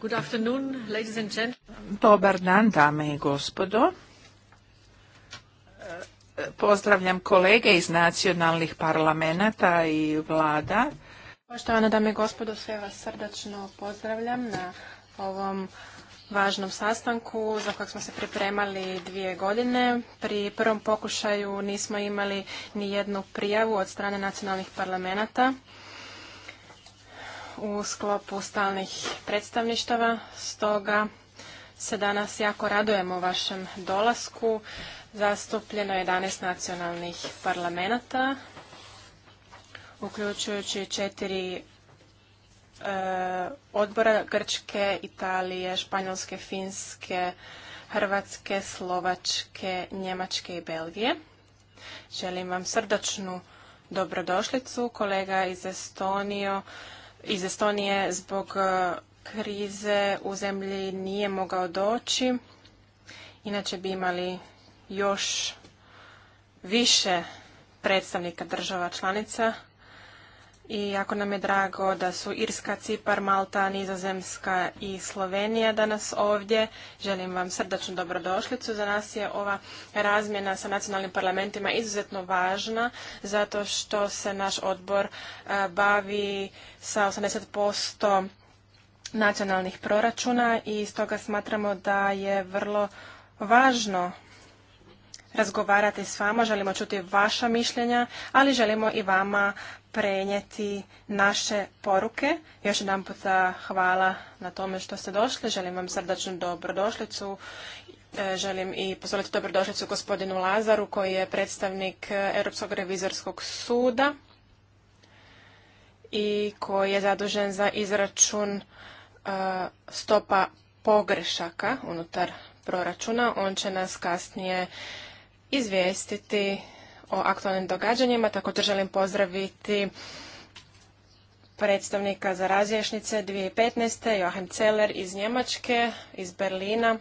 Good afternoon, Dobar dan, dame i gospodo. Pozdravljam kolege iz nacionalnih parlamenta i vlada. Poštovane dame i gospodo, sve vas srdačno pozdravljam na ovom važnom sastanku za kojeg smo se pripremali dvije godine. Pri prvom pokušaju nismo imali ni jednu prijavu od strane nacionalnih parlamenta u sklopu stalnih predstavništava, stoga se danas jako radujemo vašem dolasku. Zastupljeno je 11 nacionalnih parlamenta, uključujući četiri e, odbora Grčke, Italije, Španjolske, Finske, Hrvatske, Slovačke, Njemačke i Belgije. Želim vam srdačnu dobrodošlicu. Kolega iz Estonije iz Estonije zbog e, krize u zemlji nije mogao doći. Inače bi imali još više predstavnika država članica i jako nam je drago da su Irska, Cipar, Malta, Nizozemska i Slovenija danas ovdje. Želim vam srdačnu dobrodošlicu. Za nas je ova razmjena sa nacionalnim parlamentima izuzetno važna zato što se naš odbor e, bavi sa 80% nacionalnih proračuna i stoga smatramo da je vrlo važno razgovarati s vama, želimo čuti vaša mišljenja, ali želimo i vama prenijeti naše poruke. Još jedan puta hvala na tome što ste došli. Želim vam srdačnu dobrodošlicu. E, želim i pozvoliti dobrodošlicu gospodinu Lazaru koji je predstavnik Europskog revizorskog suda i koji je zadužen za izračun e, stopa pogrešaka unutar proračuna. On će nas kasnije izvijestiti o aktualnim događanjima. Također želim pozdraviti predstavnika za razješnice 2015. Joachim Celler iz Njemačke, iz Berlina.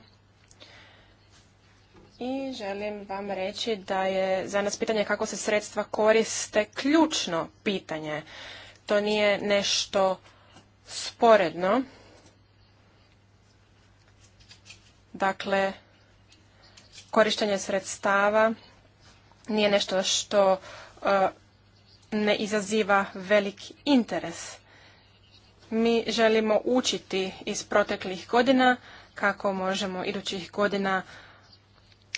I želim vam reći da je za nas pitanje kako se sredstva koriste ključno pitanje. To nije nešto sporedno. Dakle, korištenje sredstava nije nešto što e, ne izaziva velik interes. Mi želimo učiti iz proteklih godina kako možemo idućih godina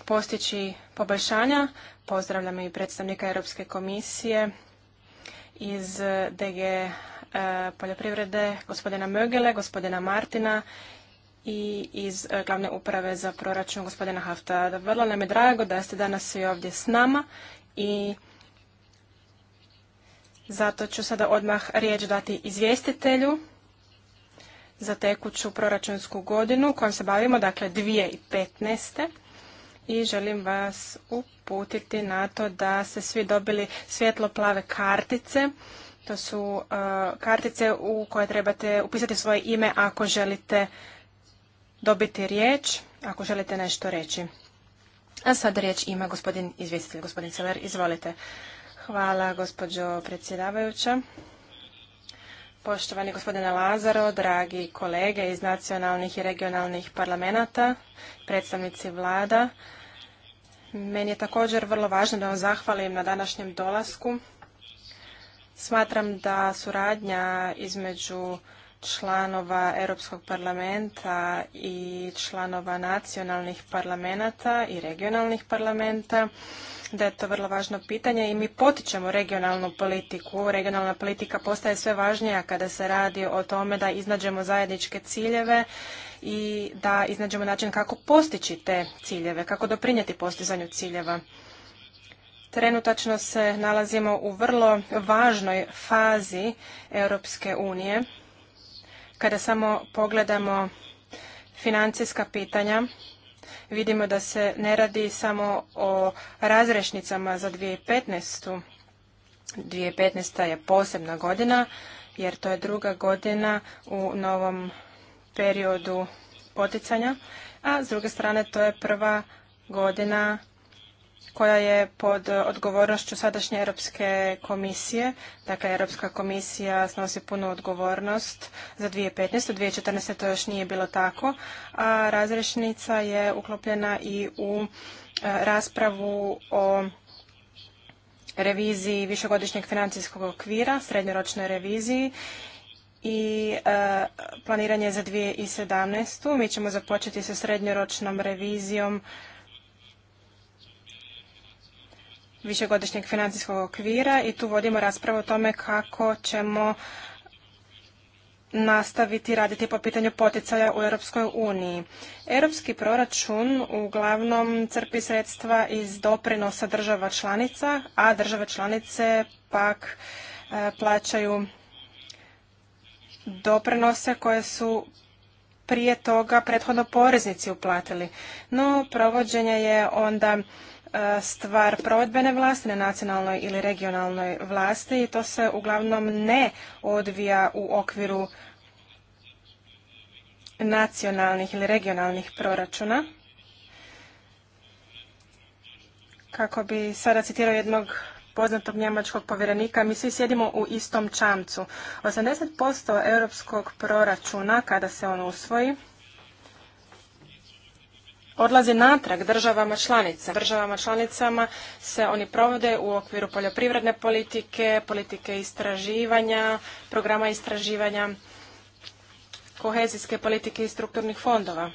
postići poboljšanja. Pozdravljam i predstavnika Europske komisije iz DG e, poljoprivrede, gospodina Mögele, gospodina Martina i iz e, glavne uprave za proračun gospodina Hafta. Vrlo nam je drago da ste danas svi ovdje s nama i zato ću sada odmah riječ dati izvjestitelju za tekuću proračunsku godinu kojom se bavimo, dakle 2015. I želim vas uputiti na to da ste svi dobili svjetlo-plave kartice. To su e, kartice u koje trebate upisati svoje ime ako želite dobiti riječ ako želite nešto reći. A sada riječ ima gospodin izvjestitelj, gospodin Celer, izvolite. Hvala gospođo predsjedavajuća. Poštovani gospodine Lazaro, dragi kolege iz nacionalnih i regionalnih parlamenata, predstavnici vlada, meni je također vrlo važno da vam zahvalim na današnjem dolasku. Smatram da suradnja između članova Europskog parlamenta i članova nacionalnih parlamenta i regionalnih parlamenta da je to vrlo važno pitanje i mi potičemo regionalnu politiku. Regionalna politika postaje sve važnija kada se radi o tome da iznađemo zajedničke ciljeve i da iznađemo način kako postići te ciljeve, kako doprinijeti postizanju ciljeva. Trenutačno se nalazimo u vrlo važnoj fazi Europske unije kada samo pogledamo financijska pitanja, vidimo da se ne radi samo o razrešnicama za 2015. 2015. je posebna godina, jer to je druga godina u novom periodu poticanja, a s druge strane to je prva godina koja je pod odgovornošću sadašnje Europske komisije. Dakle, Europska komisija snosi punu odgovornost za 2015. 2014. to još nije bilo tako, a razrešnica je uklopljena i u e, raspravu o reviziji višegodišnjeg financijskog okvira, srednjoročnoj reviziji i e, planiranje za 2017. Mi ćemo započeti sa srednjoročnom revizijom višegodišnjeg financijskog okvira i tu vodimo raspravu o tome kako ćemo nastaviti raditi po pitanju poticaja u Europskoj uniji. Europski proračun uglavnom crpi sredstva iz doprinosa država članica, a države članice pak e, plaćaju doprinose koje su prije toga prethodno poreznici uplatili. No, provođenje je onda E, stvar provedbene vlasti na nacionalnoj ili regionalnoj vlasti i to se uglavnom ne odvija u okviru nacionalnih ili regionalnih proračuna. Kako bi sada citirao jednog poznatog njemačkog povjerenika, mi svi sjedimo u istom čamcu. 80% europskog proračuna, kada se on usvoji, odlazi natrag državama članicama. Državama članicama se oni provode u okviru poljoprivredne politike, politike istraživanja, programa istraživanja, kohezijske politike i strukturnih fondova.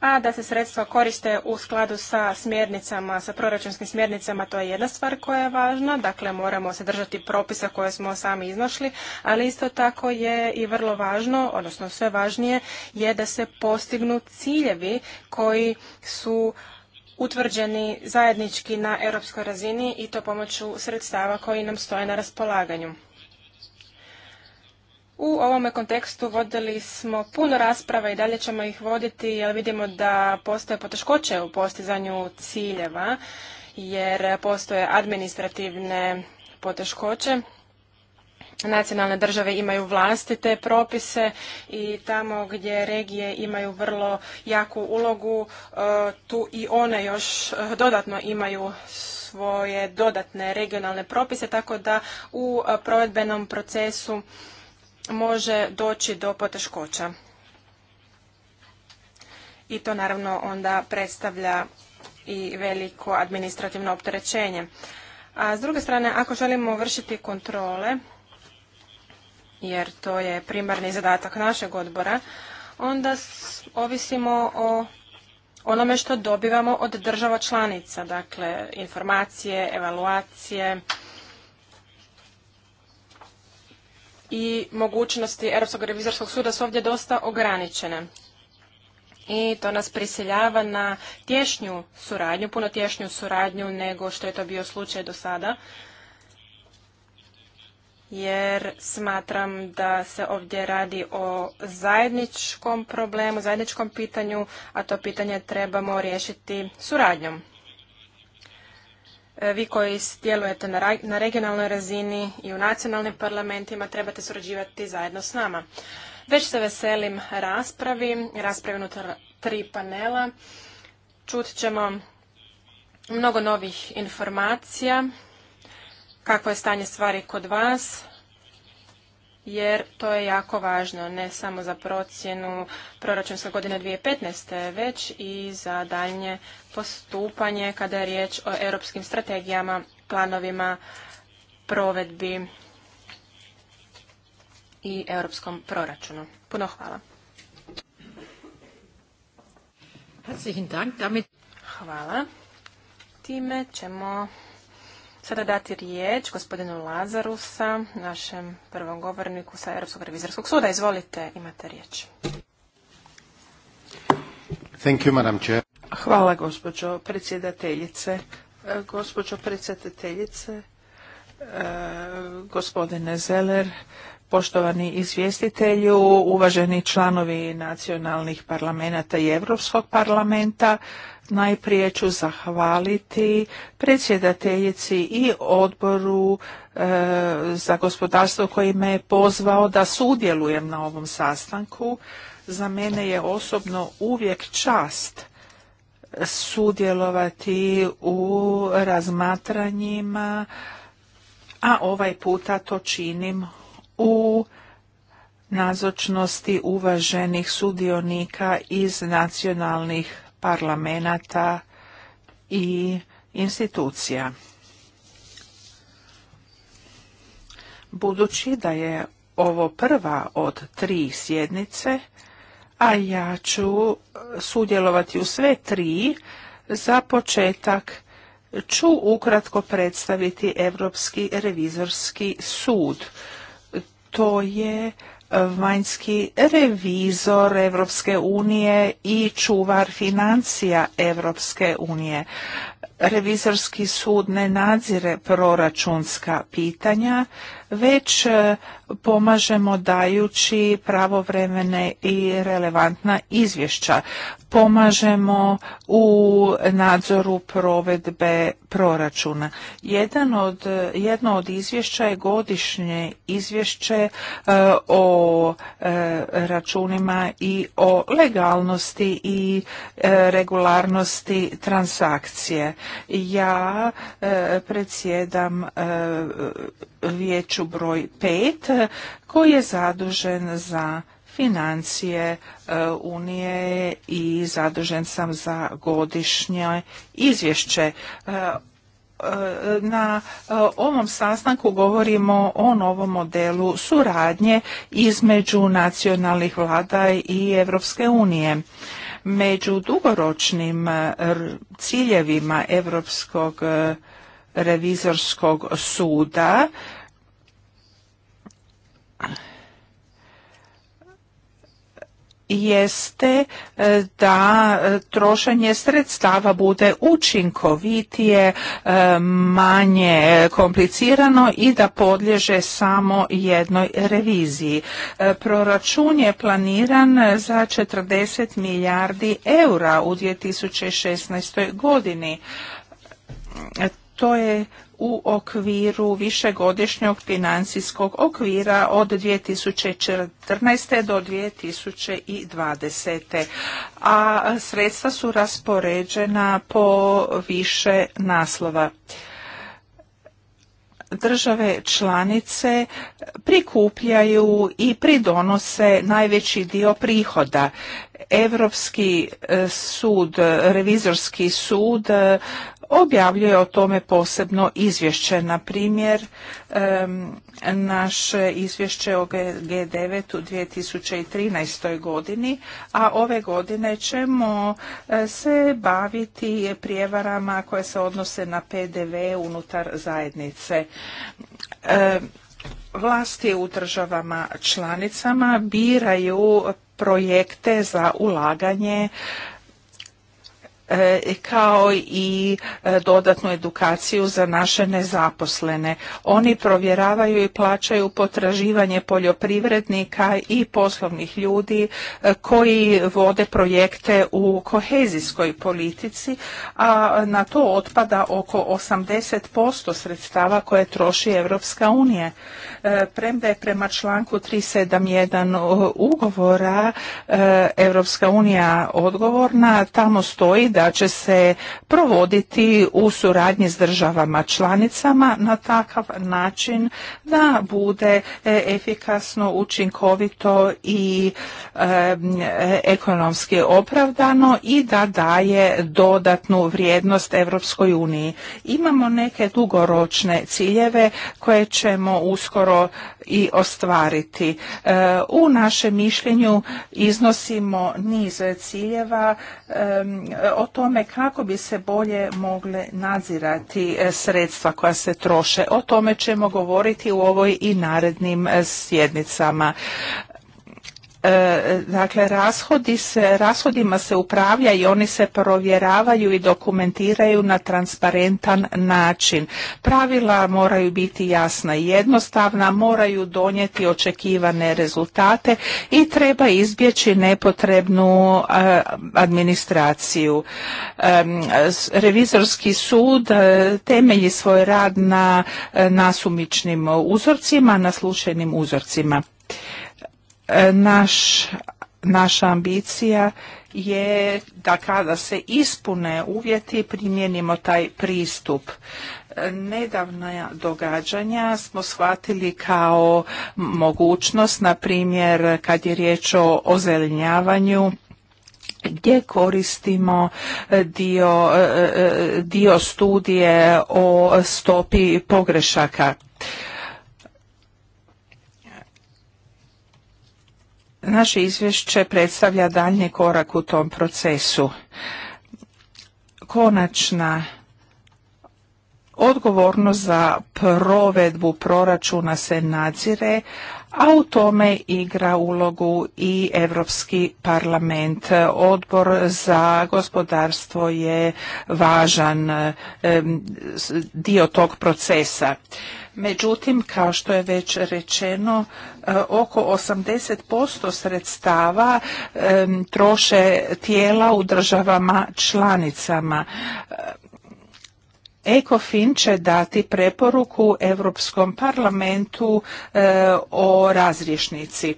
a da se sredstva koriste u skladu sa smjernicama, sa proračunskim smjernicama, to je jedna stvar koja je važna, dakle moramo se držati propisa koje smo sami iznošli, ali isto tako je i vrlo važno, odnosno sve važnije, je da se postignu ciljevi koji su utvrđeni zajednički na europskoj razini i to pomoću sredstava koji nam stoje na raspolaganju. U ovome kontekstu vodili smo puno rasprava i dalje ćemo ih voditi jer vidimo da postoje poteškoće u postizanju ciljeva jer postoje administrativne poteškoće. Nacionalne države imaju vlastite propise i tamo gdje regije imaju vrlo jaku ulogu, e, tu i one još dodatno imaju svoje dodatne regionalne propise, tako da u e, provedbenom procesu može doći do poteškoća. I to naravno onda predstavlja i veliko administrativno opterećenje. A s druge strane, ako želimo vršiti kontrole, jer to je primarni zadatak našeg odbora, onda ovisimo o onome što dobivamo od država članica, dakle informacije, evaluacije, i mogućnosti Europskog revizorskog suda su ovdje dosta ograničene. I to nas prisiljava na tješnju suradnju, puno tješnju suradnju nego što je to bio slučaj do sada. Jer smatram da se ovdje radi o zajedničkom problemu, zajedničkom pitanju, a to pitanje trebamo riješiti suradnjom. E, vi koji djelujete na regionalnoj razini i u nacionalnim parlamentima trebate surađivati zajedno s nama. Već se veselim raspravi, raspravi unutar tri panela. Čut ćemo mnogo novih informacija, kakvo je stanje stvari kod vas, jer to je jako važno, ne samo za procjenu proračunske godine 2015. već i za daljnje postupanje kada je riječ o europskim strategijama, planovima, provedbi i europskom proračunu. Puno hvala. Hvala. Time ćemo sada dati riječ gospodinu Lazarusa, našem prvom govorniku sa Europskog revizorskog suda. Izvolite, imate riječ. Hvala gospođo predsjedateljice. E, gospođo predsjedateljice, e, gospodine Zeller, Poštovani izvjestitelju, uvaženi članovi nacionalnih parlamenta i Europskog parlamenta, najprije ću zahvaliti predsjedateljici i odboru e, za gospodarstvo koji me je pozvao da sudjelujem na ovom sastanku. Za mene je osobno uvijek čast sudjelovati u razmatranjima, a ovaj puta to činim u nazočnosti uvaženih sudionika iz nacionalnih parlamenata i institucija. Budući da je ovo prva od tri sjednice, a ja ću sudjelovati u sve tri, za početak ću ukratko predstaviti Europski revizorski sud to je e, vanjski revizor Evropske unije i čuvar financija Evropske unije. Revizorski sud ne nadzire proračunska pitanja, već e, pomažemo dajući pravovremene i relevantna izvješća. Pomažemo u nadzoru provedbe proračuna. Jedan od, jedno od izvješća je godišnje izvješće e, o e, računima i o legalnosti i regularnosti transakcije. Ja predsjedam vijeću broj 5 koji je zadužen za financije e, Unije i zadužen sam za godišnje izvješće. E, e, na ovom sastanku govorimo o novom modelu suradnje između nacionalnih vlada i Europske unije. Među dugoročnim ciljevima Europskog revizorskog suda jeste e, da e, trošenje sredstava bude učinkovitije, e, manje komplicirano i da podliježe samo jednoj reviziji. Proračun je planiran za 40 milijardi eura u 2016. godini. To je u okviru višegodišnjeg financijskog okvira od 2014. do 2020. A sredstva su raspoređena po više naslova države članice prikupljaju i pridonose najveći dio prihoda. Europski e, sud, revizorski sud objavljuje o tome posebno izvješće. Na primjer, naše izvješće o G9 u 2013. godini, a ove godine ćemo e, se baviti prijevarama koje se odnose na PDV unutar zajednice e, vlasti u državama članicama biraju projekte za ulaganje E, kao i e, dodatnu edukaciju za naše nezaposlene. Oni provjeravaju i plaćaju potraživanje poljoprivrednika i poslovnih ljudi e, koji vode projekte u kohezijskoj politici, a na to otpada oko 80% sredstava koje troši Europska unija. Premda je prema članku 371 ugovora Europska unija odgovorna, tamo stoji da će se provoditi u suradnji s državama članicama na takav način da bude e, efikasno, učinkovito i ekonomski opravdano i da daje dodatnu vrijednost Europskoj uniji. Imamo neke dugoročne ciljeve koje ćemo uskoro i ostvariti. E, u našem mišljenju iznosimo niz ciljeva e, o tome kako bi se bolje mogle nadzirati e, sredstva koja se troše. O tome ćemo govoriti u ovoj i narednim e, sjednicama. E, dakle, rashodi se, rashodima se upravlja i oni se provjeravaju i dokumentiraju na transparentan način. Pravila moraju biti jasna i jednostavna, moraju donijeti očekivane rezultate i treba izbjeći nepotrebnu e, administraciju. E, revizorski sud temelji svoj rad na nasumičnim uzorcima, na slučajnim uzorcima. E, naš, naša ambicija je da kada se ispune uvjeti primijenimo taj pristup. E, nedavna događanja smo shvatili kao mogućnost, na primjer kad je riječ o ozelenjavanju, gdje koristimo e, dio, dio studije o stopi pogrešaka. Naše izvješće predstavlja daljnji korak u tom procesu. Konačna odgovornost za provedbu proračuna se nadzire, a u tome igra ulogu i Europski parlament. Odbor za gospodarstvo je važan dio tog procesa. Međutim, kao što je već rečeno, e, oko 80% sredstava troše tijela u državama članicama. ECOFIN će dati preporuku Europskom parlamentu e, o razriješnici.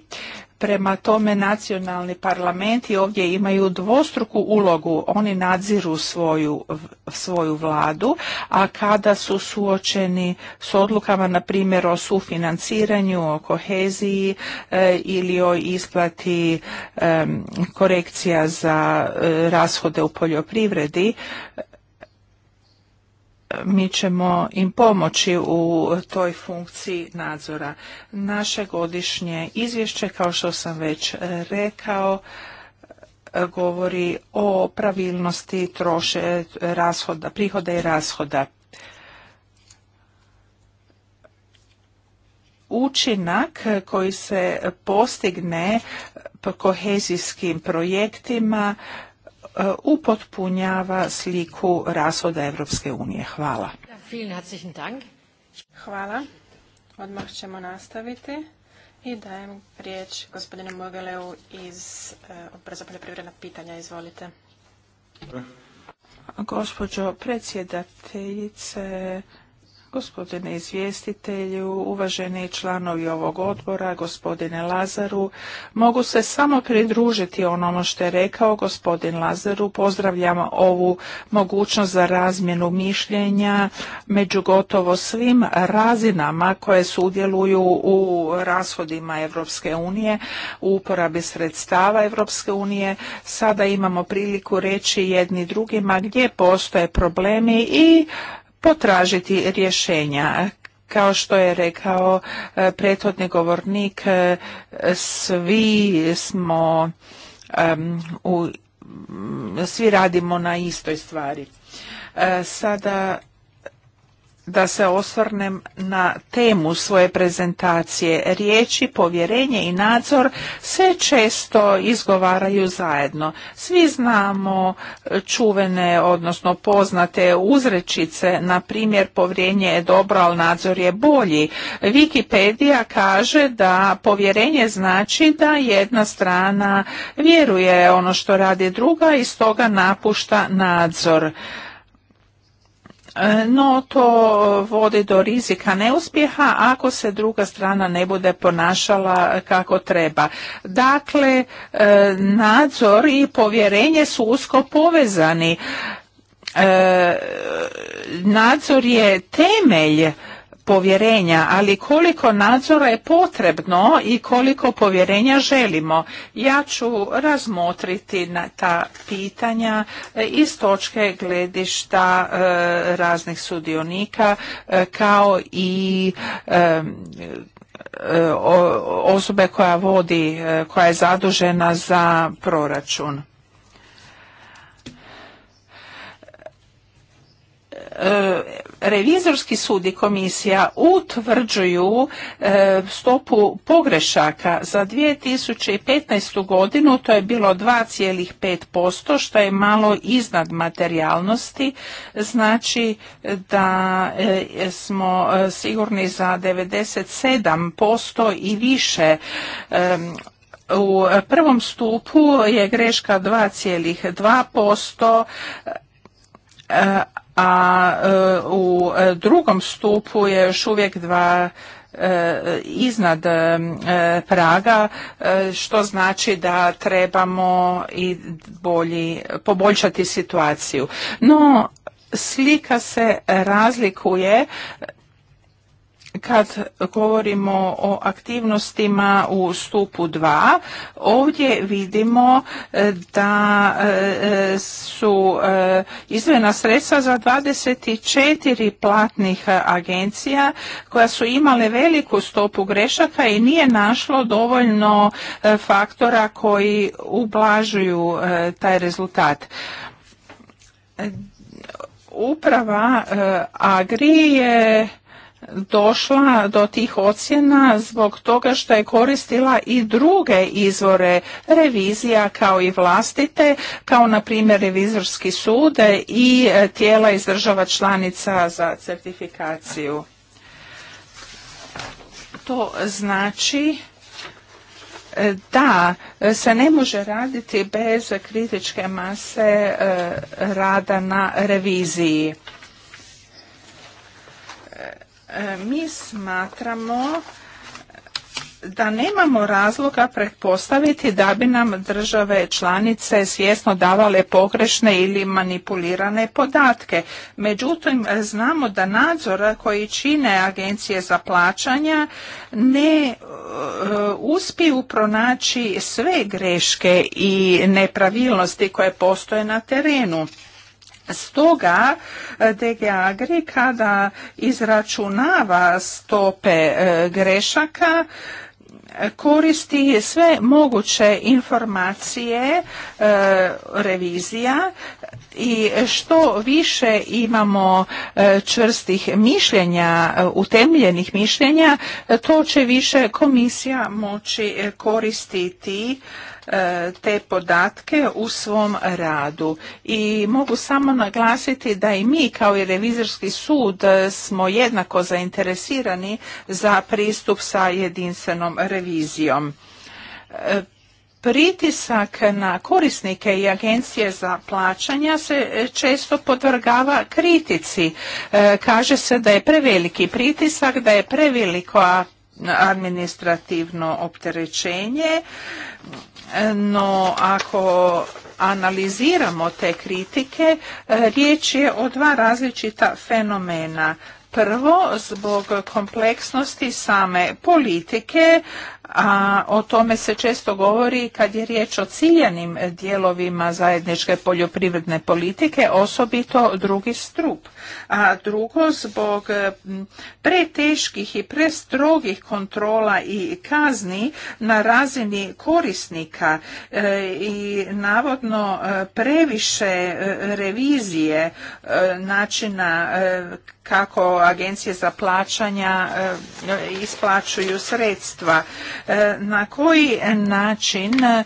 Prema tome nacionalni parlamenti ovdje imaju dvostruku ulogu. Oni nadziru svoju, svoju vladu, a kada su suočeni s odlukama, na primjer o sufinanciranju, o koheziji e, ili o isplati e, korekcija za rashode u poljoprivredi, mi ćemo im pomoći u toj funkciji nadzora. Naše godišnje izvješće, kao što sam već rekao, govori o pravilnosti troše rashoda, prihoda i rashoda. Učinak koji se postigne po kohezijskim projektima E, upotpunjava sliku rashoda Evropske unije. Hvala. Hvala. Odmah ćemo nastaviti i dajem riječ gospodinu Mogeleu iz e, Odbora za poljoprivredna pitanja. Izvolite. Gospođo predsjedateljice, Gospodine izvjestitelju, uvaženi članovi ovog odbora, gospodine Lazaru, mogu se samo pridružiti onome što je rekao gospodin Lazaru. Pozdravljam ovu mogućnost za razmjenu mišljenja među gotovo svim razinama koje sudjeluju u rashodima Europske unije, u uporabi sredstava Europske unije. Sada imamo priliku reći jedni drugima gdje postoje problemi i potražiti rješenja. Kao što je rekao e, prethodni govornik, e, svi smo svi radimo na istoj stvari. E, sada da se osvrnem na temu svoje prezentacije. Riječi, povjerenje i nadzor se često izgovaraju zajedno. Svi znamo čuvene, odnosno poznate uzrečice, na primjer povjerenje je dobro, ali nadzor je bolji. Wikipedia kaže da povjerenje znači da jedna strana vjeruje ono što radi druga i stoga napušta nadzor. No, to vodi do rizika neuspjeha ako se druga strana ne bude ponašala kako treba. Dakle, e, nadzor i povjerenje su usko povezani. E, nadzor je temelj povjerenja, ali koliko nadzora je potrebno i koliko povjerenja želimo. Ja ću razmotriti na ta pitanja e, iz točke gledišta e, raznih sudionika e, kao i osobe koja vodi, koja je zadužena za proračun revizorski sud i komisija utvrđuju e, stopu pogrešaka za 2015. godinu to je bilo 2,5% što je malo iznad materijalnosti znači da e, smo e, sigurni za 97% i više u prvom stupu je greška 2,2%, a e, u e, drugom stupu je još uvijek dva e, iznad praga, što znači da trebamo i bolji, poboljšati situaciju. No, slika se razlikuje kad govorimo o aktivnostima u stupu 2, ovdje vidimo e, da e, e, su izvena sredstva za 24 platnih agencija koja su imale veliku stopu grešaka i nije našlo dovoljno faktora koji ublažuju taj rezultat uprava Agri je došla do tih ocjena zbog toga što je koristila i druge izvore revizija kao i vlastite, kao na primjer revizorski sud i e, tijela iz država članica za certifikaciju. To znači e, da e, se ne može raditi bez kritičke mase rada na reviziji. E, mi smatramo da nemamo razloga pretpostaviti da bi nam države članice svjesno davale pogrešne ili manipulirane podatke. Međutim, znamo da nadzor koji čine agencije za plaćanja ne e, uspiju pronaći sve greške i nepravilnosti koje postoje na terenu. Stoga DG e, Agri kada izračunava stope e, grešaka koristi sve moguće informacije e, revizija i što više imamo čvrstih mišljenja, utemljenih mišljenja, to će više komisija moći koristiti E, te podatke u svom radu. I mogu samo naglasiti da i mi kao i revizorski sud e, smo jednako zainteresirani za pristup sa jedinstvenom revizijom. E, pritisak na korisnike i agencije za plaćanja se često podvrgava kritici. kaže se da je preveliki pritisak, da je preveliko administrativno opterećenje no, ako analiziramo te kritike, e, riječ je o dva različita fenomena. Prvo, zbog kompleksnosti same politike, a o tome se često govori kad je riječ o ciljanim dijelovima zajedničke poljoprivredne politike, osobito drugi strup. A drugo, zbog preteških i prestrogih kontrola i kazni na razini korisnika e, i navodno e, previše e, revizije načina kako agencije za plaćanja isplaćuju sredstva. E, na koji način e,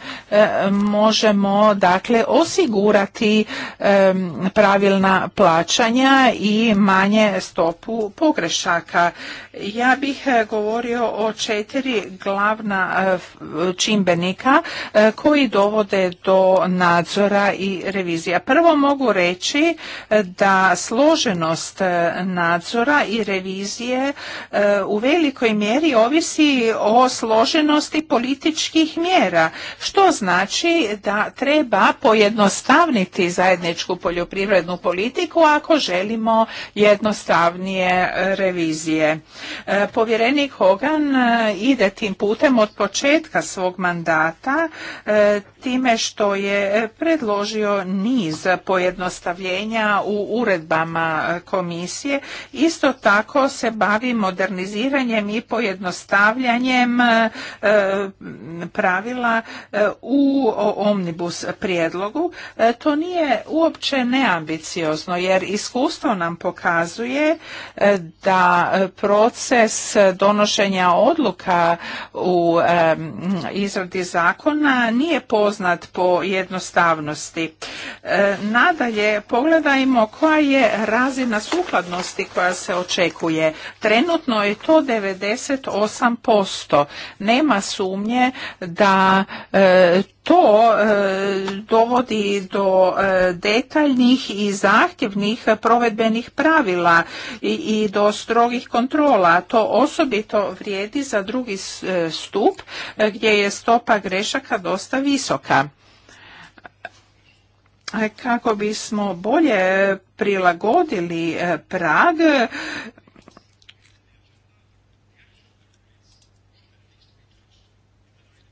možemo dakle osigurati e, pravilna plaćanja i manje stopu pogrešaka ja bih e, govorio o četiri glavna e, čimbenika e, koji dovode do nadzora i revizija. Prvo mogu reći da složenost nadzora i revizije u velikoj mjeri ovisi o složenosti političkih mjera, što znači da treba pojednostavniti zajedničku poljoprivrednu politiku ako želimo jednostavnije revizije. E, povjerenik Hogan e, ide tim putem od početka svog mandata e, time što je predložio niz pojednostavljenja u uredbama komisije. Isto tako se bavi moderniziranjem i pojednostavljanjem pravila u omnibus prijedlogu. To nije uopće neambiciozno jer iskustvo nam pokazuje da proces proces donošenja odluka u izradi zakona nije poznat po jednostavnosti. E, nadalje, pogledajmo koja je razina sukladnosti koja se očekuje. Trenutno je to 98%. Nema sumnje da e, to e, dovodi do e, detaljnih i zahtjevnih provedbenih pravila i do strogih kontrola. To osobito vrijedi za drugi e, stup gdje je stopa grešaka dosta visoka kako bismo bolje prilagodili prag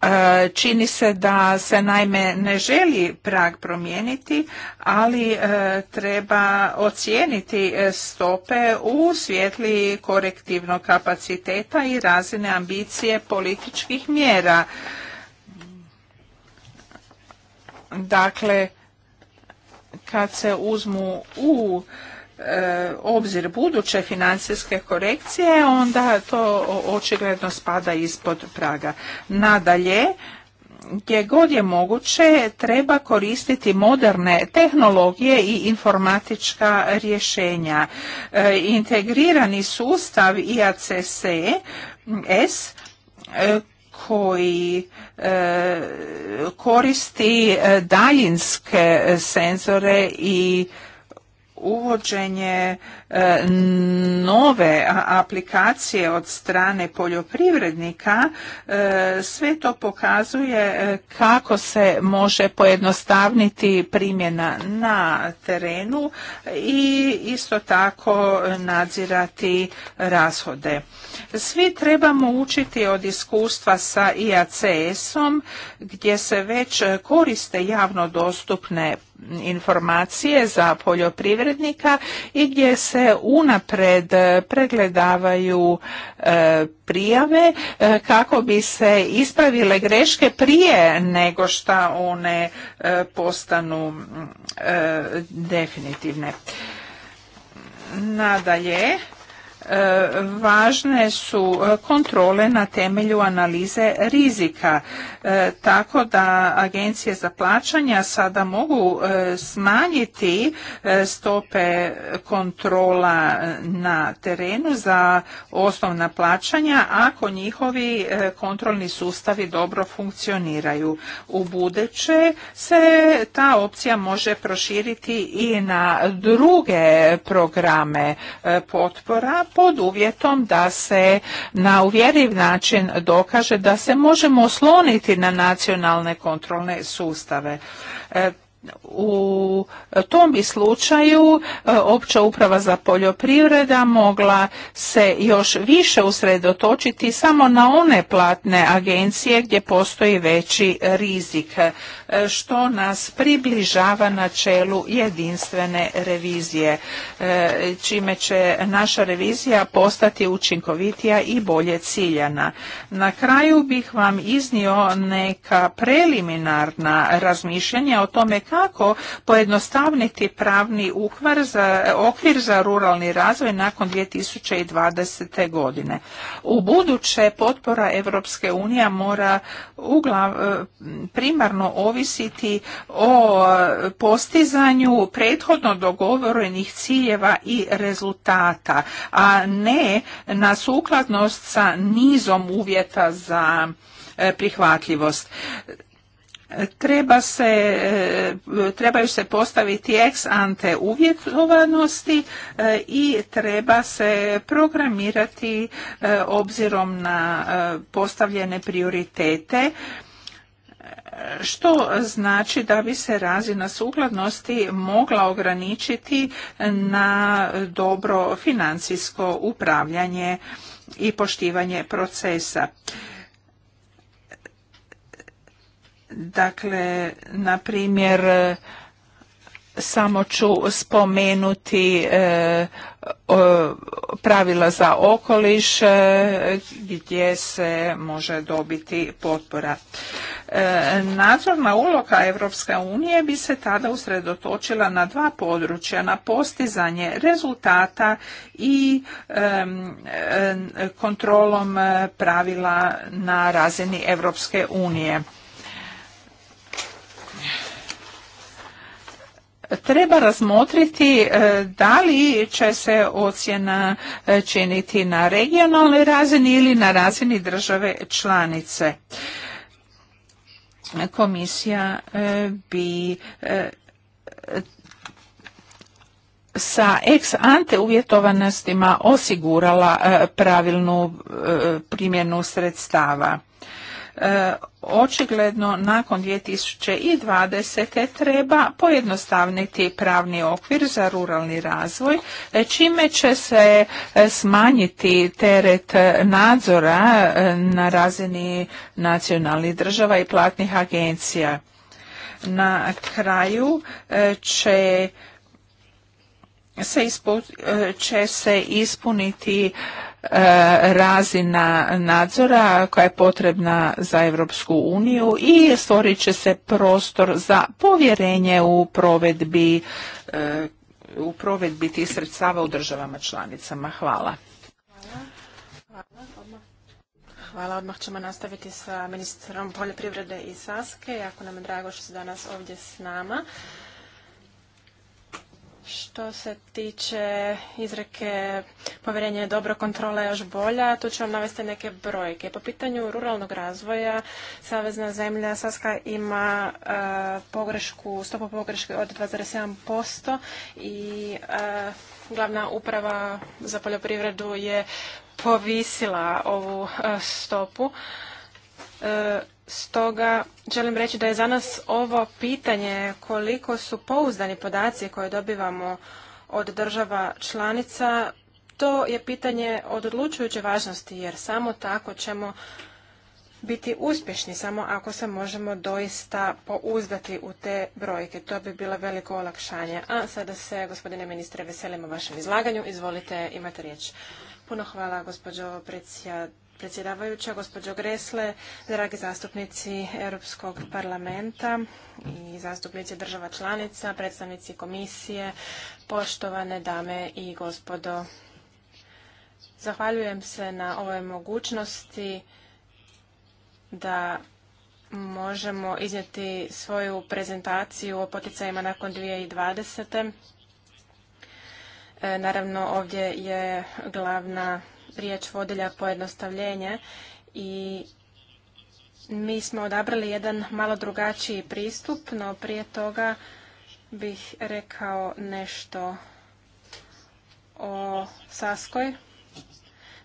E, čini se da se naime ne želi prag promijeniti, ali e, treba ocijeniti e, stope u svjetli korektivnog kapaciteta i razine ambicije političkih mjera. Dakle, kad se uzmu u E, obzir buduće financijske korekcije, onda to očigledno spada ispod praga. Nadalje, gdje god je moguće treba koristiti moderne tehnologije i informatička rješenja. E, integrirani sustav IACS S e koji koristi daljinske senzore i uvođenje E, nove aplikacije od strane poljoprivrednika, e, sve to pokazuje e, kako se može pojednostavniti primjena na terenu i isto tako nadzirati rashode. Svi trebamo učiti od iskustva sa IACS-om gdje se već koriste javno dostupne informacije za poljoprivrednika i gdje se se unapred e, pregledavaju e, prijave e, kako bi se ispravile greške prije nego što one postanu definitivne. Nadalje, E, važne su e, kontrole na temelju analize rizika, e, tako da agencije za plaćanja sada mogu smanjiti stope kontrola na terenu za osnovna plaćanja ako njihovi kontrolni sustavi dobro funkcioniraju. U buduće se ta opcija može proširiti i na druge programe potpora pod uvjetom da se na uvjeriv način dokaže da se možemo osloniti na nacionalne kontrolne sustave. E, u tom bi slučaju e, opća uprava za poljoprivreda mogla se još više usredotočiti samo na one platne agencije gdje postoji veći rizik e, što nas približava načelu jedinstvene revizije e, čime će naša revizija postati učinkovitija i bolje ciljana. Na kraju bih vam iznio neka preliminarna razmišljanja o tome tako pojednostavniti pravni ukvar za, okvir za ruralni razvoj nakon 2020. godine. U buduće potpora Europske unije mora uglav, e, primarno ovisiti o postizanju prethodno dogovorenih ciljeva i rezultata, a ne na sukladnost sa nizom uvjeta za e, prihvatljivost. Treba se, e, trebaju se postaviti ex ante uvjetovanosti e, i treba se programirati e, obzirom na postavljene prioritete što znači da bi se razina sukladnosti mogla ograničiti na dobro financijsko upravljanje i poštivanje procesa. Dakle, na primjer, samo ću spomenuti e, pravila za okoliš e, gdje se može dobiti potpora. E, nadzorna uloga Europske unije bi se tada usredotočila na dva područja, na postizanje rezultata i kontrolom pravila na razini Europske unije. treba razmotriti e, da li će se ocjena e, činiti na regionalnoj razini ili na razini države članice. Komisija e, bi sa ex ante uvjetovanostima osigurala pravilnu primjenu sredstava. E, očigledno nakon 2020. treba pojednostavniti pravni okvir za ruralni razvoj, e, čime će se e, smanjiti teret nadzora na razini nacionalnih država i platnih agencija. Na kraju će se, će se ispuniti E, razina nadzora koja je potrebna za Europsku uniju i stvorit će se prostor za povjerenje u provedbi e, u provedbi tih sredstava u državama članicama. Hvala. Hvala. Odmah ćemo nastaviti sa ministrom poljoprivrede i Saske. Jako nam je drago što se danas ovdje s nama. Što se tiče izreke povjerenje dobro, kontrole još bolja, tu ću vam navesti neke brojke. Po pitanju ruralnog razvoja, Savezna zemlja Saska ima e, pogrešku, stopu pogreške od 2,7% i e, glavna uprava za poljoprivredu je povisila ovu e, stopu. Stoga želim reći da je za nas ovo pitanje koliko su pouzdani podaci koje dobivamo od država članica, to je pitanje od odlučujuće važnosti jer samo tako ćemo biti uspješni, samo ako se možemo doista pouzdati u te brojke. To bi bilo veliko olakšanje. A sada se, gospodine ministre, veselimo vašem izlaganju. Izvolite, imate riječ. Puno hvala, gospođo predsjednice predsjedavajuća, gospođo Gresle, dragi zastupnici Europskog parlamenta i zastupnici država članica, predstavnici komisije, poštovane dame i gospodo. Zahvaljujem se na ovoj mogućnosti da možemo iznijeti svoju prezentaciju o poticajima nakon 2020. E, naravno, ovdje je glavna riječ vodilja pojednostavljenje i mi smo odabrali jedan malo drugačiji pristup, no prije toga bih rekao nešto o Saskoj.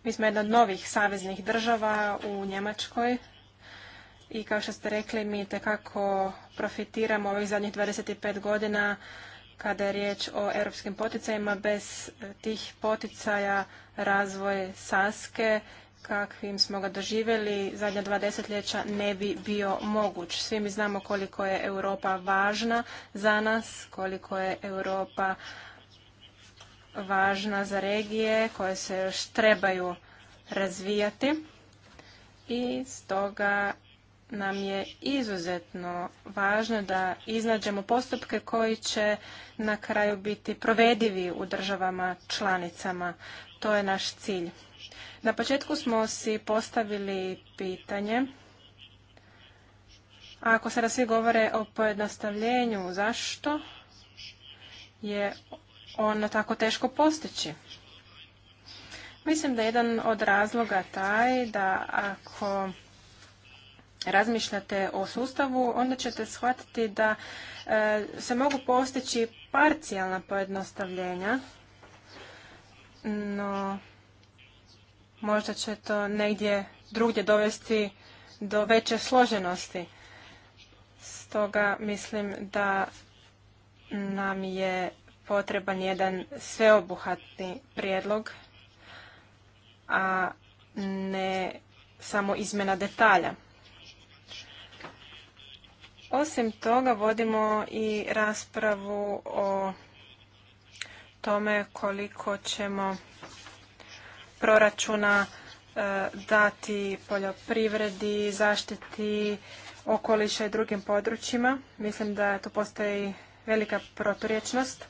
Mi smo jedna od novih saveznih država u Njemačkoj i kao što ste rekli mi tekako profitiramo ovih zadnjih 25 godina kada je riječ o europskim poticajima. Bez e, tih poticaja razvoj Saske, kakvim smo ga doživjeli zadnja dva desetljeća, ne bi bio moguć. Svi mi znamo koliko je Europa važna za nas, koliko je Europa važna za regije koje se još trebaju razvijati i stoga nam je izuzetno važno da iznađemo postupke koji će na kraju biti provedivi u državama članicama. To je naš cilj. Na početku smo si postavili pitanje a ako sada svi govore o pojednostavljenju, zašto je ono tako teško postići? Mislim da je jedan od razloga taj da ako razmišljate o sustavu, onda ćete shvatiti da e, se mogu postići parcijalna pojednostavljenja, no možda će to negdje drugdje dovesti do veće složenosti. Stoga mislim da nam je potreban jedan sveobuhatni prijedlog, a ne samo izmjena detalja. Osim toga vodimo i raspravu o tome koliko ćemo proračuna e, dati poljoprivredi, zaštiti okoliša i drugim područjima. Mislim da tu postoji velika proturječnost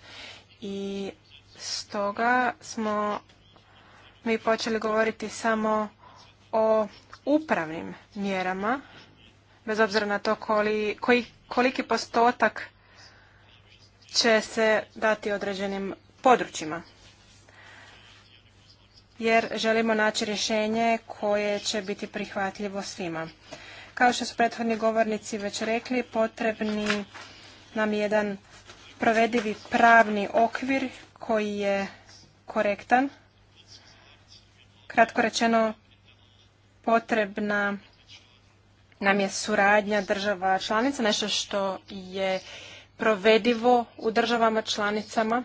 i stoga smo mi počeli govoriti samo o upravnim mjerama bez obzira na to koliki postotak će se dati određenim područjima. Jer želimo naći rješenje koje će biti prihvatljivo svima. Kao što su prethodni govornici već rekli, potrebni nam jedan provedivi pravni okvir koji je korektan. Kratko rečeno, potrebna nam je suradnja država članica, nešto što je provedivo u državama članicama.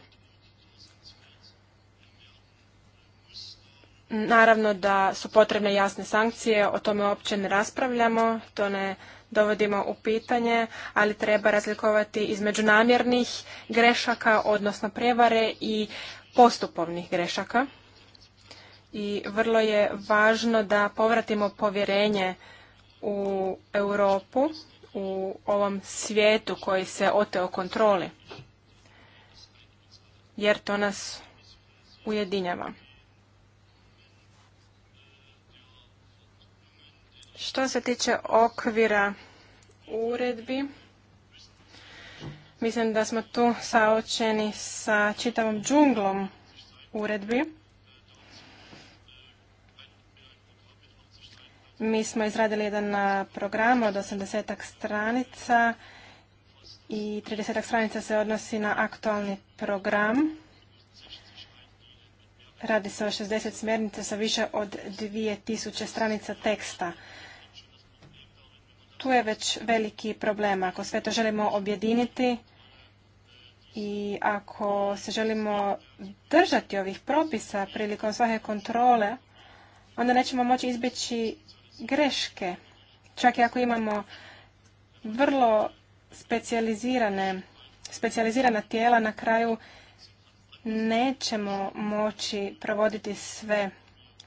Naravno da su potrebne jasne sankcije, o tome uopće ne raspravljamo, to ne dovodimo u pitanje, ali treba razlikovati između namjernih grešaka, odnosno prevare i postupovnih grešaka. I vrlo je važno da povratimo povjerenje u Europu u ovom svijetu koji se oteo kontroli. Jer to nas ujedinjava. Što se tiče okvira uredbi, mislim da smo tu saočeni sa čitavom džunglom uredbi Mi smo izradili jedan program od 80 stranica i 30 stranica se odnosi na aktualni program. Radi se o 60 smjernica sa više od 2000 stranica teksta. Tu je već veliki problem. Ako sve to želimo objediniti i ako se želimo držati ovih propisa prilikom svake kontrole, onda nećemo moći izbjeći greške. Čak i ako imamo vrlo specijalizirane specijalizirana tijela na kraju nećemo moći provoditi sve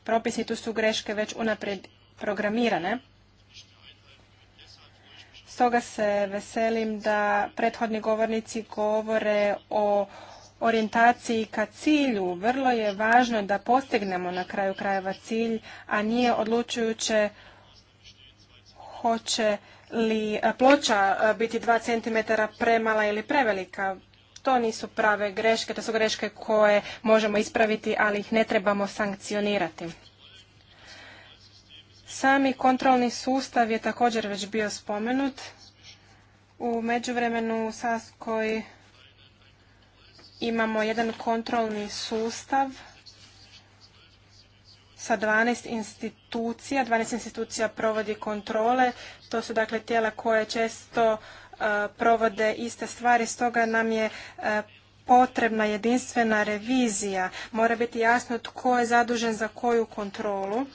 propise tu su greške već unaprijed programirane. Stoga se veselim da prethodni govornici govore o orijentaciji ka cilju. Vrlo je važno da postignemo na kraju krajeva cilj, a nije odlučujuće hoće li ploča biti 2 cm premala ili prevelika. To nisu prave greške, to su greške koje možemo ispraviti, ali ih ne trebamo sankcionirati. Sami kontrolni sustav je također već bio spomenut. U međuvremenu Saskoj imamo jedan kontrolni sustav sa 12 institucija. 12 institucija provodi kontrole. To su dakle tijela koje često e, provode iste stvari, stoga nam je e, potrebna jedinstvena revizija. Mora biti jasno tko je zadužen za koju kontrolu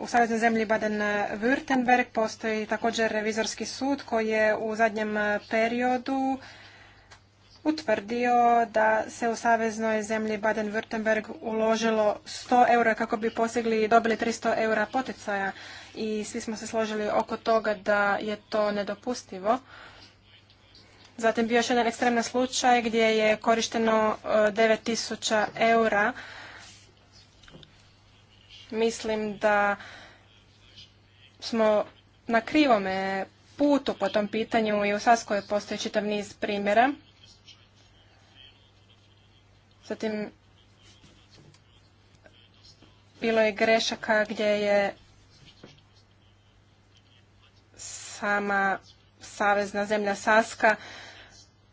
u saveznoj zemlji Baden-Württemberg postoji također revizorski sud koji je u zadnjem periodu utvrdio da se u saveznoj zemlji Baden-Württemberg uložilo 100 eura kako bi postigli i dobili 300 eura poticaja i svi smo se složili oko toga da je to nedopustivo. Zatim bio još jedan ekstremni slučaj gdje je korišteno 9000 e, eura Mislim da smo na krivome putu po tom pitanju i u Saskoj postoji čitav niz primjera. Zatim, bilo je grešaka gdje je sama savezna zemlja Saska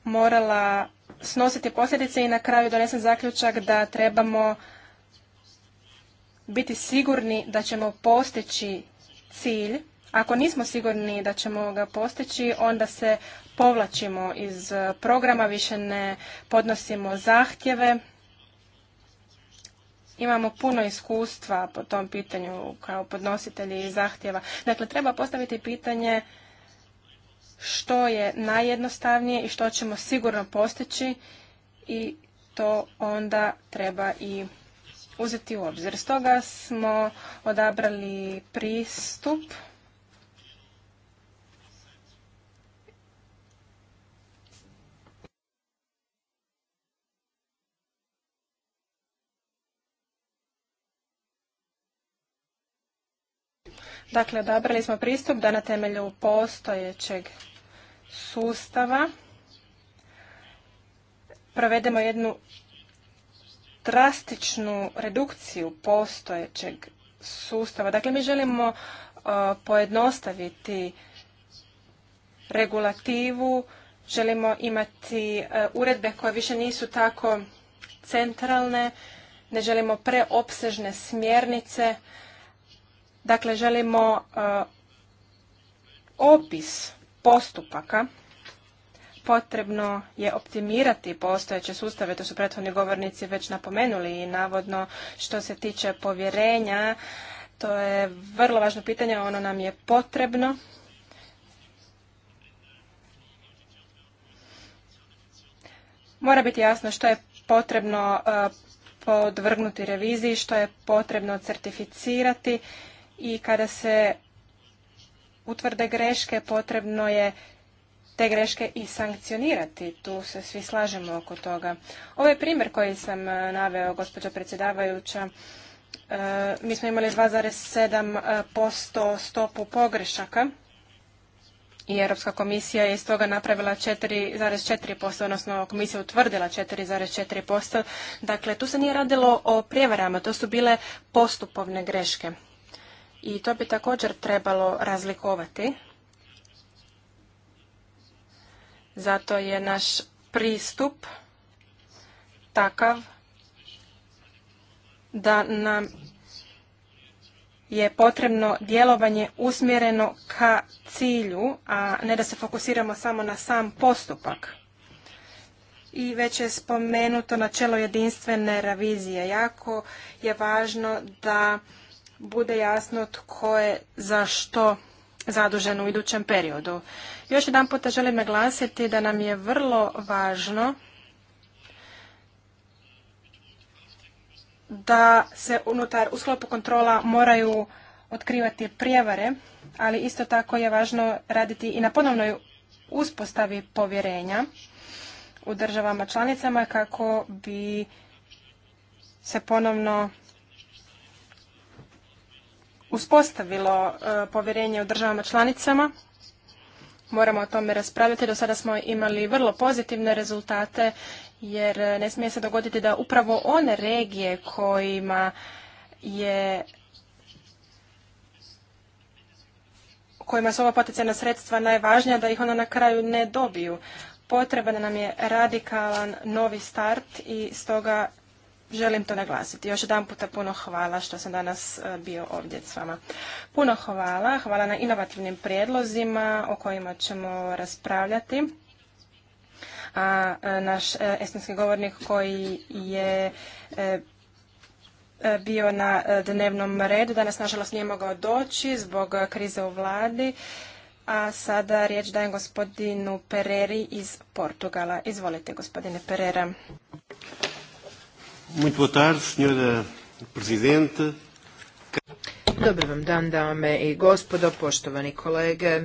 morala snositi posljedice i na kraju donesen zaključak da trebamo biti sigurni da ćemo postići cilj. Ako nismo sigurni da ćemo ga postići, onda se povlačimo iz programa, više ne podnosimo zahtjeve. Imamo puno iskustva po tom pitanju kao podnositelji zahtjeva. Dakle, treba postaviti pitanje što je najjednostavnije i što ćemo sigurno postići i to onda treba i uzeti u obzir. Stoga smo odabrali pristup Dakle, odabrali smo pristup da na temelju postojećeg sustava provedemo jednu drastičnu redukciju postojećeg sustava. Dakle, mi želimo uh, pojednostaviti regulativu, želimo imati uh, uredbe koje više nisu tako centralne, ne želimo preopsežne smjernice, dakle želimo uh, opis postupaka potrebno je optimirati postojeće sustave, to su prethodni govornici već napomenuli i navodno što se tiče povjerenja, to je vrlo važno pitanje, ono nam je potrebno. Mora biti jasno što je potrebno e, podvrgnuti reviziji, što je potrebno certificirati i kada se utvrde greške potrebno je te greške i sankcionirati. Tu se svi slažemo oko toga. Ovaj primjer koji sam e, naveo, gospođa predsjedavajuća, e, mi smo imali 2,7% stopu pogrešaka i Europska komisija je iz toga napravila 4,4%, odnosno komisija utvrdila 4,4%. Dakle, tu se nije radilo o prijevarama, to su bile postupovne greške. I to bi također trebalo razlikovati Zato je naš pristup takav da nam je potrebno djelovanje usmjereno ka cilju, a ne da se fokusiramo samo na sam postupak. I već je spomenuto načelo jedinstvene revizije. Jako je važno da bude jasno tko je za što zadužen u idućem periodu. Još jedan puta želim naglasiti da nam je vrlo važno da se unutar u sklopu kontrola moraju otkrivati prijevare, ali isto tako je važno raditi i na ponovnoj uspostavi povjerenja u državama članicama kako bi se ponovno uspostavilo e, povjerenje u državama članicama. Moramo o tome raspravljati. Do sada smo imali vrlo pozitivne rezultate jer ne smije se dogoditi da upravo one regije kojima je kojima su ova poticajna sredstva najvažnija, da ih ona na kraju ne dobiju. Potreban nam je radikalan novi start i stoga Želim to naglasiti. Još jedan puta puno hvala što sam danas e, bio ovdje s vama. Puno hvala. Hvala na inovativnim prijedlozima o kojima ćemo raspravljati. A e, naš e, estonski govornik koji je bio na dnevnom redu, danas nažalost nije mogao doći zbog krize u vladi. A sada riječ dajem gospodinu Pereri iz Portugala. Izvolite gospodine Perera. Muito boa tarde, senhora presidente. Dobar vam dan, dame i gospodo, poštovani kolege.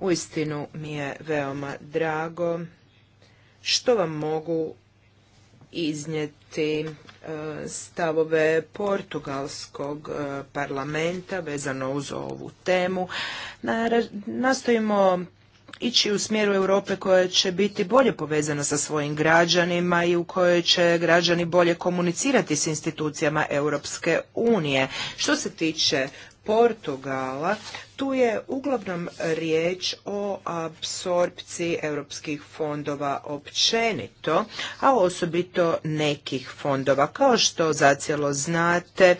Uistinu mi je veoma drago što vam mogu iznijeti e, stavove portugalskog e, parlamenta vezano uz ovu temu. Nastojimo ići u smjeru Europe koja će biti bolje povezana sa svojim građanima i u kojoj će građani bolje komunicirati s institucijama Europske unije. Što se tiče Portugala, tu je uglavnom riječ o apsorpciji europskih fondova općenito, a osobito nekih fondova. Kao što zacijelo znate,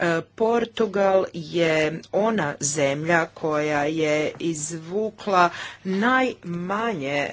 E, Portugal je ona zemlja koja je izvukla najmanje e,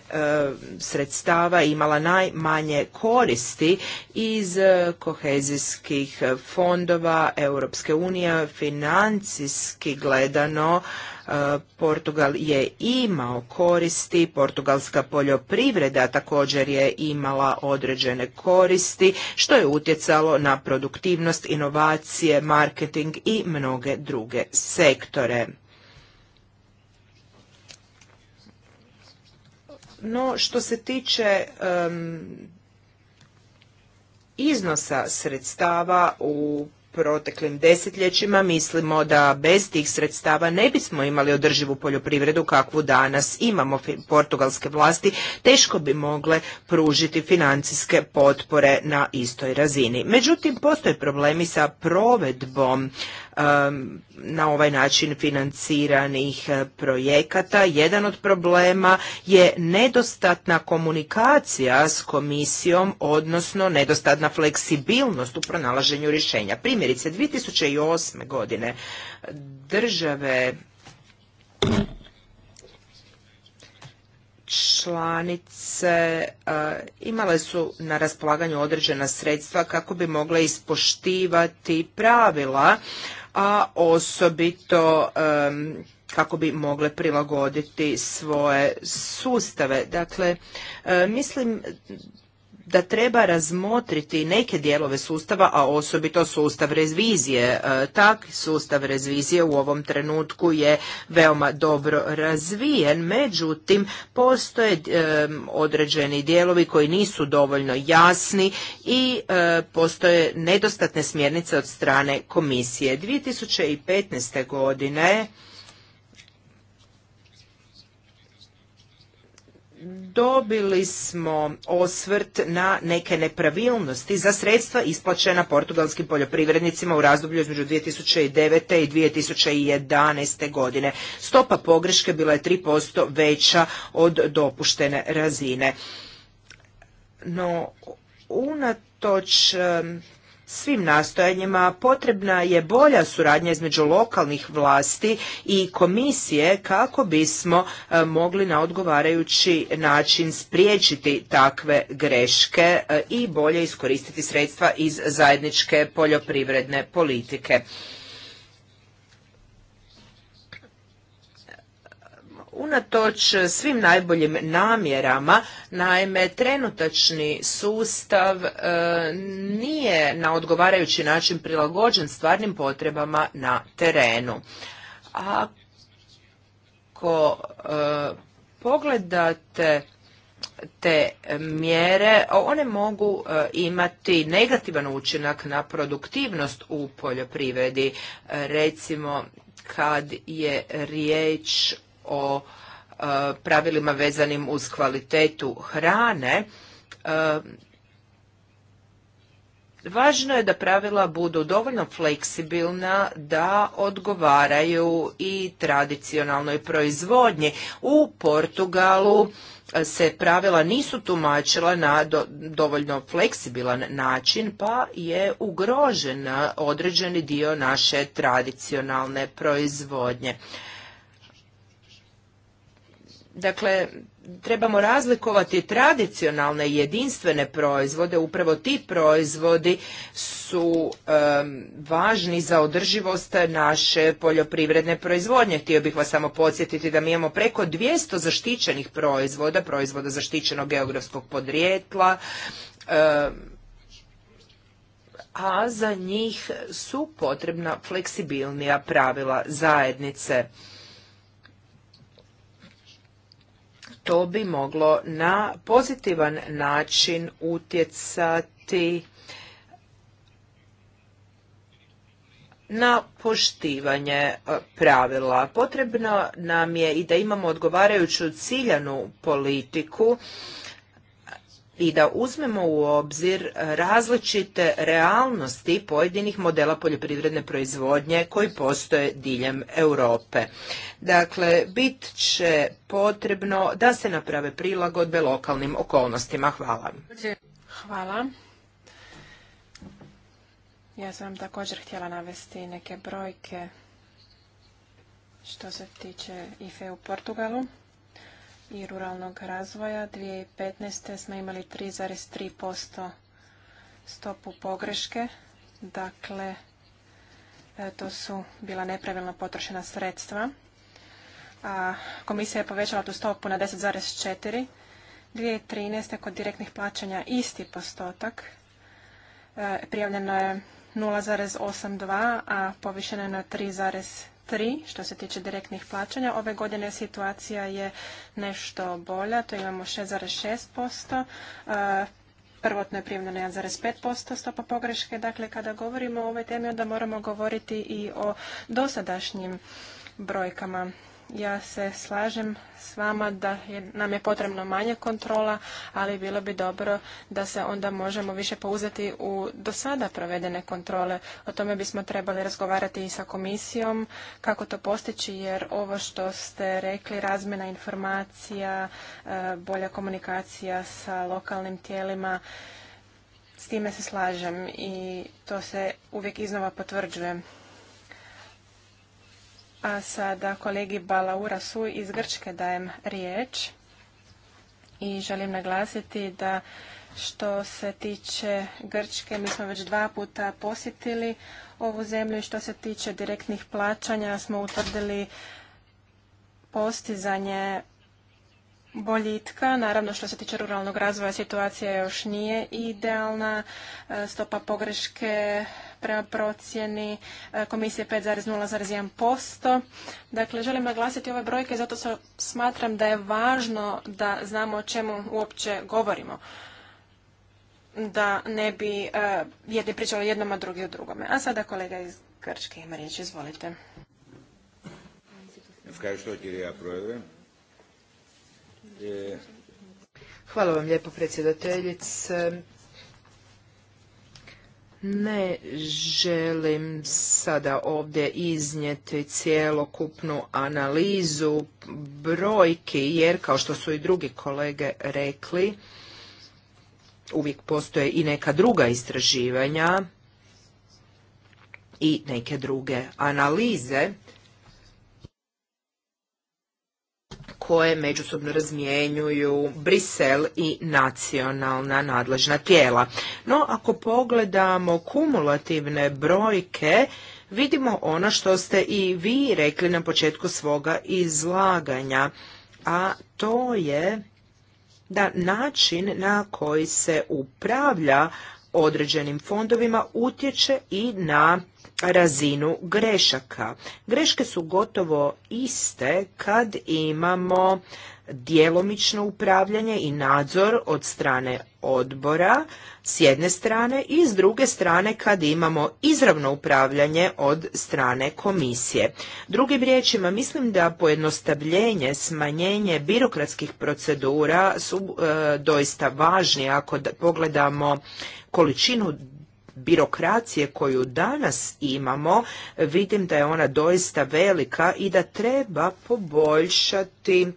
sredstava, imala najmanje koristi iz e, kohezijskih fondova Europske unije, financijski gledano E, Portugal je imao koristi, portugalska poljoprivreda također je imala određene koristi, što je utjecalo na produktivnost, inovacije, marketing i mnoge druge sektore. No, što se tiče iznosa sredstava u proteklim desetljećima mislimo da bez tih sredstava ne bismo imali održivu poljoprivredu kakvu danas imamo. Portugalske vlasti teško bi mogle pružiti financijske potpore na istoj razini. Međutim, postoje problemi sa provedbom Um, na ovaj način financiranih eh, projekata. Jedan od problema je nedostatna komunikacija s komisijom, odnosno nedostatna fleksibilnost u pronalaženju rješenja. Primjerice, 2008. godine države članice eh, imale su na raspolaganju određena sredstva kako bi mogle ispoštivati pravila a osobito kako bi mogle prilagoditi svoje sustave. Dakle, mislim da treba razmotriti neke dijelove sustava, a osobito sustav revizije. E, tak sustav revizije u ovom trenutku je veoma dobro razvijen, međutim postoje e, određeni dijelovi koji nisu dovoljno jasni i e, postoje nedostatne smjernice od strane komisije. 2015. godine dobili smo osvrt na neke nepravilnosti za sredstva isplaćena portugalskim poljoprivrednicima u razdoblju između 2009. i 2011. godine. Stopa pogreške bila je 3% veća od dopuštene razine. No, unatoč svim nastojanjima potrebna je bolja suradnja između lokalnih vlasti i komisije kako bismo e, mogli na odgovarajući način spriječiti takve greške e, i bolje iskoristiti sredstva iz zajedničke poljoprivredne politike. unatoč svim najboljim namjerama, naime trenutačni sustav e, nije na odgovarajući način prilagođen stvarnim potrebama na terenu. Ako e, pogledate te mjere, one mogu e, imati negativan učinak na produktivnost u poljoprivredi, recimo kad je riječ o e, pravilima vezanim uz kvalitetu hrane, e, Važno je da pravila budu dovoljno fleksibilna da odgovaraju i tradicionalnoj proizvodnji. U Portugalu se pravila nisu tumačila na dovoljno fleksibilan način, pa je ugrožen određeni dio naše tradicionalne proizvodnje. Dakle, trebamo razlikovati tradicionalne i jedinstvene proizvode. Upravo ti proizvodi su važni za održivost naše poljoprivredne proizvodnje. Htio bih vas samo podsjetiti da mi imamo preko 200 zaštićenih proizvoda, proizvoda zaštićenog geografskog podrijetla, a za njih su potrebna fleksibilnija pravila zajednice. to bi moglo na pozitivan način utjecati na poštivanje e, pravila. Potrebno nam je i da imamo odgovarajuću ciljanu politiku i da uzmemo u obzir e, različite realnosti pojedinih modela poljoprivredne proizvodnje koji postoje diljem Europe. Dakle, bit će potrebno da se naprave prilagodbe lokalnim okolnostima. Hvala. Hvala. Ja sam vam također htjela navesti neke brojke što se tiče IFE u Portugalu i ruralnog razvoja. 2015. smo imali 3,3% stopu pogreške. Dakle, e, to su bila nepravilno potrošena sredstva. A komisija je povećala tu stopu na 10,4%. 2013. kod direktnih plaćanja isti postotak. E, prijavljeno je 0,82, a povišeno je na 3,3 3 što se tiče direktnih plaćanja. Ove godine situacija je nešto bolja, to imamo 6,6%. Prvotno je primljeno 1,5% stopa pogreške. Dakle, kada govorimo o ovoj temi, onda moramo govoriti i o dosadašnjim brojkama ja se slažem s vama da je, nam je potrebno manje kontrola, ali bilo bi dobro da se onda možemo više pouzeti u do sada provedene kontrole. O tome bismo trebali razgovarati i sa komisijom, kako to postići, jer ovo što ste rekli, razmjena informacija, e, bolja komunikacija sa lokalnim tijelima, s time se slažem i to se uvijek iznova potvrđuje. A sada kolegi Balaurasu iz Grčke dajem riječ i želim naglasiti da što se tiče Grčke, mi smo već dva puta posjetili ovu zemlju i što se tiče direktnih plaćanja smo utvrdili postizanje boljitka. Naravno, što se tiče ruralnog razvoja, situacija još nije idealna. E, stopa pogreške prema procjeni e, komisije 5,0,1%. Dakle, želim naglasiti ove brojke, zato što smatram da je važno da znamo o čemu uopće govorimo da ne bi e, jedni pričali jednom, a drugi o drugome. A sada kolega iz Grčke ima riječ, izvolite. Hvala e, vam lijepo predsjedateljice. Ne želim sada ovdje iznijeti cjelokupnu analizu brojki, jer kao što su i drugi kolege rekli, uvijek postoje i neka druga istraživanja i neke druge analize koje međusobno razmijenjuju Brisel i nacionalna nadležna tijela. No, ako pogledamo kumulativne brojke, vidimo ono što ste i vi rekli na početku svoga izlaganja, a to je da način na koji se upravlja određenim fondovima utječe i na razinu grešaka. Greške su gotovo iste kad imamo djelomično upravljanje i nadzor od strane odbora s jedne strane i s druge strane kad imamo izravno upravljanje od strane komisije. Drugim riječima mislim da pojednostavljenje, smanjenje birokratskih procedura su e, doista važni ako pogledamo količinu birokracije koju danas imamo, vidim da je ona doista velika i da treba poboljšati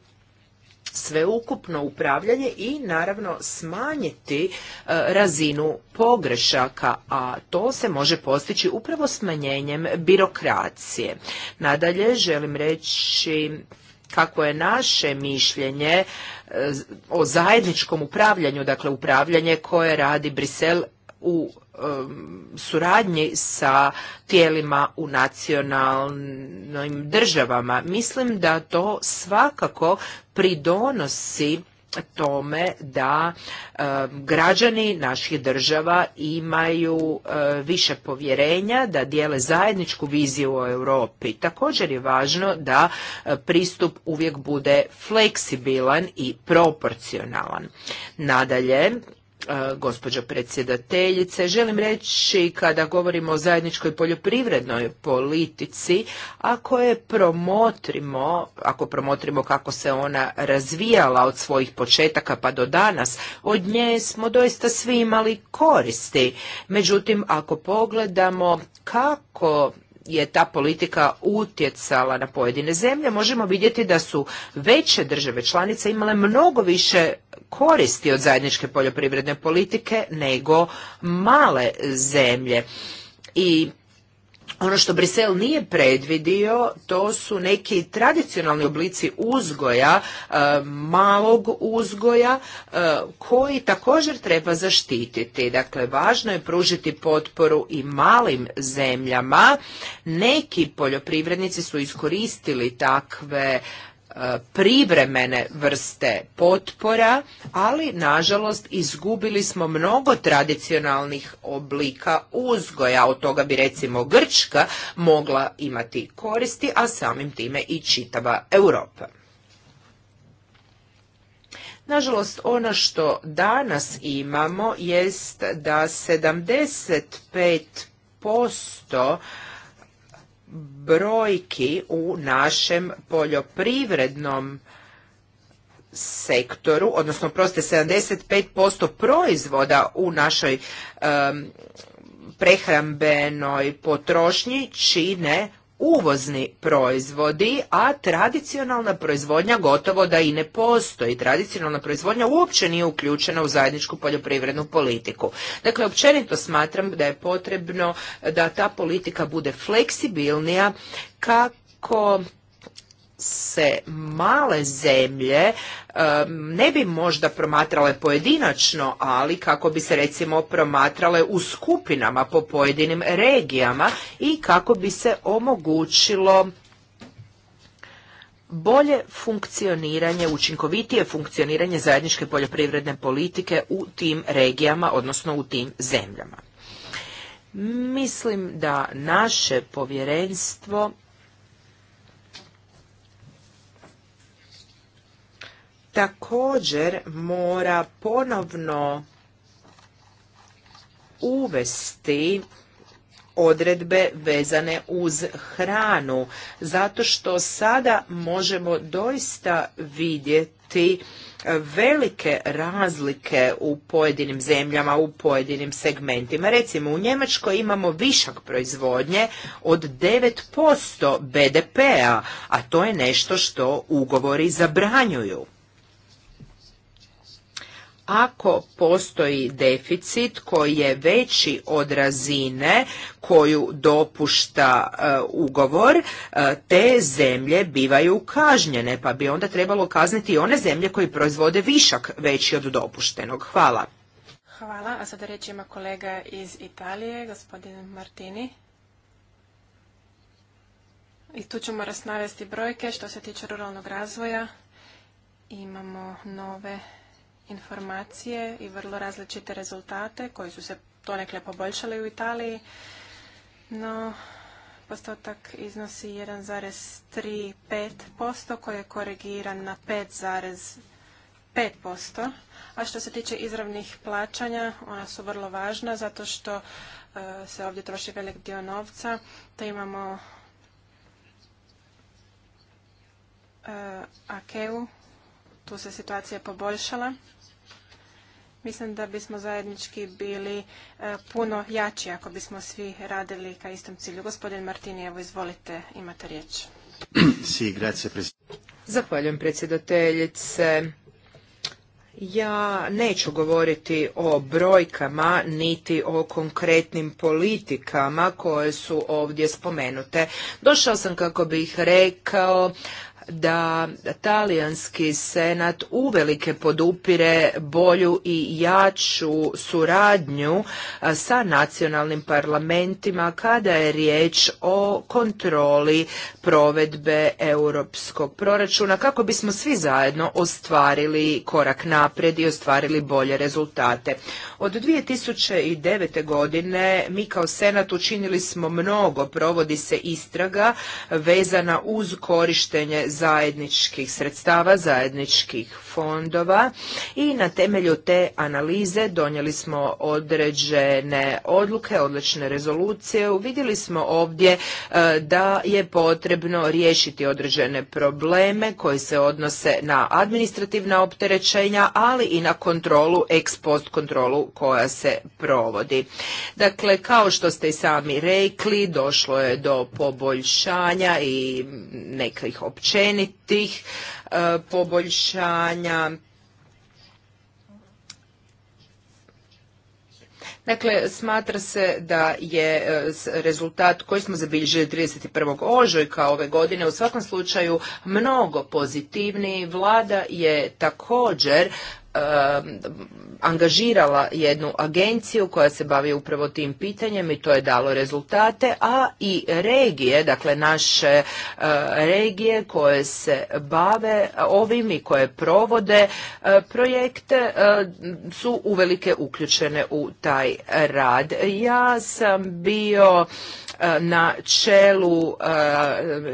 sveukupno upravljanje i naravno smanjiti e, razinu pogrešaka, a to se može postići upravo smanjenjem birokracije. Nadalje želim reći kako je naše mišljenje e, o zajedničkom upravljanju, dakle upravljanje koje radi Brisel u Um, suradnji sa tijelima u nacionalnim državama. Mislim da to svakako pridonosi tome da um, građani naših država imaju uh, više povjerenja da dijele zajedničku viziju o Europi. Također je važno da uh, pristup uvijek bude fleksibilan i proporcionalan. Nadalje, gospođo predsjedateljice. Želim reći kada govorimo o zajedničkoj poljoprivrednoj politici, ako je promotrimo, ako promotrimo kako se ona razvijala od svojih početaka pa do danas, od nje smo doista svi imali koristi. Međutim, ako pogledamo kako je ta politika utjecala na pojedine zemlje, možemo vidjeti da su veće države članice imale mnogo više koristi od zajedničke poljoprivredne politike nego male zemlje. I ono što Brisel nije predvidio, to su neki tradicionalni oblici uzgoja, e, malog uzgoja, e, koji također treba zaštititi. Dakle, važno je pružiti potporu i malim zemljama. Neki poljoprivrednici su iskoristili takve E, privremene vrste potpora, ali nažalost izgubili smo mnogo tradicionalnih oblika uzgoja. Od toga bi recimo Grčka mogla imati koristi, a samim time i čitava Europa. Nažalost, ono što danas imamo jest da 75% brojki u našem poljoprivrednom sektoru, odnosno proste 75% proizvoda u našoj prehrambenoj potrošnji čine uvozni proizvodi, a tradicionalna proizvodnja gotovo da i ne postoji. Tradicionalna proizvodnja uopće nije uključena u zajedničku poljoprivrednu politiku. Dakle, općenito smatram da je potrebno da ta politika bude fleksibilnija kako se male zemlje ne bi možda promatrale pojedinačno, ali kako bi se recimo promatrale u skupinama po pojedinim regijama i kako bi se omogućilo bolje funkcioniranje, učinkovitije funkcioniranje zajedničke poljoprivredne politike u tim regijama, odnosno u tim zemljama. Mislim da naše povjerenstvo također mora ponovno uvesti odredbe vezane uz hranu, zato što sada možemo doista vidjeti velike razlike u pojedinim zemljama, u pojedinim segmentima. Recimo, u Njemačkoj imamo višak proizvodnje od 9% BDP-a, a to je nešto što ugovori zabranjuju ako postoji deficit koji je veći od razine koju dopušta e, ugovor, e, te zemlje bivaju kažnjene, pa bi onda trebalo kazniti i one zemlje koje proizvode višak veći od dopuštenog. Hvala. Hvala, a sada reći ima kolega iz Italije, gospodin Martini. I tu ćemo rasnavesti brojke što se tiče ruralnog razvoja. Imamo nove informacije i vrlo različite rezultate koji su se donekle poboljšali u Italiji, no postotak iznosi 1,35% koji je korigiran na 5,5%. A što se tiče izravnih plaćanja, ona su vrlo važna zato što e, se ovdje troši velik dio novca, To imamo e, AKEU, tu se situacija poboljšala. Mislim da bismo zajednički bili e, puno jači ako bismo svi radili ka istom cilju. Gospodin Martini, evo izvolite, imate riječ. Zahvaljujem predsjedateljice. Ja neću govoriti o brojkama niti o konkretnim politikama koje su ovdje spomenute. Došao sam kako bih rekao da talijanski senat uvelike podupire bolju i jaču suradnju sa nacionalnim parlamentima kada je riječ o kontroli provedbe europskog proračuna kako bismo svi zajedno ostvarili korak naprijed i ostvarili bolje rezultate. Od 2009. godine mi kao Senat učinili smo mnogo, provodi se istraga vezana uz korištenje zajedničkih sredstava, zajedničkih fondova i na temelju te analize donijeli smo određene odluke, odlične rezolucije. Uvidjeli smo ovdje e, da je potrebno riješiti određene probleme koji se odnose na administrativna opterećenja, ali i na kontrolu ex post kontrolu koja se provodi. Dakle, kao što ste i sami rekli, došlo je do poboljšanja i nekih općenitih e, poboljšanja. Dakle, smatra se da je e, rezultat koji smo zabilježili 31. ožujka ove godine u svakom slučaju mnogo pozitivniji. Vlada je također Eh, angažirala jednu agenciju koja se bavi upravo tim pitanjem i to je dalo rezultate, a i regije, dakle naše eh, regije koje se bave ovim i koje provode eh, projekte su uvelike uključene u taj rad. Ja sam bio E, na čelu e,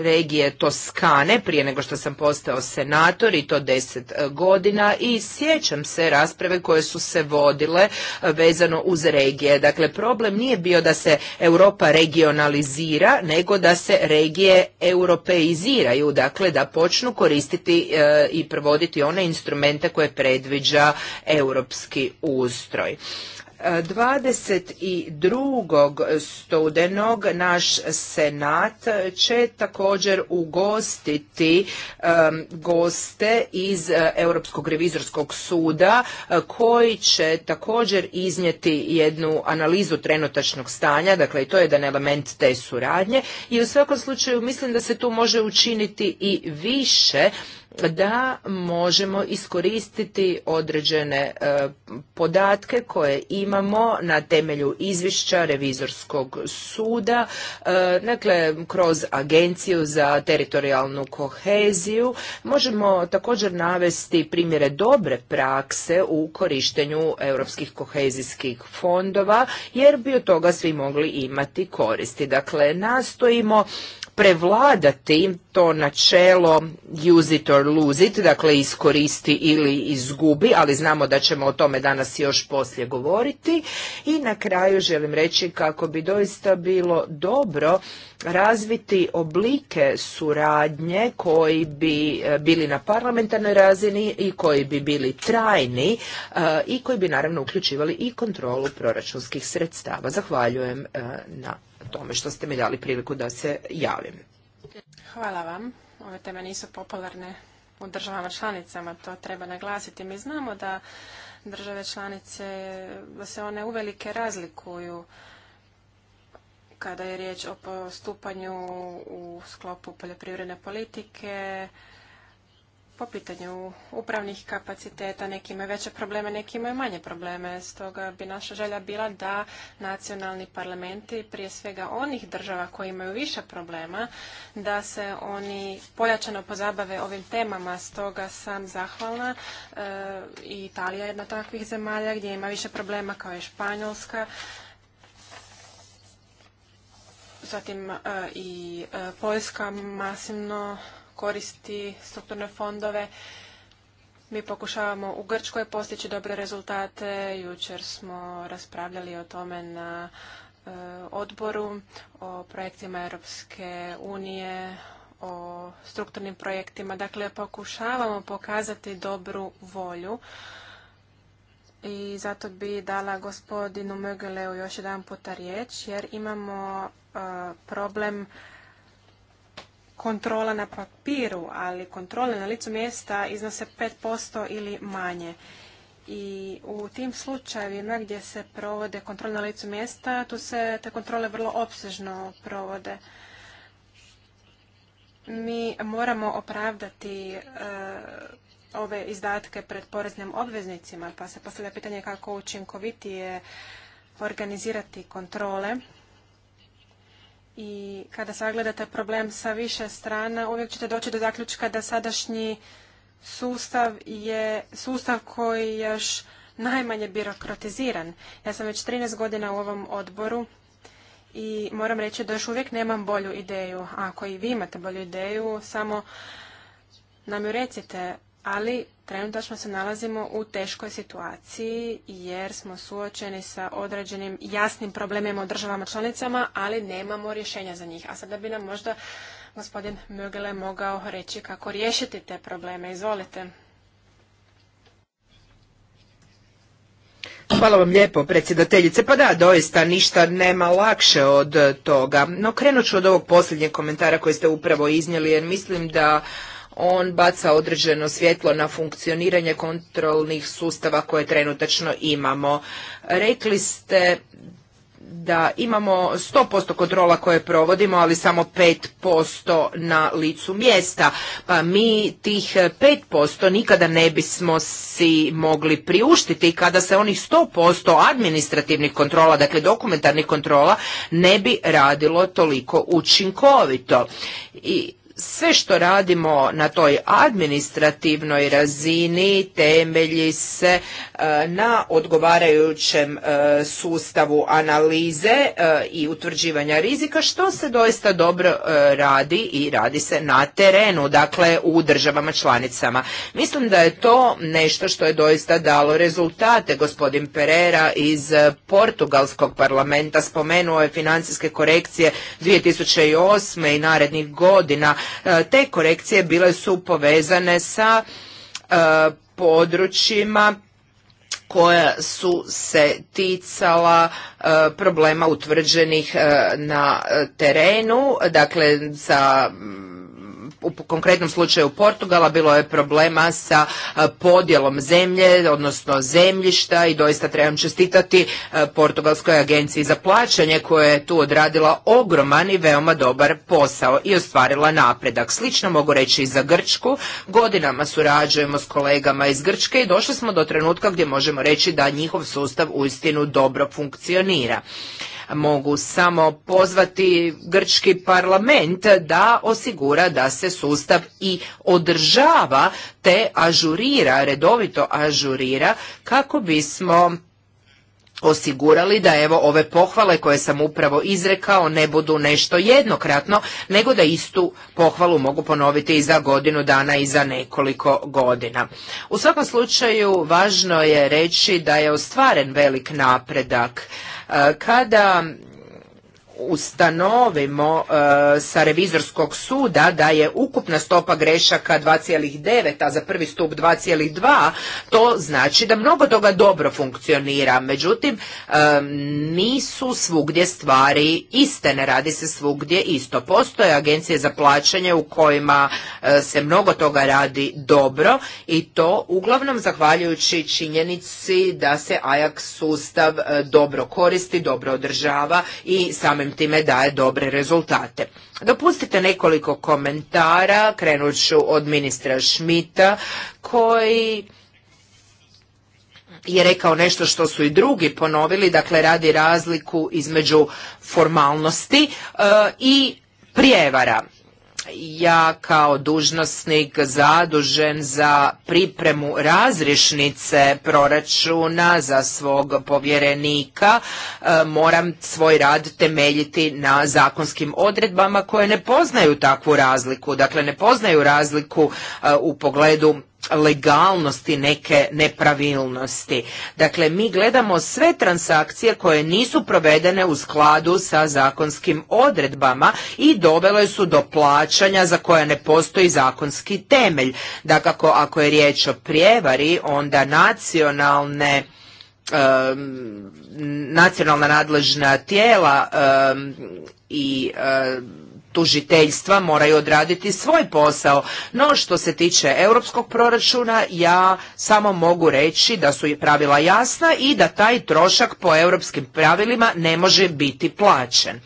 regije Toskane prije nego što sam postao senator i to deset e, godina i sjećam se rasprave koje su se vodile vezano uz regije. Dakle, problem nije bio da se Europa regionalizira, nego da se regije europeiziraju, dakle da počnu koristiti i provoditi one instrumente koje predviđa europski ustroj. 22. studenog naš senat će također ugostiti goste iz e, Europskog revizorskog suda e, koji će također iznijeti jednu analizu trenutačnog stanja, dakle i to je jedan element te suradnje i u svakom slučaju mislim da se tu može učiniti i više da možemo iskoristiti određene e, podatke koje imamo na temelju izvješća revizorskog suda, e, dakle kroz agenciju za teritorijalnu koheziju. Možemo također navesti primjere dobre prakse u korištenju europskih kohezijskih fondova, jer bi od toga svi mogli imati koristi. Dakle, nastojimo prevladati to načelo use it or lose it, dakle iskoristi ili izgubi, ali znamo da ćemo o tome danas još poslije govoriti. I na kraju želim reći kako bi doista bilo dobro razviti oblike suradnje koji bi e, bili na parlamentarnoj razini i koji bi bili trajni e, i koji bi naravno uključivali i kontrolu proračunskih sredstava. Zahvaljujem e, na tome što ste mi dali priliku da se javim. Hvala vam. Ove teme nisu popularne u državama članicama, to treba naglasiti. Mi znamo da države članice, da se one uvelike razlikuju kada je riječ o postupanju u sklopu poljoprivredne politike, po pitanju upravnih kapaciteta, neki imaju veće probleme, neki imaju manje probleme. Stoga bi naša želja bila da nacionalni parlamenti, prije svega onih država koji imaju više problema, da se oni pojačano pozabave ovim temama. Stoga sam zahvalna e, i Italija je jedna takvih zemalja gdje ima više problema kao i Španjolska zatim e, i e, Poljska masivno koristi strukturne fondove. Mi pokušavamo u Grčkoj postići dobre rezultate. Jučer smo raspravljali o tome na e, odboru, o projektima Europske unije, o strukturnim projektima. Dakle, pokušavamo pokazati dobru volju i zato bi dala gospodinu Mögeleu još jedan puta riječ, jer imamo e, problem kontrola na papiru, ali kontrole na licu mjesta iznose 5% ili manje. I u tim slučajevima gdje se provode kontrole na licu mjesta, tu se te kontrole vrlo opsežno provode. Mi moramo opravdati e, ove izdatke pred poreznim obveznicima, pa se postavlja pitanje kako učinkovitije organizirati kontrole i kada sagledate problem sa više strana, uvijek ćete doći do zaključka da sadašnji sustav je sustav koji je još najmanje birokratiziran. Ja sam već 13 godina u ovom odboru i moram reći da još uvijek nemam bolju ideju. Ako i vi imate bolju ideju, samo nam ju recite. Ali Trenutačno se nalazimo u teškoj situaciji jer smo suočeni sa određenim jasnim problemima u državama članicama, ali nemamo rješenja za njih. A sada bi nam možda gospodin Mögele mogao reći kako riješiti te probleme. Izvolite. Hvala vam lijepo, predsjedateljice. Pa da, doista ništa nema lakše od toga. No krenut ću od ovog posljednjeg komentara koji ste upravo iznijeli, jer mislim da on baca određeno svjetlo na funkcioniranje kontrolnih sustava koje trenutačno imamo. Rekli ste da imamo 100% kontrola koje provodimo, ali samo 5% na licu mjesta. Pa mi tih 5% nikada ne bismo si mogli priuštiti kada se onih 100% administrativnih kontrola, dakle dokumentarnih kontrola, ne bi radilo toliko učinkovito. I sve što radimo na toj administrativnoj razini temelji se e, na odgovarajućem e, sustavu analize e, i utvrđivanja rizika što se doista dobro radi i radi se na terenu, dakle u državama članicama. Mislim da je to nešto što je doista dalo rezultate. Gospodin Pereira iz Portugalskog parlamenta spomenuo je financijske korekcije 2008. i narednih godina E, te korekcije bile su povezane sa e, područjima koja su se ticala e, problema utvrđenih na terenu, dakle sa u konkretnom slučaju Portugala bilo je problema sa e, podjelom zemlje, odnosno zemljišta i doista trebam čestitati e, Portugalskoj agenciji za plaćanje koja je tu odradila ogroman i veoma dobar posao i ostvarila napredak. Slično mogu reći i za Grčku. Godinama surađujemo s kolegama iz Grčke i došli smo do trenutka gdje možemo reći da njihov sustav uistinu dobro funkcionira. Mogu samo pozvati grčki parlament da osigura da se sustav i održava te ažurira, redovito ažurira kako bismo osigurali da evo ove pohvale koje sam upravo izrekao ne budu nešto jednokratno, nego da istu pohvalu mogu ponoviti i za godinu dana i za nekoliko godina. U svakom slučaju važno je reći da je ostvaren velik napredak. E, kada ustanovimo e, sa revizorskog suda da je ukupna stopa grešaka 2,9, a za prvi stup 2,2, to znači da mnogo toga dobro funkcionira. Međutim, e, nisu svugdje stvari iste, ne radi se svugdje isto. Postoje agencije za plaćanje u kojima e, se mnogo toga radi dobro i to uglavnom zahvaljujući činjenici da se Ajax sustav dobro koristi, dobro održava i same samim time daje dobre rezultate. Dopustite nekoliko komentara, krenut ću od ministra Šmita koji je rekao nešto što su i drugi ponovili, dakle radi razliku između formalnosti e, i prijevara ja kao dužnosnik zadužen za pripremu razrišnice proračuna za svog povjerenika e, moram svoj rad temeljiti na zakonskim odredbama koje ne poznaju takvu razliku. Dakle, ne poznaju razliku e, u pogledu legalnosti neke nepravilnosti. Dakle, mi gledamo sve transakcije koje nisu provedene u skladu sa zakonskim odredbama i dovele su do plaćanja za koje ne postoji zakonski temelj. Dakako, ako je riječ o prijevari, onda nacionalne nacionalna nadležna tijela i tužiteljstva moraju odraditi svoj posao. No što se tiče europskog proračuna, ja samo mogu reći da su i pravila jasna i da taj trošak po europskim pravilima ne može biti plaćen.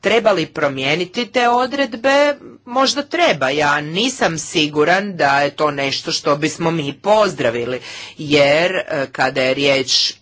Treba li promijeniti te odredbe? Možda treba. Ja nisam siguran da je to nešto što bismo mi pozdravili, jer eh, kada je riječ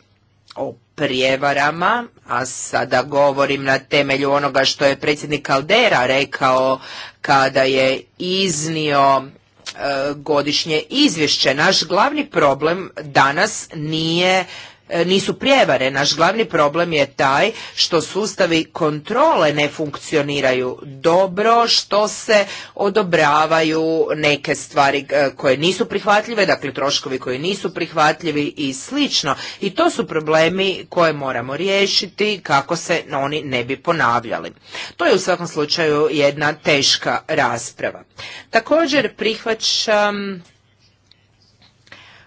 o prijevarama, a sada govorim na temelju onoga što je predsjednik kaldera rekao kada je iznio e, godišnje izvješće. Naš glavni problem danas nije E, nisu prijevare. Naš glavni problem je taj što sustavi kontrole ne funkcioniraju dobro, što se odobravaju neke stvari e, koje nisu prihvatljive, dakle troškovi koji nisu prihvatljivi i slično. I to su problemi koje moramo riješiti kako se oni ne bi ponavljali. To je u svakom slučaju jedna teška rasprava. Također prihvaćam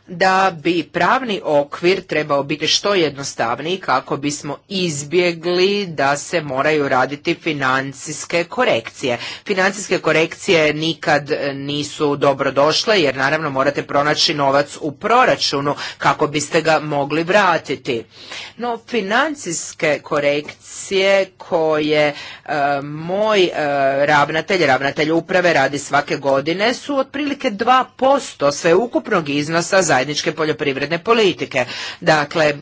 da bi pravni okvir trebao biti što jednostavniji kako bismo izbjegli da se moraju raditi financijske korekcije. Financijske korekcije nikad e, nisu dobro došle jer naravno morate pronaći novac u proračunu kako biste ga mogli vratiti. No financijske korekcije koje e, moj e, ravnatelj, ravnatelj uprave radi svake godine su otprilike 2% sveukupnog iznosa za zajedničke poljoprivredne politike. Dakle,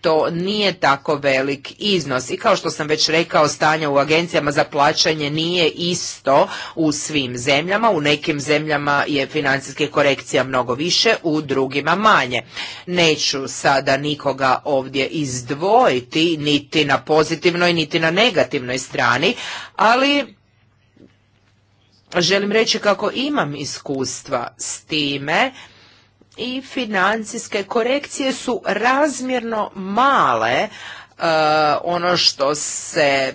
to nije tako velik iznos. I kao što sam već rekao, stanje u agencijama za plaćanje nije isto u svim zemljama. U nekim zemljama je financijske korekcija mnogo više, u drugima manje. Neću sada nikoga ovdje izdvojiti, niti na pozitivnoj, niti na negativnoj strani, ali želim reći kako imam iskustva s time i financijske korekcije su razmjerno male. E, ono što se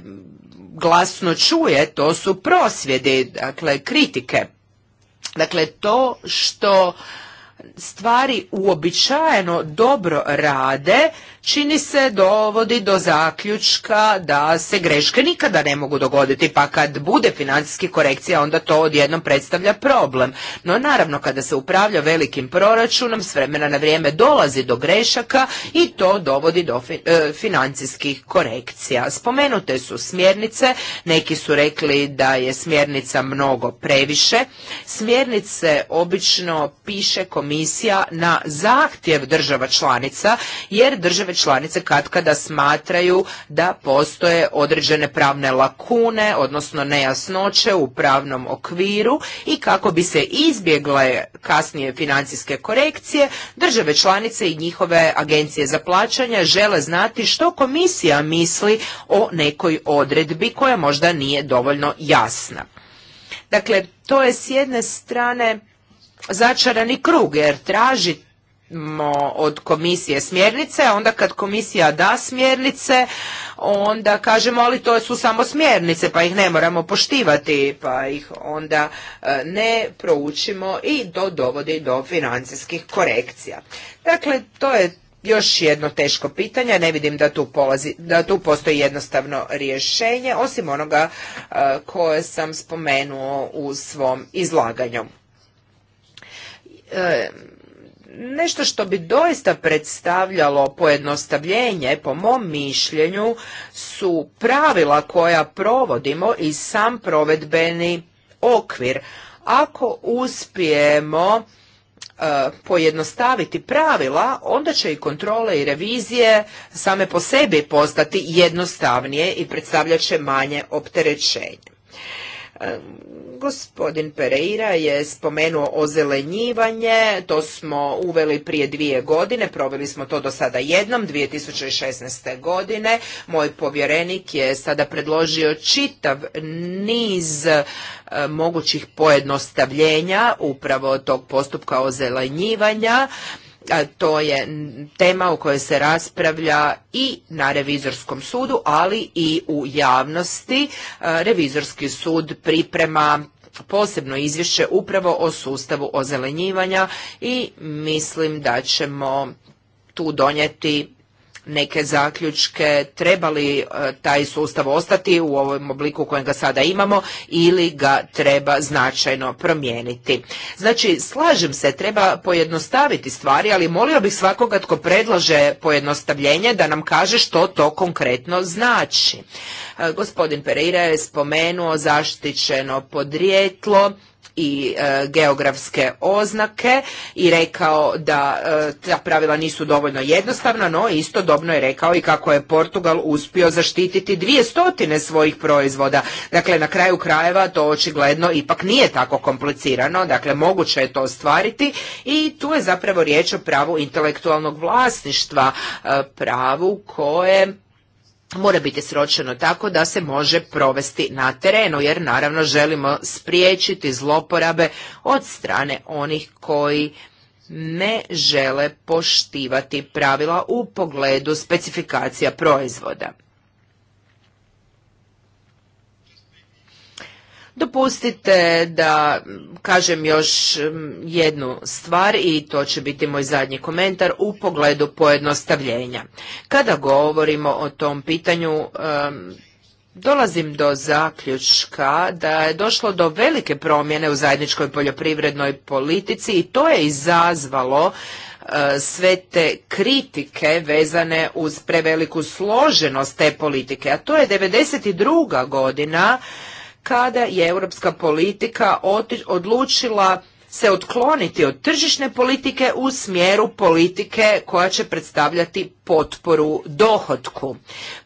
glasno čuje, to su prosvjedi, dakle kritike. Dakle, to što stvari uobičajeno dobro rade, čini se dovodi do zaključka da se greške nikada ne mogu dogoditi, pa kad bude financijski korekcija onda to odjednom predstavlja problem. No naravno kada se upravlja velikim proračunom s vremena na vrijeme dolazi do grešaka i to dovodi do e, financijskih korekcija. Spomenute su smjernice, neki su rekli da je smjernica mnogo previše. Smjernice obično piše komisija na zahtjev država članica jer države države članice kad smatraju da postoje određene pravne lakune, odnosno nejasnoće u pravnom okviru i kako bi se izbjegle kasnije financijske korekcije, države članice i njihove agencije za plaćanje žele znati što komisija misli o nekoj odredbi koja možda nije dovoljno jasna. Dakle, to je s jedne strane začarani krug jer tražite od komisije smjernice, onda kad komisija da smjernice, onda kažemo ali to su samo smjernice pa ih ne moramo poštivati, pa ih onda e, ne proučimo i to dovodi do financijskih korekcija. Dakle, to je još jedno teško pitanje, ne vidim da tu, polazi, da tu postoji jednostavno rješenje, osim onoga e, koje sam spomenuo u svom izlaganju e, nešto što bi doista predstavljalo pojednostavljenje, po mom mišljenju, su pravila koja provodimo i sam provedbeni okvir. Ako uspijemo e, pojednostaviti pravila, onda će i kontrole i revizije same po sebi postati jednostavnije i predstavljaće manje opterećenje. Gospodin Pereira je spomenuo ozelenjivanje, to smo uveli prije dvije godine, proveli smo to do sada jednom, 2016. godine. Moj povjerenik je sada predložio čitav niz e, mogućih pojednostavljenja upravo tog postupka ozelenjivanja to je tema o kojoj se raspravlja i na revizorskom sudu, ali i u javnosti. E, revizorski sud priprema posebno izvješće upravo o sustavu ozelenjivanja i mislim da ćemo tu donijeti neke zaključke treba li e, taj sustav ostati u ovom obliku kojem ga sada imamo ili ga treba značajno promijeniti. Znači, slažem se, treba pojednostaviti stvari, ali molio bih svakoga tko predlaže pojednostavljenje da nam kaže što to konkretno znači. E, gospodin Pereira je spomenuo zaštićeno podrijetlo, i e, geografske oznake i rekao da e, ta pravila nisu dovoljno jednostavna, no istodobno je rekao i kako je Portugal uspio zaštititi dvije stotine svojih proizvoda. Dakle, na kraju krajeva to očigledno ipak nije tako komplicirano, dakle moguće je to ostvariti i tu je zapravo riječ o pravu intelektualnog vlasništva, e, pravu koje mora biti sročeno tako da se može provesti na terenu, jer naravno želimo spriječiti zloporabe od strane onih koji ne žele poštivati pravila u pogledu specifikacija proizvoda. Dopustite da kažem još mm, jednu stvar i to će biti moj zadnji komentar u pogledu pojednostavljenja. Kada govorimo o tom pitanju, mm, dolazim do zaključka da je došlo do velike promjene u zajedničkoj poljoprivrednoj politici i to je izazvalo e, sve te kritike vezane uz preveliku složenost te politike. A to je 1992. godina kada je europska politika odlučila se otkloniti od tržišne politike u smjeru politike koja će predstavljati potporu dohotku.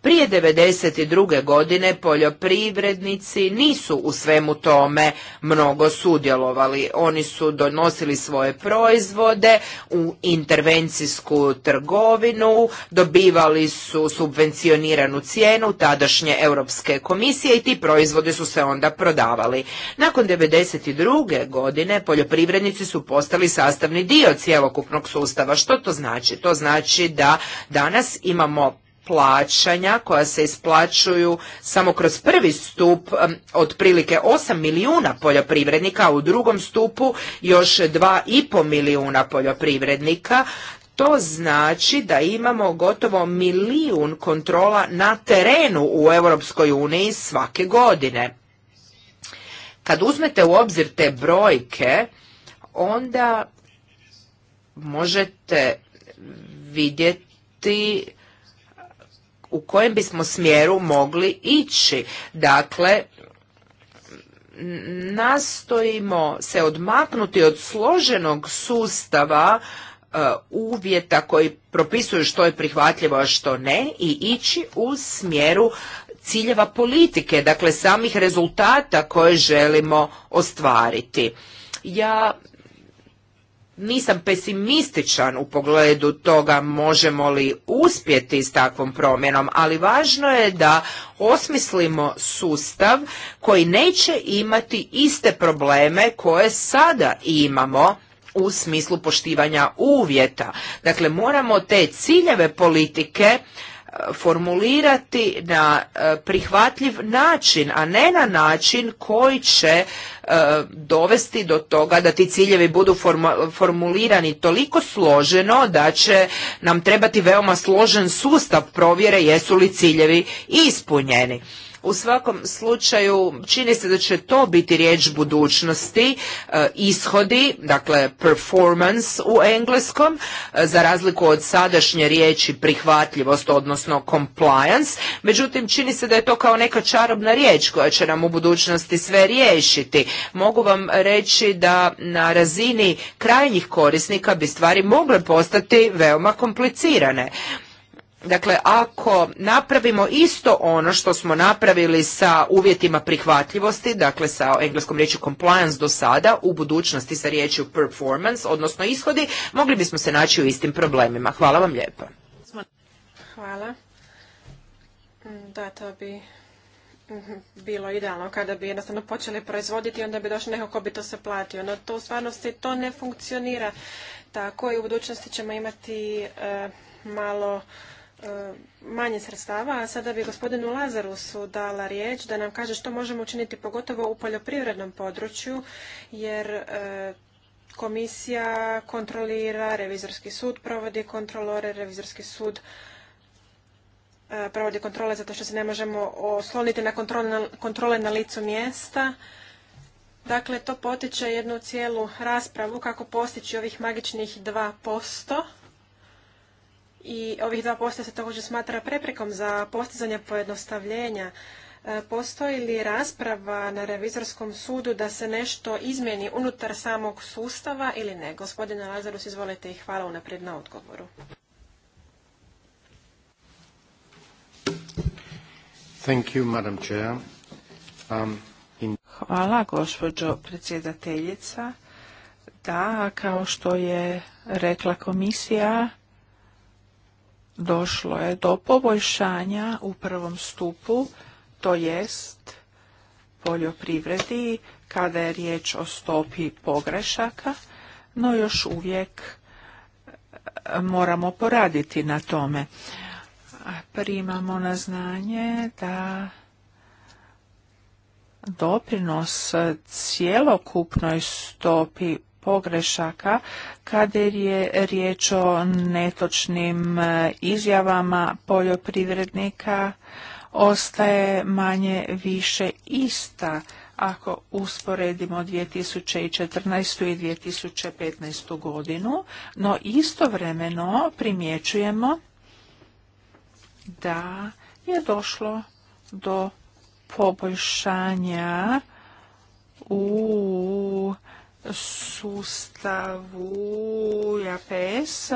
Prije 1992. godine poljoprivrednici nisu u svemu tome mnogo sudjelovali. Oni su donosili svoje proizvode u intervencijsku trgovinu, dobivali su subvencioniranu cijenu tadašnje Europske komisije i ti proizvode su se onda prodavali. Nakon 1992. godine poljoprivrednici su postali sastavni dio cjelokupnog sustava. Što to znači? To znači da Danas imamo plaćanja koja se isplaćuju samo kroz prvi stup otprilike 8 milijuna poljoprivrednika, a u drugom stupu još 2,5 milijuna poljoprivrednika. To znači da imamo gotovo milijun kontrola na terenu u Europskoj uniji svake godine. Kad uzmete u obzir te brojke, onda možete vidjeti vidjeti u kojem bismo smjeru mogli ići. Dakle, nastojimo se odmaknuti od složenog sustava e, uvjeta koji propisuju što je prihvatljivo, a što ne i ići u smjeru ciljeva politike, dakle samih rezultata koje želimo ostvariti. Ja nisam pesimističan u pogledu toga možemo li uspjeti s takvom promjenom, ali važno je da osmislimo sustav koji neće imati iste probleme koje sada imamo u smislu poštivanja uvjeta. Dakle, moramo te ciljeve politike formulirati na e, prihvatljiv način, a ne na način koji će e, dovesti do toga da ti ciljevi budu formulirani toliko složeno da će nam trebati veoma složen sustav provjere jesu li ciljevi ispunjeni. U svakom slučaju čini se da će to biti riječ budućnosti, e, ishodi, dakle performance u engleskom, e, za razliku od sadašnje riječi prihvatljivost, odnosno compliance. Međutim, čini se da je to kao neka čarobna riječ koja će nam u budućnosti sve riješiti. Mogu vam reći da na razini krajnjih korisnika bi stvari mogle postati veoma komplicirane. Dakle, ako napravimo isto ono što smo napravili sa uvjetima prihvatljivosti, dakle sa engleskom riječju compliance do sada, u budućnosti sa riječju performance, odnosno ishodi, mogli bismo se naći u istim problemima. Hvala vam lijepo. Hvala. Da, to bi bilo idealno kada bi jednostavno počeli proizvoditi onda bi došlo neko ko bi to se platio. No to u stvarnosti to ne funkcionira tako i u budućnosti ćemo imati eh, malo E, manje sredstava, a sada bi gospodinu Lazarusu dala riječ da nam kaže što možemo učiniti pogotovo u poljoprivrednom području, jer e, komisija kontrolira, revizorski sud provodi kontrolore, revizorski sud e, provodi kontrole zato što se ne možemo osloniti na kontrole na licu mjesta. Dakle, to potiče jednu cijelu raspravu kako postići ovih magičnih 2% i ovih 2% se također smatra preprekom za postizanje pojednostavljenja. E, postoji li rasprava na revizorskom sudu da se nešto izmjeni unutar samog sustava ili ne? Gospodine Lazarus, izvolite i hvala unaprijed na odgovoru. Thank you, Madam Chair. Um, in... Hvala, gospođo predsjedateljica. Da, kao što je rekla komisija, došlo je do poboljšanja u prvom stupu, to jest poljoprivredi kada je riječ o stopi pogrešaka, no još uvijek e, moramo poraditi na tome. Primamo na znanje da doprinos cjelokupnoj stopi pogrešaka kada je riječ o netočnim e, izjavama poljoprivrednika ostaje manje više ista ako usporedimo 2014. i 2015. godinu, no istovremeno primjećujemo da je došlo do poboljšanja u sustavu JAPS,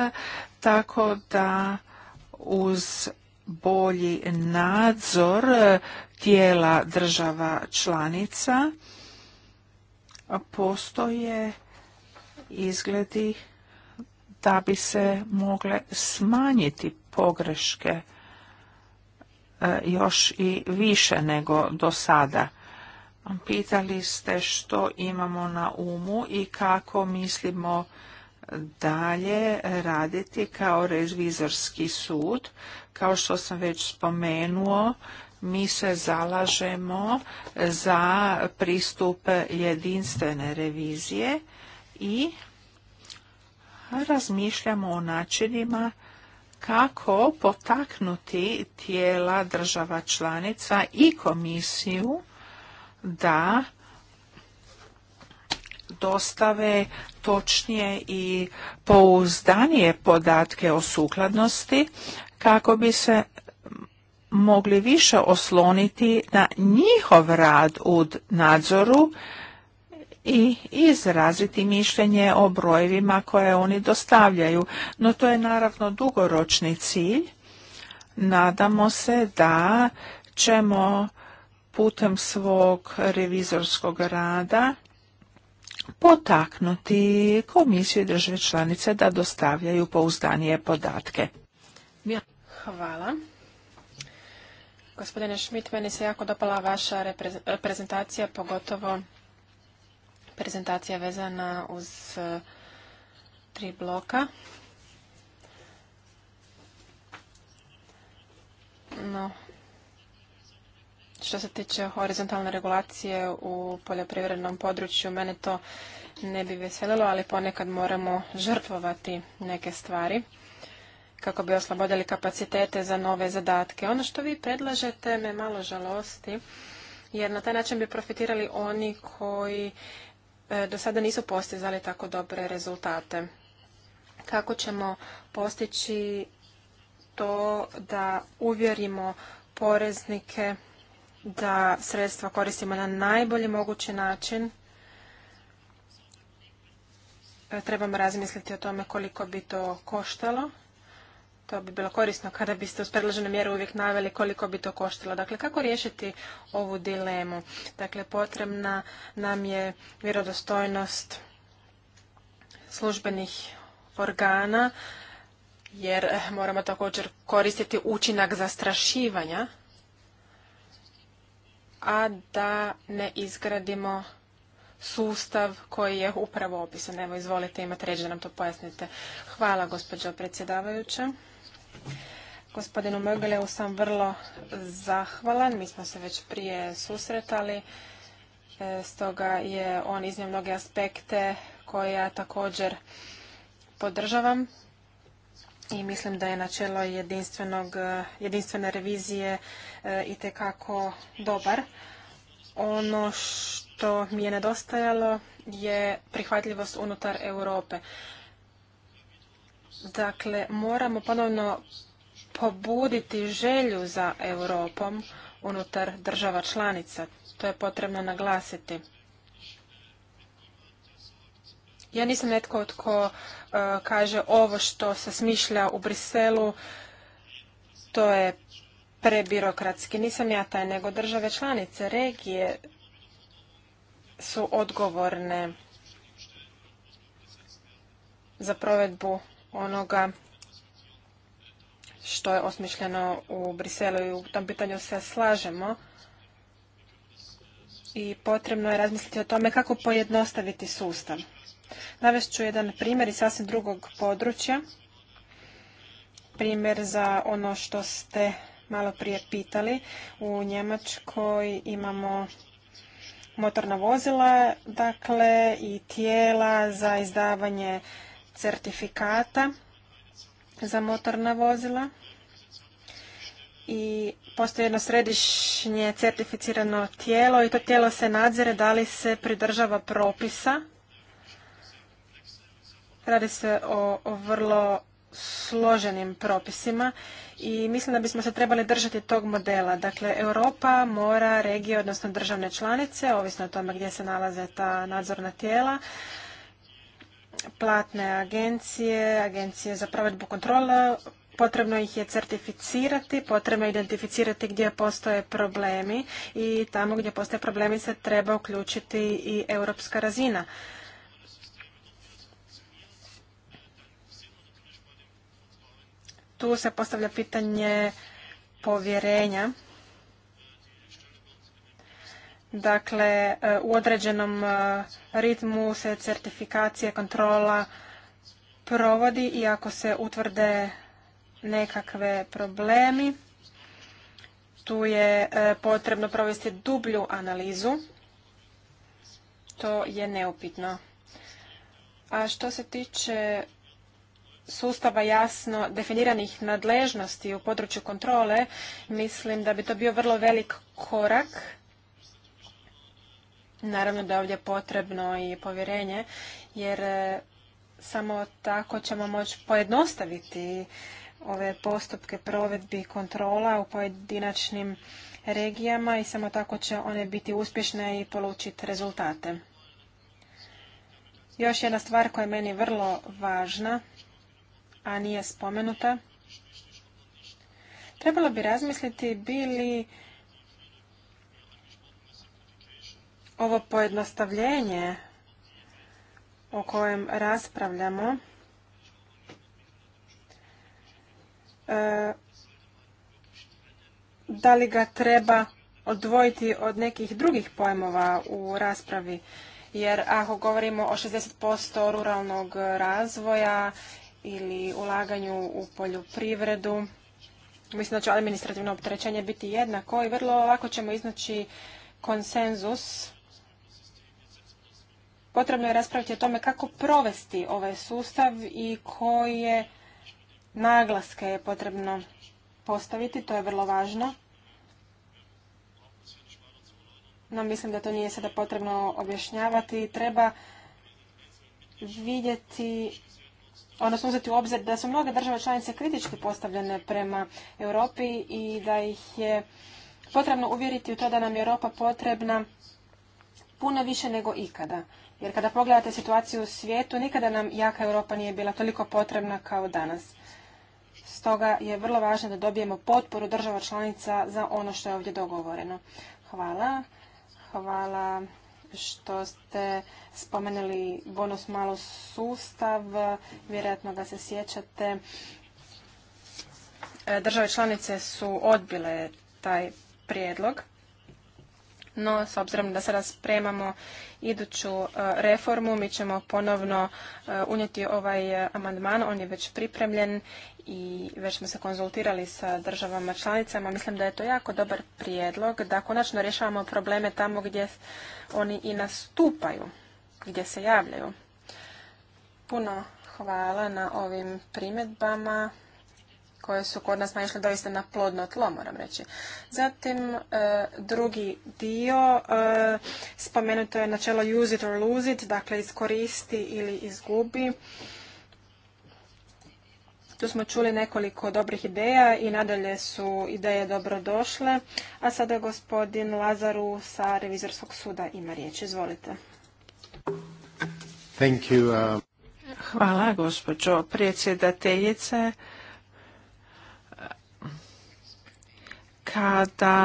tako da uz bolji nadzor tijela država članica postoje izgledi da bi se mogle smanjiti pogreške e, još i više nego do sada. Pitali ste što imamo na umu i kako mislimo dalje raditi kao revizorski sud. Kao što sam već spomenuo, mi se zalažemo za pristup jedinstvene revizije i razmišljamo o načinima kako potaknuti tijela država članica i komisiju da dostave točnije i pouzdanije podatke o sukladnosti kako bi se mogli više osloniti na njihov rad u nadzoru i izraziti mišljenje o brojevima koje oni dostavljaju. No to je naravno dugoročni cilj. Nadamo se da ćemo putem svog revizorskog rada potaknuti komisiju i države članice da dostavljaju pouzdanije podatke. Hvala. Gospodine Schmidt, meni se jako dopala vaša prezentacija, pogotovo prezentacija vezana uz e, tri bloka. No, što se tiče horizontalne regulacije u poljoprivrednom području, mene to ne bi veselilo, ali ponekad moramo žrtvovati neke stvari kako bi oslobodili kapacitete za nove zadatke. Ono što vi predlažete me malo žalosti, jer na taj način bi profitirali oni koji e, do sada nisu postizali tako dobre rezultate. Kako ćemo postići to da uvjerimo poreznike da sredstva koristimo na najbolji mogući način. E, trebamo razmisliti o tome koliko bi to koštalo. To bi bilo korisno kada biste uz predložene mjere uvijek naveli koliko bi to koštalo. Dakle, kako riješiti ovu dilemu? Dakle, potrebna nam je vjerodostojnost službenih organa, jer eh, moramo također koristiti učinak zastrašivanja a da ne izgradimo sustav koji je upravo opisan. Evo, izvolite, imati reći da nam to pojasnite. Hvala, gospođo predsjedavajuća. Gospodinu Mögeleu sam vrlo zahvalan. Mi smo se već prije susretali. E, stoga je on iznio mnoge aspekte koje ja također podržavam i mislim da je načelo e, jedinstvene revizije e, itekako i tekako dobar. Ono što mi je nedostajalo je prihvatljivost unutar Europe. Dakle, moramo ponovno pobuditi želju za Europom unutar država članica. To je potrebno naglasiti. Ja nisam netko tko e, kaže ovo što se smišlja u Briselu, to je prebirokratski. Nisam ja taj, nego države članice, regije su odgovorne za provedbu onoga što je osmišljeno u Briselu i u tom pitanju se slažemo i potrebno je razmisliti o tome kako pojednostaviti sustav. Navest ću jedan primjer iz sasvim drugog područja. Primjer za ono što ste malo prije pitali. U Njemačkoj imamo motorna vozila, dakle, i tijela za izdavanje certifikata za motorna vozila i postoji jedno središnje certificirano tijelo i to tijelo se nadzire da li se pridržava propisa Radi se o, vrlo složenim propisima i mislim da bismo se trebali držati tog modela. Dakle, Europa mora regije, odnosno državne članice, ovisno o tome gdje se nalaze ta nadzorna tijela, platne agencije, agencije za provedbu kontrola, potrebno ih je certificirati, potrebno je identificirati gdje postoje problemi i tamo gdje postoje problemi se treba uključiti i europska razina. tu se postavlja pitanje povjerenja. Dakle, u određenom e, ritmu se certifikacija kontrola provodi i ako se utvrde nekakve problemi, tu je e, potrebno provesti dublju analizu. To je neupitno. A što se tiče sustava jasno definiranih nadležnosti u području kontrole, mislim da bi to bio vrlo velik korak. Naravno da je ovdje potrebno i povjerenje, jer e, samo tako ćemo moći pojednostaviti ove postupke provedbi kontrola u pojedinačnim regijama i samo tako će one biti uspješne i polučiti rezultate. Još jedna stvar koja je meni vrlo važna a nije spomenuta. Trebalo bi razmisliti bili ovo pojednostavljenje o kojem raspravljamo e, da li ga treba odvojiti od nekih drugih pojmova u raspravi jer ako govorimo o 60% ruralnog razvoja ili ulaganju u poljoprivredu. Mislim da će administrativno opterećenje biti jednako i vrlo lako ćemo iznaći konsenzus. Potrebno je raspraviti o tome kako provesti ovaj sustav i koje naglaske je potrebno postaviti, to je vrlo važno. No mislim da to nije sada potrebno objašnjavati. Treba vidjeti odnosno uzeti u obzir da su mnoge države članice kritički postavljene prema Europi i da ih je potrebno uvjeriti u to da nam je Europa potrebna puno više nego ikada. Jer kada pogledate situaciju u svijetu, nikada nam jaka Europa nije bila toliko potrebna kao danas. Stoga je vrlo važno da dobijemo potporu država članica za ono što je ovdje dogovoreno. Hvala. Hvala što ste spomenuli bonus malo sustav, vjerojatno ga se sjećate. E, države članice su odbile taj prijedlog no s obzirom da sada spremamo iduću e, reformu, mi ćemo ponovno e, unijeti ovaj e, amandman, on je već pripremljen i već smo se konzultirali sa državama članicama. Mislim da je to jako dobar prijedlog da konačno rješavamo probleme tamo gdje oni i nastupaju, gdje se javljaju. Puno hvala na ovim primjedbama koje su kod nas naišle doista na plodno tlo, moram reći. Zatim, e, drugi dio, e, spomenuto je načelo use it or lose it, dakle iskoristi ili izgubi. Tu smo čuli nekoliko dobrih ideja i nadalje su ideje dobro došle. A sada gospodin Lazaru sa Revizorskog suda ima riječ. Izvolite. Uh, Hvala gospođo predsjedateljice. kada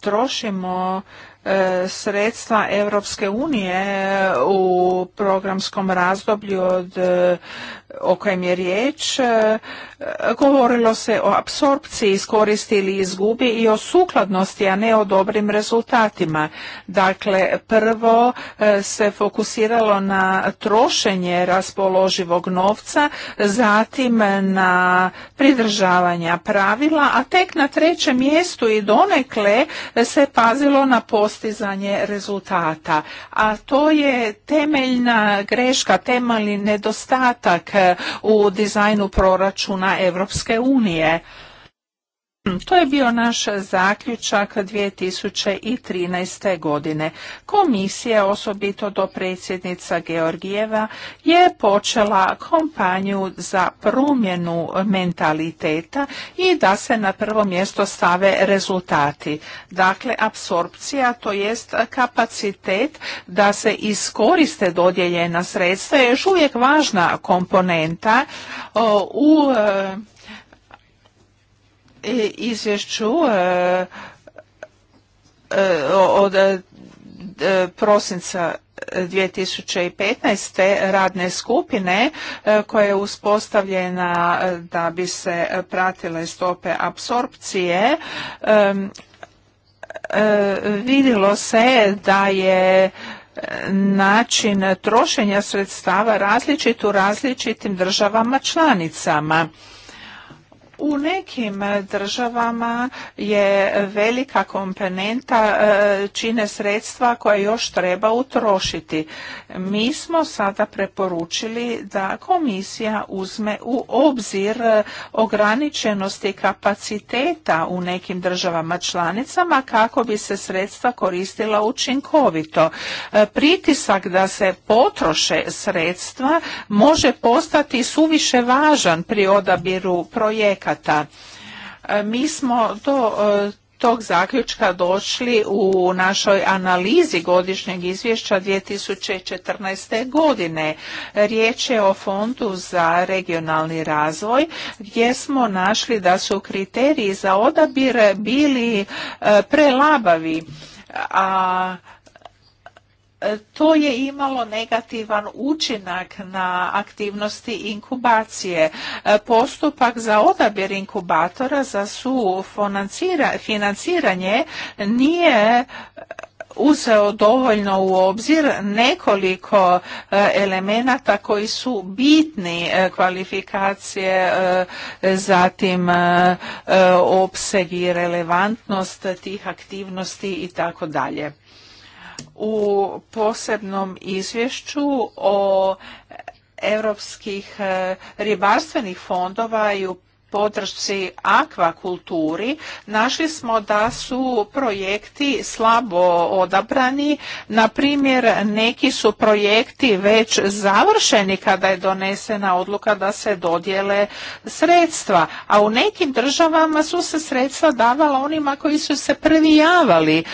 trošimo E, sredstva Europske unije u programskom razdoblju od e, o kojem je riječ e, govorilo se o apsorpciji iskoristi ili izgubi i o sukladnosti a ne o dobrim rezultatima dakle prvo se fokusiralo na trošenje raspoloživog novca zatim na pridržavanja pravila a tek na trećem mjestu i donekle se pazilo na posljednje postizanje rezultata. A to je temeljna greška, temeljni nedostatak eh, u dizajnu proračuna Europske unije. To je bio naš zaključak 2013. godine. Komisija, osobito do predsjednica Georgijeva, je počela kampanju za promjenu mentaliteta i da se na prvo mjesto stave rezultati. Dakle, apsorpcija, to jest kapacitet da se iskoriste dodjeljena sredstva, je još uvijek važna komponenta uh, u uh, izvješću e, e, od e, prosinca 2015. radne skupine koja je uspostavljena da bi se pratile stope apsorpcije vidjelo se da je način trošenja sredstava različit u različitim državama članicama u nekim e, državama je velika komponenta e, čine sredstva koja još treba utrošiti. Mi smo sada preporučili da komisija uzme u obzir e, ograničenosti kapaciteta u nekim državama članicama kako bi se sredstva koristila učinkovito. Pritisak da se potroše sredstva može postati suviše važan pri odabiru projekata E, mi smo do e, tog zaključka došli u našoj analizi godišnjeg izvješća 2014. godine. Riječ je o Fondu za regionalni razvoj gdje smo našli da su kriteriji za odabir bili e, prelabavi, a E, to je imalo negativan učinak na aktivnosti inkubacije. E, postupak za odabir inkubatora za su financiranje nije e, uzeo dovoljno u obzir nekoliko elemenata koji su bitni kvalifikacije, zatim opseg i relevantnost tih aktivnosti i tako dalje u posebnom izvješću o europskih e, ribarstvenih fondova i podršci akvakulturi, našli smo da su projekti slabo odabrani. Na primjer, neki su projekti već završeni kada je donesena odluka da se dodjele sredstva, a u nekim državama su se sredstva davala onima koji su se prvi e,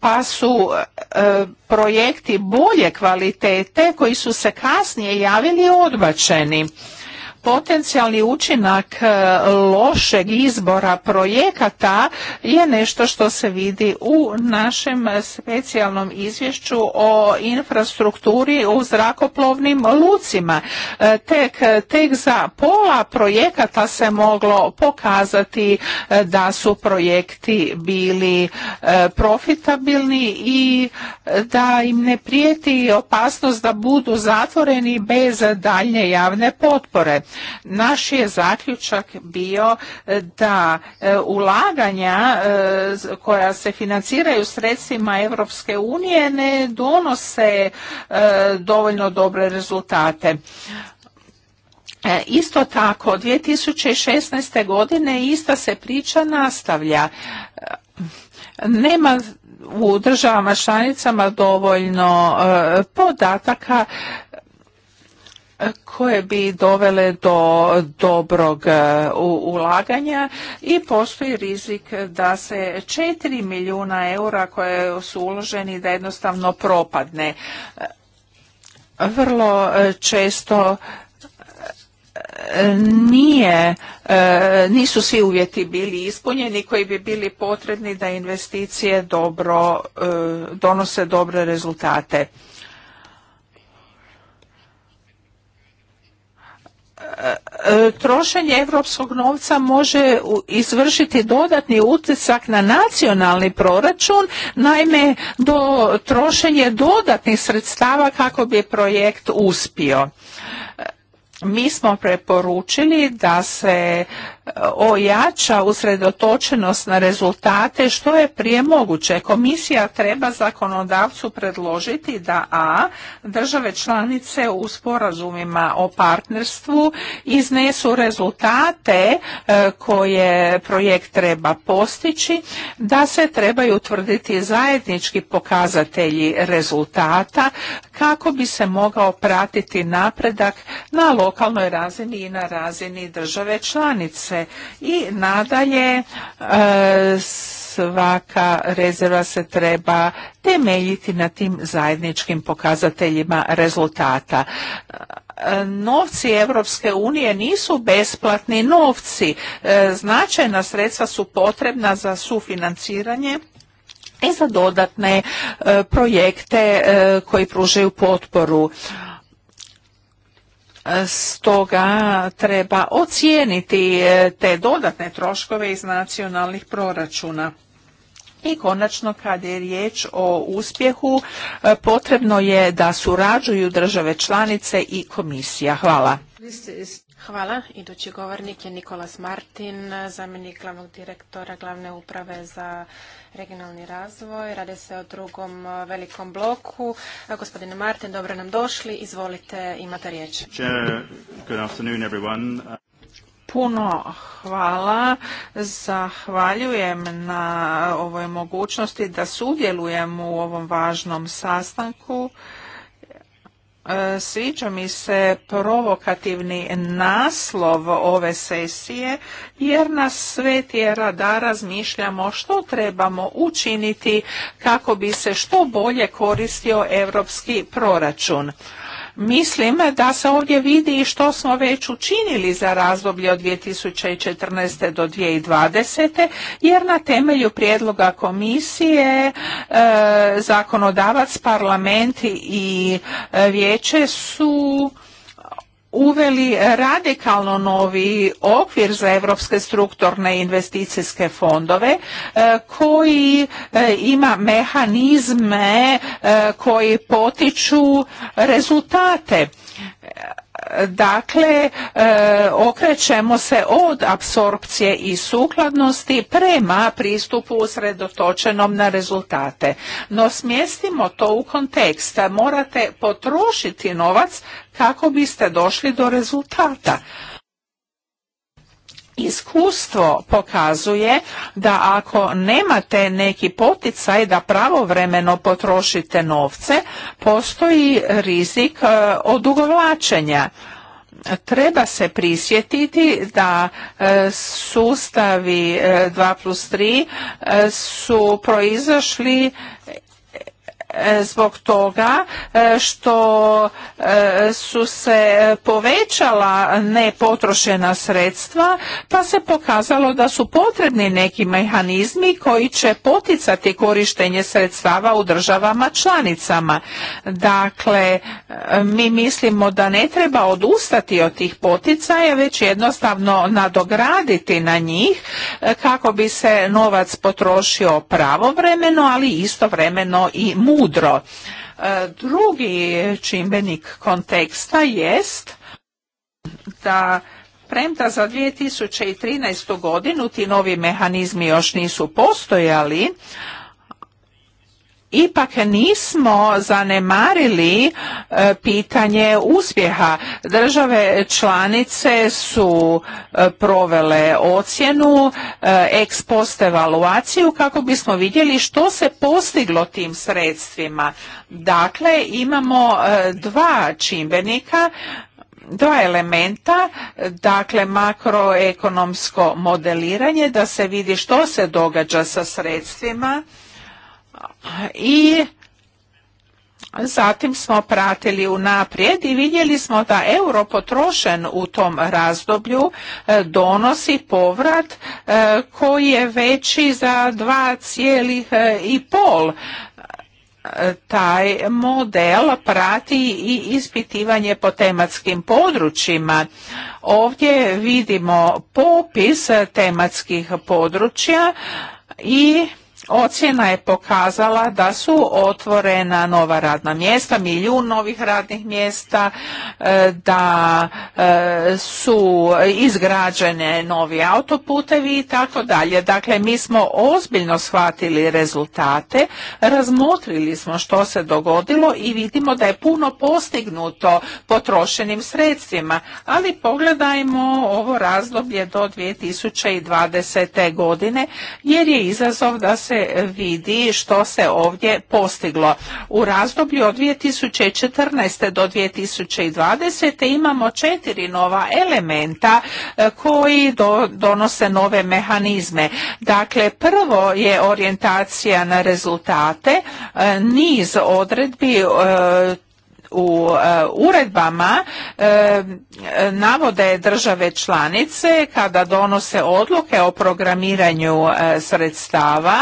pa su e, projekti bolje kvalitete koji su se kasnije javili odbačeni potencijalni učinak e, lošeg izbora projekata je nešto što se vidi u našem specijalnom izvješću o infrastrukturi u zrakoplovnim lucima. E, tek, tek za pola projekata se moglo pokazati e, da su projekti bili profitabilni i da im ne prijeti opasnost da budu zatvoreni bez daljnje javne potpore. Naš je zaključak bio e, da e, ulaganja e, koja se financiraju sredstvima Europske unije ne donose dovoljno dobre rezultate. Isto tako, 2016. godine ista se priča nastavlja. Nema u državama članicama dovoljno podataka koje bi dovele do dobrog e, ulaganja i postoji rizik da se 4 milijuna eura koje su uloženi da jednostavno propadne. Vrlo e, često e, nije, nisu svi uvjeti bili ispunjeni koji bi bili potrebni da investicije dobro donose dobre rezultate. trošenje europskog novca može izvršiti dodatni utisak na nacionalni proračun, naime do trošenje dodatnih sredstava kako bi projekt uspio mi smo preporučili da se ojača usredotočenost na rezultate što je prije moguće. Komisija treba zakonodavcu predložiti da a države članice u sporazumima o partnerstvu iznesu rezultate e, koje projekt treba postići, da se trebaju utvrditi zajednički pokazatelji rezultata kako bi se mogao pratiti napredak na lokalnoj razini i na razini države članice i nadalje e, svaka rezerva se treba temeljiti na tim zajedničkim pokazateljima rezultata. E, novci Europske unije nisu besplatni novci. E, značajna sredstva su potrebna za sufinanciranje i za dodatne projekte koji pružaju potporu. Stoga treba ocijeniti e, te dodatne troškove iz nacionalnih proračuna. I konačno kad je riječ o uspjehu, e, potrebno je da surađuju države članice i komisija. Hvala. Hvala. Idući govornik je Nikolas Martin, zamjenik glavnog direktora glavne uprave za regionalni razvoj. Radi se o drugom e, velikom bloku. E, gospodine Martin, dobro nam došli. Izvolite, imate riječ. puno hvala. Zahvaljujem na ovoj mogućnosti da sudjelujem u ovom važnom sastanku. E, sviđa mi se provokativni naslov ove sesije jer nas sve tjera da razmišljamo što trebamo učiniti kako bi se što bolje koristio europski proračun. Mislim da se ovdje vidi i što smo već učinili za razdoblje od 2014. do 2020. jer na temelju prijedloga komisije e, zakonodavac, parlament i e, vijeće su uveli radikalno novi okvir za europske strukturne investicijske fondove e, koji e, ima mehanizme e, koji potiču rezultate Dakle, e, okrećemo se od apsorpcije i sukladnosti prema pristupu usredotočenom na rezultate. No smjestimo to u kontekst. Morate potrošiti novac kako biste došli do rezultata. Iskustvo pokazuje da ako nemate neki poticaj da pravovremeno potrošite novce, postoji rizik e, odugovlačenja treba se prisjetiti da e, sustavi 2 e, plus 3 su proizašli E, zbog toga e, što e, su se povećala nepotrošena sredstva pa se pokazalo da su potrebni neki mehanizmi koji će poticati korištenje sredstava u državama članicama. Dakle, mi mislimo da ne treba odustati od tih poticaja, već jednostavno nadograditi na njih kako bi se novac potrošio pravovremeno, ali istovremeno i mudro. E, drugi čimbenik konteksta jest da premda za 2013. godinu ti novi mehanizmi još nisu postojali, ipak nismo zanemarili e, pitanje uspjeha. Države članice su e, provele ocjenu, e, ex post evaluaciju kako bismo vidjeli što se postiglo tim sredstvima. Dakle, imamo dva čimbenika dva elementa, dakle makroekonomsko modeliranje da se vidi što se događa sa sredstvima i Zatim smo pratili unaprijed i vidjeli smo da euro potrošen u tom razdoblju e, donosi povrat e, koji je veći za 2,5 e, taj model prati i ispitivanje po tematskim područjima. Ovdje vidimo popis tematskih područja i Ocjena je pokazala da su otvorena nova radna mjesta, milijun novih radnih mjesta, e, da e, su izgrađene novi autoputevi i tako dalje. Dakle, mi smo ozbiljno shvatili rezultate, razmotrili smo što se dogodilo i vidimo da je puno postignuto potrošenim sredstvima, ali pogledajmo ovo razdoblje do 2020. godine jer je izazov da se se vidi što se ovdje postiglo. U razdoblju od 2014. do 2020. imamo četiri nova elementa e, koji donose nove mehanizme. Dakle, prvo je orijentacija na rezultate, e, niz odredbi e, u e, uredbama e, navode države članice kada donose odluke o programiranju e, sredstava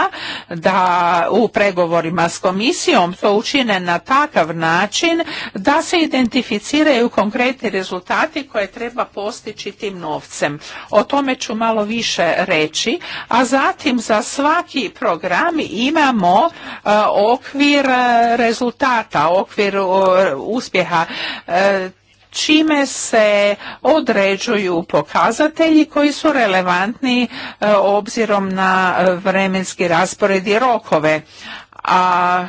da u pregovorima s komisijom to učine na takav način da se identificiraju konkretni rezultati koje treba postići tim novcem. O tome ću malo više reći, a zatim za svaki program imamo okvir rezultata, okvir uspjeha e, čime se određuju pokazatelji koji su relevantni e, obzirom na vremenski raspored i rokove. A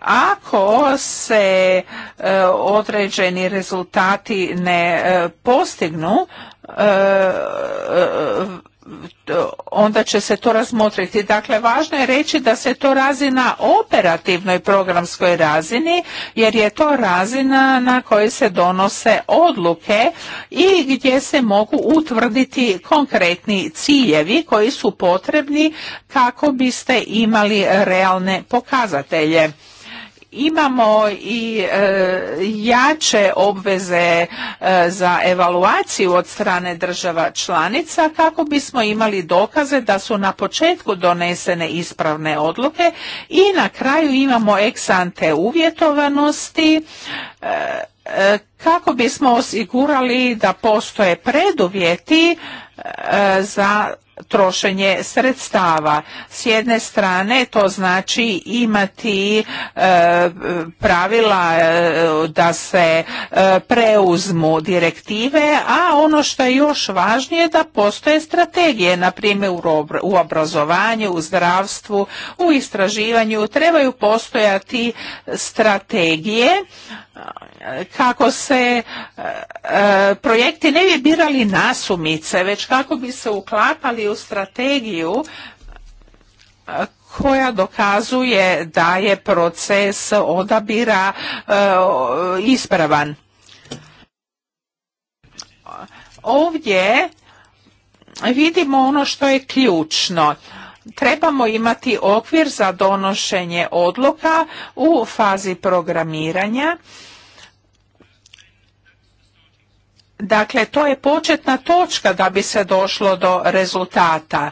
ako se e, određeni rezultati ne postignu, onda će se to razmotriti. Dakle, važno je reći da se to razina na operativnoj programskoj razini, jer je to razina na kojoj se donose odluke i gdje se mogu utvrditi konkretni ciljevi koji su potrebni kako biste imali realne pokazatelje imamo i e, jače obveze e, za evaluaciju od strane država članica kako bismo imali dokaze da su na početku donesene ispravne odluke i na kraju imamo eksante uvjetovanosti e, kako bismo osigurali da postoje preduvjeti za trošenje sredstava. S jedne strane to znači imati e, pravila e, da se e, preuzmu direktive, a ono što je još važnije da postoje strategije, na primjer u obrazovanju, u zdravstvu, u istraživanju, trebaju postojati strategije kako se projekti ne bi birali nasumice, već kako bi se uklapali strategiju koja dokazuje da je proces odabira ispravan. Ovdje vidimo ono što je ključno. Trebamo imati okvir za donošenje odluka u fazi programiranja Dakle, to je početna točka da bi se došlo do rezultata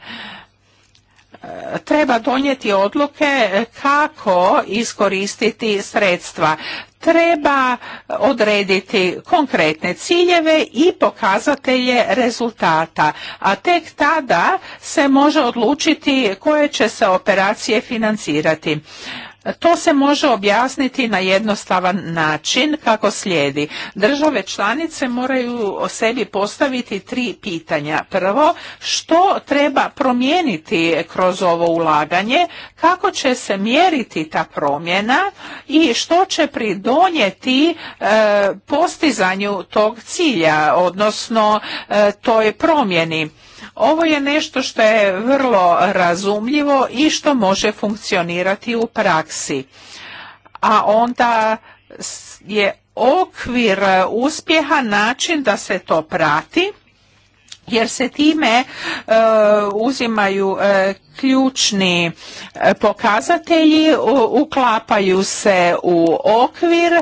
e, treba donijeti odluke kako iskoristiti sredstva. Treba odrediti konkretne ciljeve i pokazatelje rezultata, a tek tada se može odlučiti koje će se operacije financirati. To se može objasniti na jednostavan način kako slijedi. Države članice moraju o sebi postaviti tri pitanja. Prvo, što treba promijeniti kroz ovo ulaganje, kako će se mjeriti ta promjena i što će pridonijeti e, postizanju tog cilja, odnosno e, toj promjeni. Ovo je nešto što je vrlo razumljivo i što može funkcionirati u praksi. A onda je okvir uspjeha način da se to prati jer se time e, uzimaju e, ključni e, pokazatelji, uklapaju se u okvir,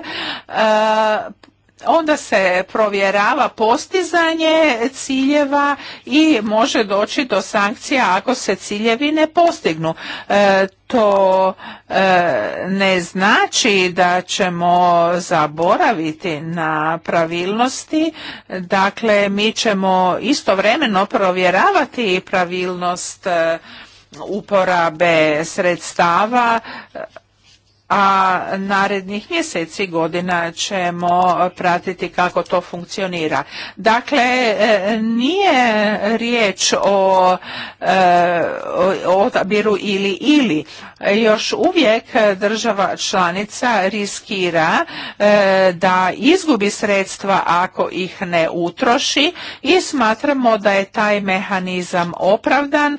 onda se provjerava postizanje ciljeva i može doći do sankcija ako se ciljevi ne postignu. E, to e, ne znači da ćemo zaboraviti na pravilnosti, dakle mi ćemo istovremeno provjeravati pravilnost e, uporabe sredstava a narednih mjeseci godina ćemo pratiti kako to funkcionira. Dakle, e, nije riječ o, e, o odabiru ili ili. Još uvijek država članica riskira e, da izgubi sredstva ako ih ne utroši i smatramo da je taj mehanizam opravdan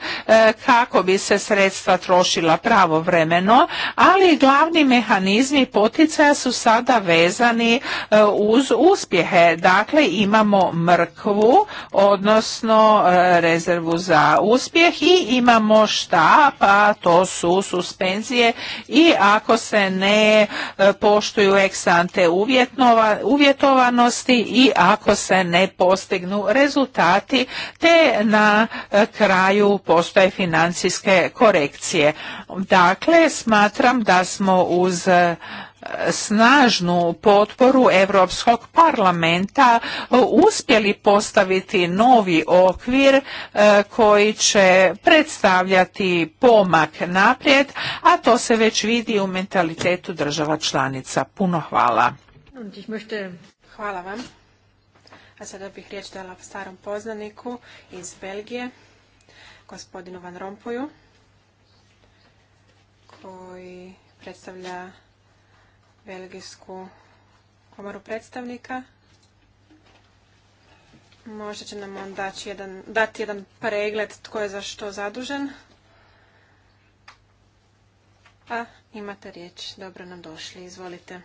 kako bi se sredstva trošila pravovremeno, ali glavno mehanizmi poticaja su sada vezani e, uz uspjehe. Dakle, imamo mrkvu, odnosno e, rezervu za uspjeh i imamo šta, pa to su suspenzije i ako se ne e, poštuju eksante uvjetovanosti i ako se ne postignu rezultati, te na kraju postoje financijske korekcije. Dakle, smatram da smo uz e, snažnu potporu Europskog parlamenta e, uspjeli postaviti novi okvir e, koji će predstavljati pomak naprijed, a to se već vidi u mentalitetu država članica. Puno hvala. Hvala vam. A sada bih riječ dala starom poznaniku iz Belgije, gospodinu Van Rompuju, koji predstavlja Belgijsku komoru predstavnika. Možda će nam on dati jedan, pregled tko je za što zadužen. A imate riječ. Dobro nam došli. Izvolite.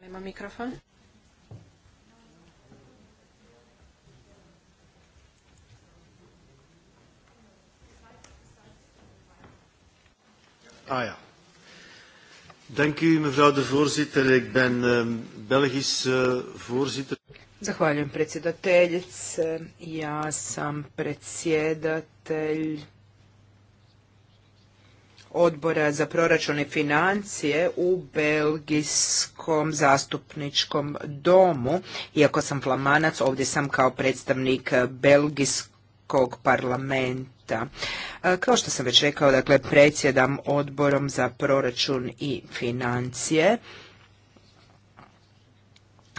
Nema mikrofon. Ah, Dank u, ehm, eh, Zahvaljujem predsjedateljice. Ja sam predsjedatelj odbora za proračun i financije u Belgijskom zastupničkom domu. Iako sam flamanac, ovdje sam kao predstavnik Belgijskog parlamenta da e, Kao što sam već rekao, dakle, predsjedam odborom za proračun i financije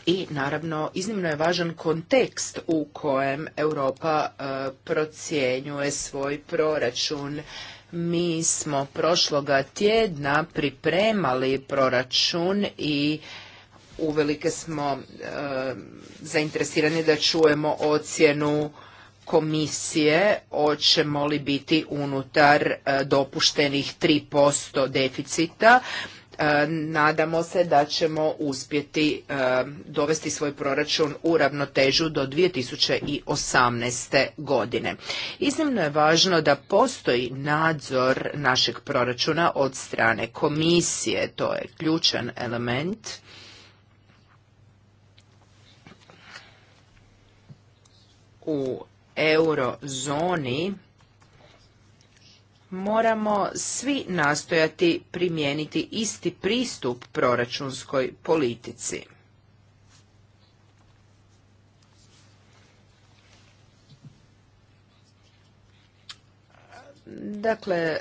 i naravno iznimno je važan kontekst u kojem Europa e, procjenjuje svoj proračun. Mi smo prošloga tjedna pripremali proračun i uvelike smo e, zainteresirani da čujemo ocjenu komisije hoćemo li biti unutar e, dopuštenih 3% deficita. E, nadamo se da ćemo uspjeti e, dovesti svoj proračun u ravnotežu do 2018. godine. Iznimno je važno da postoji nadzor našeg proračuna od strane komisije, to je ključan element. u eurozoni moramo svi nastojati primijeniti isti pristup proračunskoj politici. Dakle,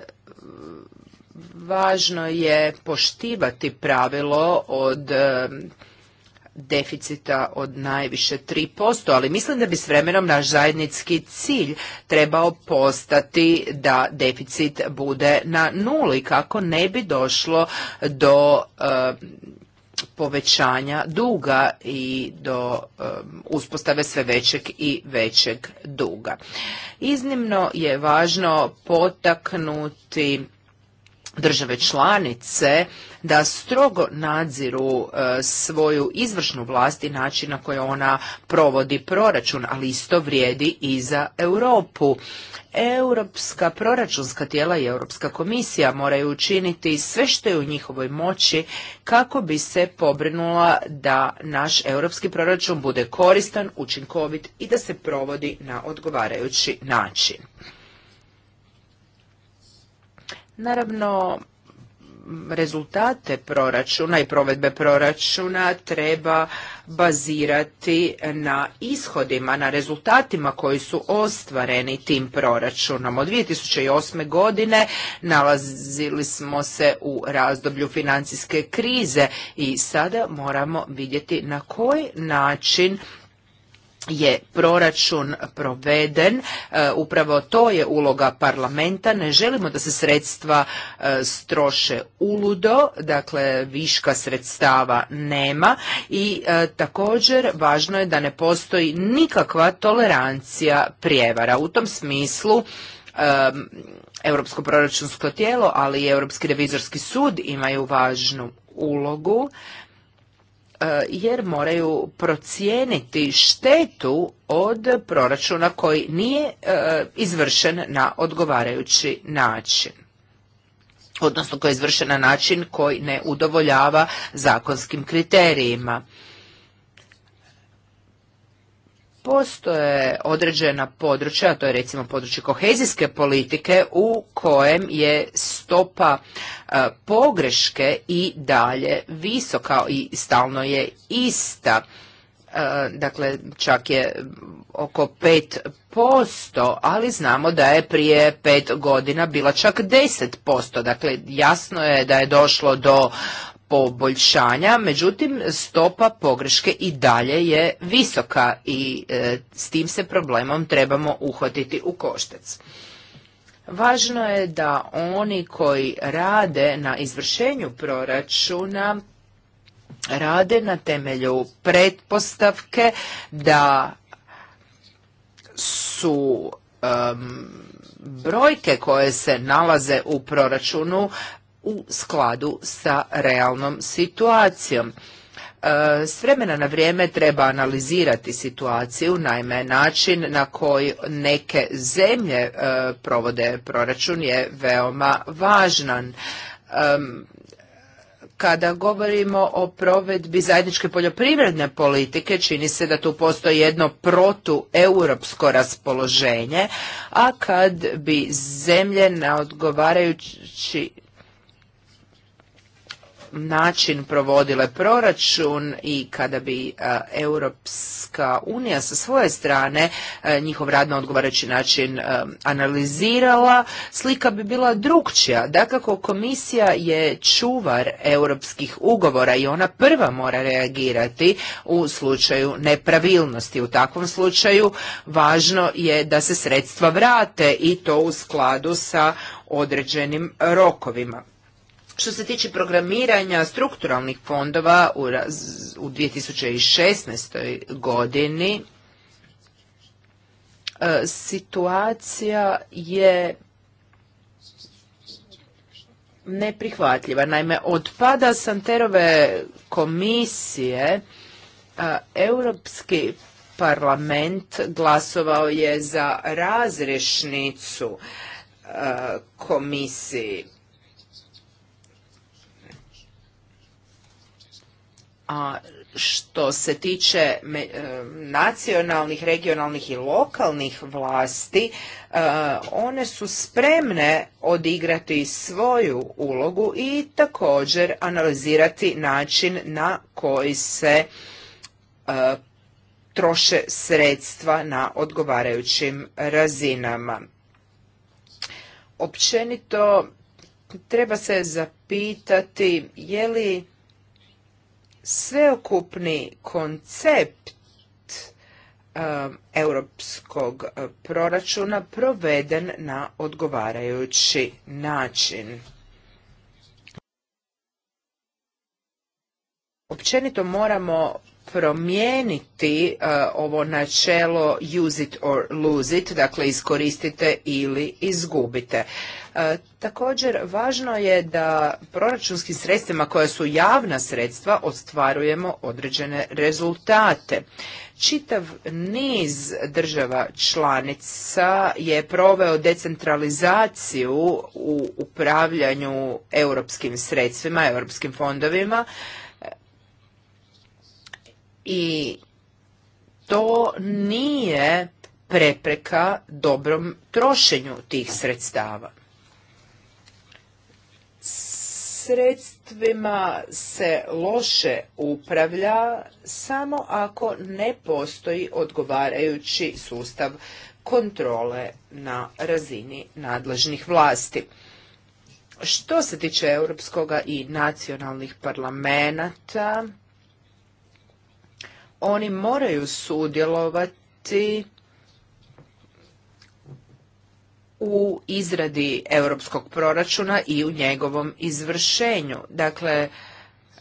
važno je poštivati pravilo od deficita od najviše 3%, ali mislim da bi s vremenom naš zajednički cilj trebao postati da deficit bude na nuli kako ne bi došlo do eh, povećanja duga i do eh, uspostave sve većeg i većeg duga. Iznimno je važno potaknuti države članice da strogo nadziru e, svoju izvršnu vlast i način na koji ona provodi proračun, ali isto vrijedi i za Europu. Europska proračunska tijela i Europska komisija moraju učiniti sve što je u njihovoj moći kako bi se pobrinula da naš europski proračun bude koristan, učinkovit i da se provodi na odgovarajući način. Naravno, rezultate proračuna i provedbe proračuna treba bazirati na ishodima, na rezultatima koji su ostvareni tim proračunom. Od 2008. godine nalazili smo se u razdoblju financijske krize i sada moramo vidjeti na koji način je proračun proveden e, upravo to je uloga parlamenta ne želimo da se sredstva e, stroše uludo dakle viška sredstava nema i e, također važno je da ne postoji nikakva tolerancija prijevara u tom smislu europsko proračunsko tijelo ali i europski revizorski sud imaju važnu ulogu E, jer moraju procijeniti štetu od proračuna koji nije e, izvršen na odgovarajući način odnosno koji je izvršen na način koji ne udovoljava zakonskim kriterijima postoje određena područja, a to je recimo područje kohezijske politike u kojem je stopa e, pogreške i dalje visoka i stalno je ista. E, dakle, čak je oko 5%, ali znamo da je prije 5 godina bila čak 10%. Dakle, jasno je da je došlo do poboljšanja, međutim stopa pogreške i dalje je visoka i e, s tim se problemom trebamo uhvatiti u koštac. Važno je da oni koji rade na izvršenju proračuna rade na temelju pretpostavke da su brojke koje se nalaze u proračunu u skladu sa realnom situacijom. E, s vremena na vrijeme treba analizirati situaciju, naime način na koji neke zemlje e, provode proračun je veoma važan. Kada govorimo o provedbi zajedničke poljoprivredne politike, čini se da tu postoji jedno protueuropsko raspoloženje, a kad bi zemlje na odgovarajući način provodile proračun i kada bi e, Europska unija sa svoje strane e, njihov rad na odgovarajući način e, analizirala, slika bi bila drugčija. Dakako, komisija je čuvar europskih ugovora i ona prva mora reagirati u slučaju nepravilnosti. U takvom slučaju važno je da se sredstva vrate i to u skladu sa određenim rokovima. Što se tiče programiranja strukturalnih fondova u, 2016. godini, e, situacija je neprihvatljiva. Naime, od pada Santerove komisije, e, Europski parlament glasovao je za razrešnicu e, komisiji. A što se tiče e, nacionalnih, regionalnih i lokalnih vlasti, e, one su spremne odigrati svoju ulogu i također analizirati način na koji se e, troše sredstva na odgovarajućim razinama. Općenito treba se zapitati je li sveokupni koncept um, europskog uh, proračuna proveden na odgovarajući način. Općenito moramo promijeniti e, ovo načelo use it or lose it, dakle iskoristite ili izgubite. E, također, važno je da proračunskim sredstvima koja su javna sredstva ostvarujemo određene rezultate. Čitav niz država članica je proveo decentralizaciju u upravljanju europskim sredstvima, europskim fondovima, i to nije prepreka dobrom trošenju tih sredstava. Sredstvima se loše upravlja samo ako ne postoji odgovarajući sustav kontrole na razini nadležnih vlasti. Što se tiče europskoga i nacionalnih parlamenta, oni moraju sudjelovati u izradi europskog proračuna i u njegovom izvršenju. Dakle,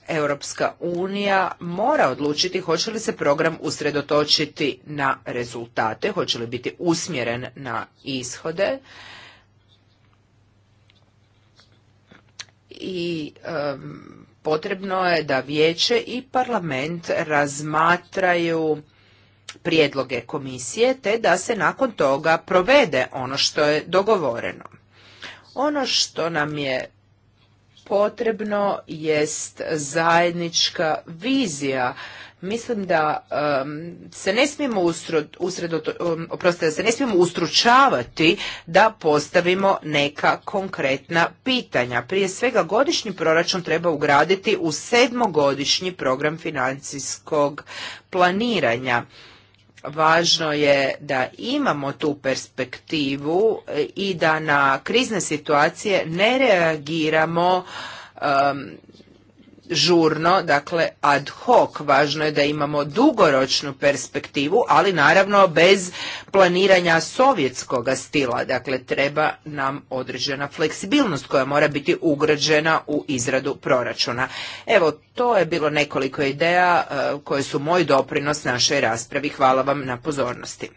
Europska unija mora odlučiti hoće li se program usredotočiti na rezultate, hoće li biti usmjeren na ishode i potrebno je da vijeće i parlament razmatraju prijedloge komisije te da se nakon toga provede ono što je dogovoreno. Ono što nam je potrebno jest zajednička vizija Mislim da se ne smijemo usred, da se ne smijemo ustručavati da postavimo neka konkretna pitanja. Prije svega godišnji proračun treba ugraditi u sedmogodišnji program financijskog planiranja. Važno je da imamo tu perspektivu i da na krizne situacije ne reagiramo žurno, dakle ad hoc, važno je da imamo dugoročnu perspektivu, ali naravno bez planiranja sovjetskog stila, dakle treba nam određena fleksibilnost koja mora biti ugrađena u izradu proračuna. Evo, to je bilo nekoliko ideja eh, koje su moj doprinos našoj raspravi. Hvala vam na pozornosti.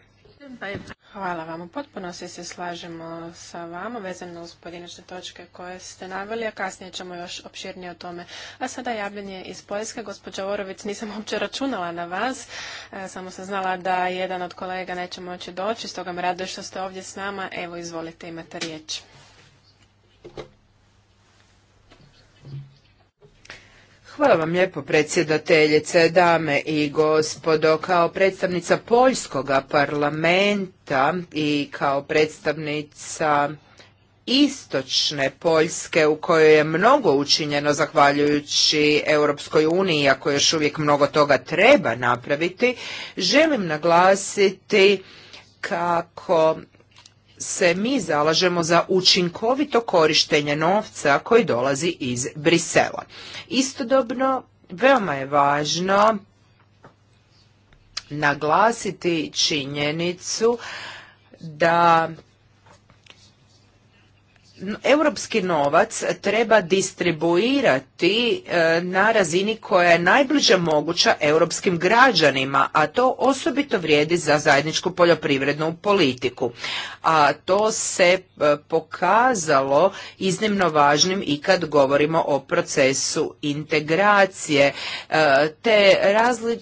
Hvala vam. U potpunosti se slažemo sa vama vezano uz pojedinačne točke koje ste naveli, a kasnije ćemo još opširnije o tome. A sada javljanje iz Poljske. Gospođa Orović, nisam uopće računala na vas, e, samo sam znala da jedan od kolega neće moći doći, stoga me raduje što ste ovdje s nama. Evo, izvolite, imate riječ. Hvala vam lijepo predsjedateljice, dame i gospodo. Kao predstavnica Poljskoga parlamenta i kao predstavnica istočne Poljske u kojoj je mnogo učinjeno zahvaljujući Europskoj uniji, iako još uvijek mnogo toga treba napraviti, želim naglasiti kako se mi zalažemo za učinkovito korištenje novca koji dolazi iz Brisela. Istodobno, veoma je važno naglasiti činjenicu da europski novac treba distribuirati e, na razini koja je najbliže moguća europskim građanima, a to osobito vrijedi za zajedničku poljoprivrednu politiku. A to se e, pokazalo iznimno važnim i kad govorimo o procesu integracije, e, te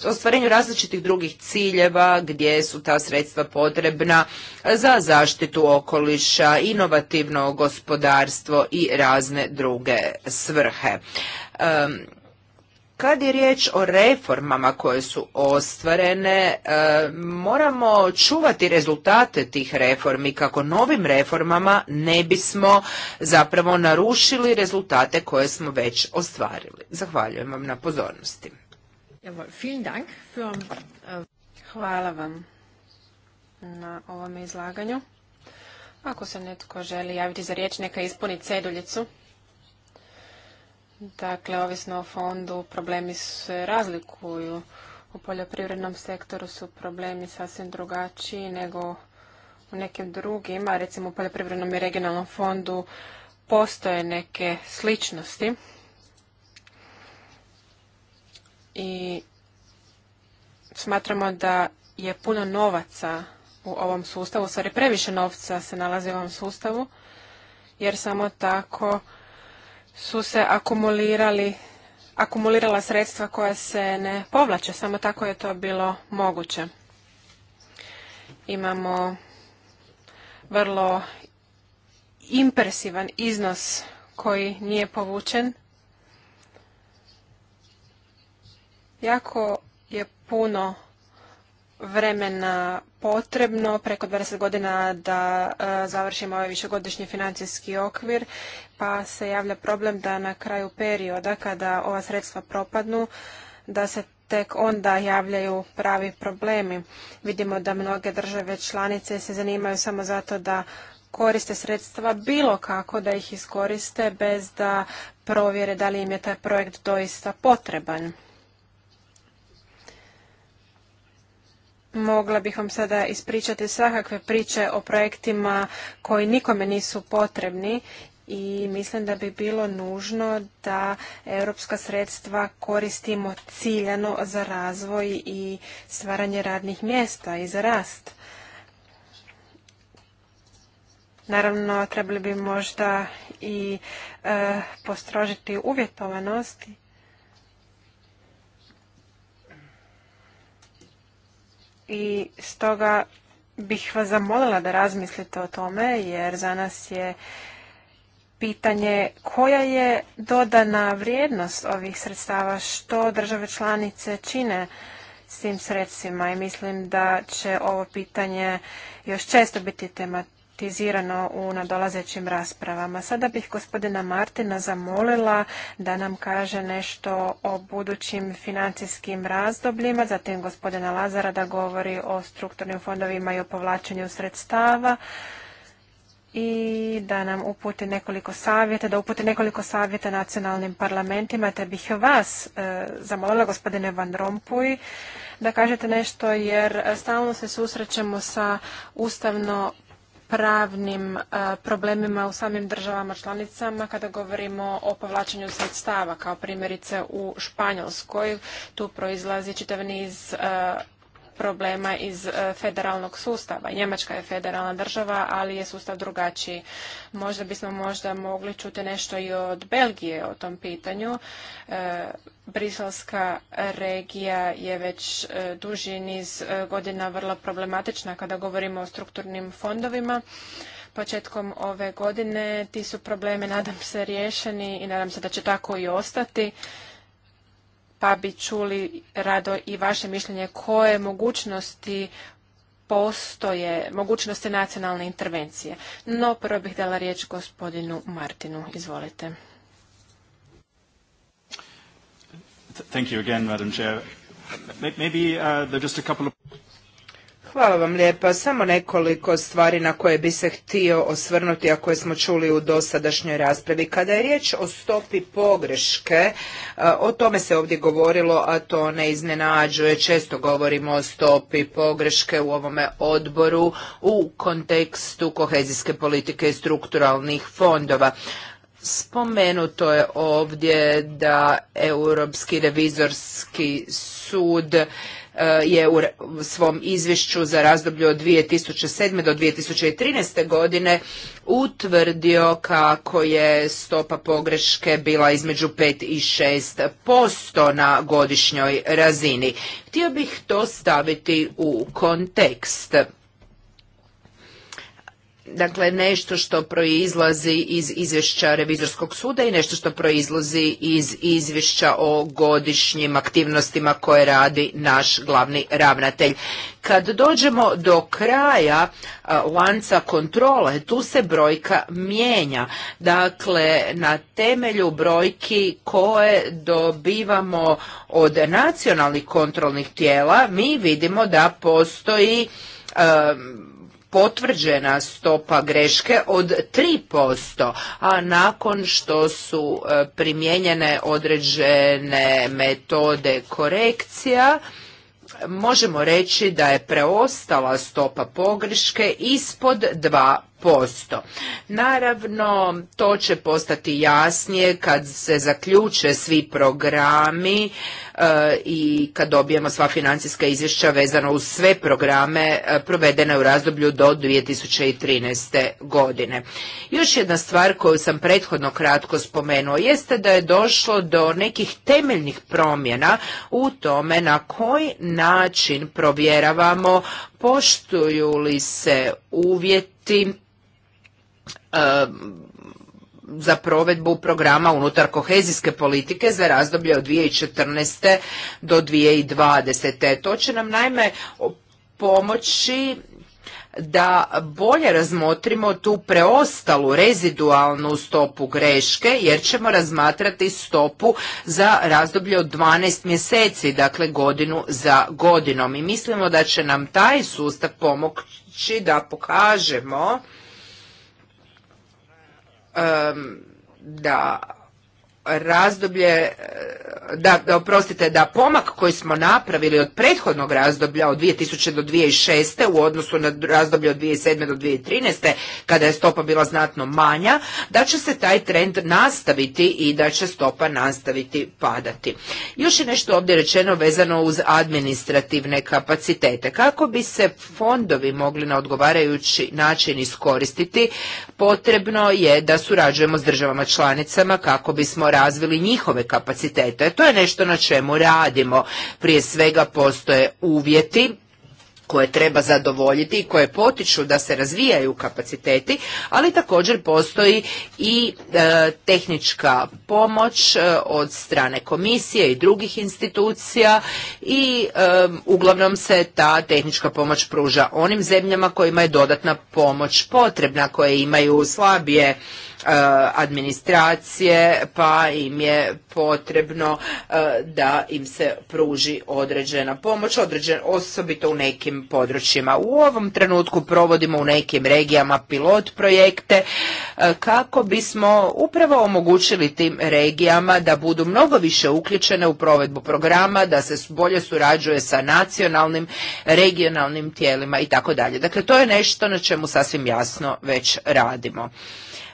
ostvarenju različitih drugih ciljeva gdje su ta sredstva potrebna za zaštitu okoliša, inovativno gospodarstvo, gospodarstvo i razne druge svrhe. kad je riječ o reformama koje su ostvarene, moramo čuvati rezultate tih reformi kako novim reformama ne bismo zapravo narušili rezultate koje smo već ostvarili. Zahvaljujem vam na pozornosti. Äh, Hvala vam na ovom izlaganju. Ako se netko želi javiti za riječ, neka ispuni ceduljicu. Dakle, ovisno o fondu, problemi se razlikuju. U poljoprivrednom sektoru su problemi sasvim drugačiji nego u nekim drugima. Recimo u poljoprivrednom i regionalnom fondu postoje neke sličnosti. I smatramo da je puno novaca u ovom sustavu, stvari previše novca se nalazi u ovom sustavu, jer samo tako su se akumulirali akumulirala sredstva koja se ne povlače, samo tako je to bilo moguće. Imamo vrlo impresivan iznos koji nije povučen. Jako je puno vremena potrebno, preko 20 godina da e, završimo ovaj višegodišnji financijski okvir, pa se javlja problem da na kraju perioda kada ova sredstva propadnu, da se tek onda javljaju pravi problemi. Vidimo da mnoge države članice se zanimaju samo zato da koriste sredstva bilo kako da ih iskoriste bez da provjere da li im je taj projekt doista potreban. Mogla bih vam sada ispričati svakakve priče o projektima koji nikome nisu potrebni i mislim da bi bilo nužno da europska sredstva koristimo ciljano za razvoj i stvaranje radnih mjesta i za rast. Naravno, trebali bi možda i eh, postrožiti uvjetovanosti i stoga bih vas zamolila da razmislite o tome jer za nas je pitanje koja je dodana vrijednost ovih sredstava, što države članice čine s tim sredstvima i mislim da će ovo pitanje još često biti tema tematizirano u nadolazećim raspravama. Sada bih gospodina Martina zamolila da nam kaže nešto o budućim financijskim razdobljima, zatim gospodina Lazara da govori o strukturnim fondovima i o povlačenju sredstava i da nam uputi nekoliko savjeta, da uputi nekoliko savjeta nacionalnim parlamentima, te bih vas e, zamolila, gospodine Van Rompuy, da kažete nešto, jer stalno se susrećemo sa ustavno pravnim e, problemima u samim državama članicama kada govorimo o povlačenju sredstava, kao primjerice u Španjolskoj. Tu proizlazi čitav niz e, problema iz e, federalnog sustava. Njemačka je federalna država, ali je sustav drugačiji. Možda bismo možda mogli čuti nešto i od Belgije o tom pitanju. E, Briselska regija je već e, duži niz godina vrlo problematična kada govorimo o strukturnim fondovima početkom ove godine. Ti su problemi, nadam se, riješeni i nadam se da će tako i ostati pa bi čuli rado i vaše mišljenje koje mogućnosti postoje, mogućnosti nacionalne intervencije. No, prvo bih dala riječ gospodinu Martinu. Izvolite. Thank you again, Madam Chair. Maybe, uh, just a couple of... Hvala vam lijepa. Samo nekoliko stvari na koje bi se htio osvrnuti, a koje smo čuli u dosadašnjoj raspravi. Kada je riječ o stopi pogreške, e, o tome se ovdje govorilo, a to ne iznenađuje. Često govorimo o stopi pogreške u ovome odboru u kontekstu kohezijske politike i strukturalnih fondova. Spomenuto je ovdje da Europski revizorski sud Eh, je u svom izvješću za razdoblje od 2007. do 2013. godine utvrdio kako je stopa pogreške bila između 5 i 6 posto na godišnjoj razini. Htio bih to staviti u kontekst dakle nešto što proizlazi iz izvješća revizorskog suda i nešto što proizlazi iz izvješća o godišnjim aktivnostima koje radi naš glavni ravnatelj. Kad dođemo do kraja uh, lanca kontrole, tu se brojka mijenja. Dakle, na temelju brojki koje dobivamo od nacionalnih kontrolnih tijela, mi vidimo da postoji um, potvrđena stopa greške od 3%, a nakon što su e, primijenjene određene metode korekcija, možemo reći da je preostala stopa pogreške ispod 2% posto naravno to će postati jasnije kad se zaključe svi programi e, i kad dobijemo sva financijska izvješća vezano uz sve programe e, provedene u razdoblju do 2013. godine još jedna stvar koju sam prethodno kratko spomenuo jeste da je došlo do nekih temeljnih promjena u tome na koji način provjeravamo poštuju li se uvjeti E, za provedbu programa unutar kohezijske politike za razdoblje od 2014. do 2020. To će nam naime pomoći da bolje razmotrimo tu preostalu rezidualnu stopu greške jer ćemo razmatrati stopu za razdoblje od 12 mjeseci, dakle godinu za godinom i mislimo da će nam taj sustav pomoći Či da pokažemo da razdoblje, e, da, da oprostite, da pomak koji smo napravili od prethodnog razdoblja od 2000 do 2006. u odnosu na razdoblje od 2007. do 2013. kada je stopa bila znatno manja, da će se taj trend nastaviti i da će stopa nastaviti padati. Još je nešto ovdje rečeno vezano uz administrativne kapacitete. Kako bi se fondovi mogli na odgovarajući način iskoristiti, potrebno je da surađujemo s državama članicama kako bismo razvili njihove kapacitete. To je nešto na čemu radimo. Prije svega postoje uvjeti koje treba zadovoljiti i koje potiču da se razvijaju kapaciteti, ali također postoji i e, tehnička pomoć e, od strane komisije i drugih institucija i e, uglavnom se ta tehnička pomoć pruža onim zemljama kojima je dodatna pomoć potrebna, koje imaju slabije administracije pa im je potrebno da im se pruži određena pomoć, određen, osobito u nekim područjima. U ovom trenutku provodimo u nekim regijama pilot projekte e, kako bismo upravo omogućili tim regijama da budu mnogo više uključene u provedbu programa, da se bolje surađuje sa nacionalnim, regionalnim tijelima i tako dalje. Dakle, to je nešto na čemu sasvim jasno već radimo.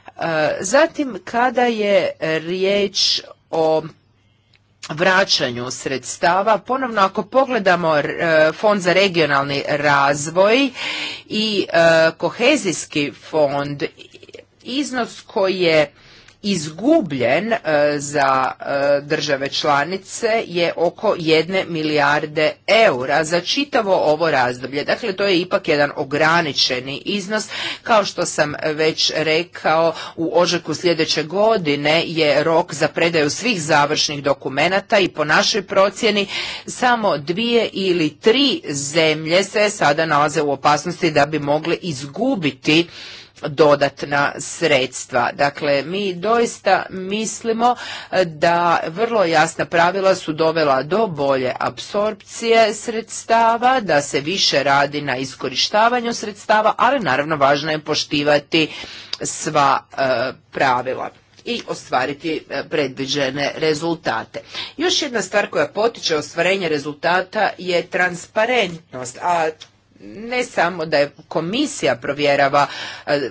E, zatim, kada je riječ o vraćanju sredstava. Ponovno ako pogledamo e, fond za regionalni razvoj i e, kohezijski fond, iznos koji je izgubljen e, za e, države članice je oko jedne milijarde eura za čitavo ovo razdoblje. Dakle, to je ipak jedan ograničeni iznos. Kao što sam već rekao, u ožeku sljedeće godine je rok za predaju svih završnih dokumenata i po našoj procjeni samo dvije ili tri zemlje se sada nalaze u opasnosti da bi mogle izgubiti dodatna sredstva. Dakle, mi doista mislimo e, da vrlo jasna pravila su dovela do bolje apsorpcije sredstava, da se više radi na iskorištavanju sredstava, ali naravno važno je poštivati sva e, pravila i ostvariti e, predviđene rezultate. Još jedna stvar koja potiče ostvarenje rezultata je transparentnost, a ne samo da je komisija provjerava e,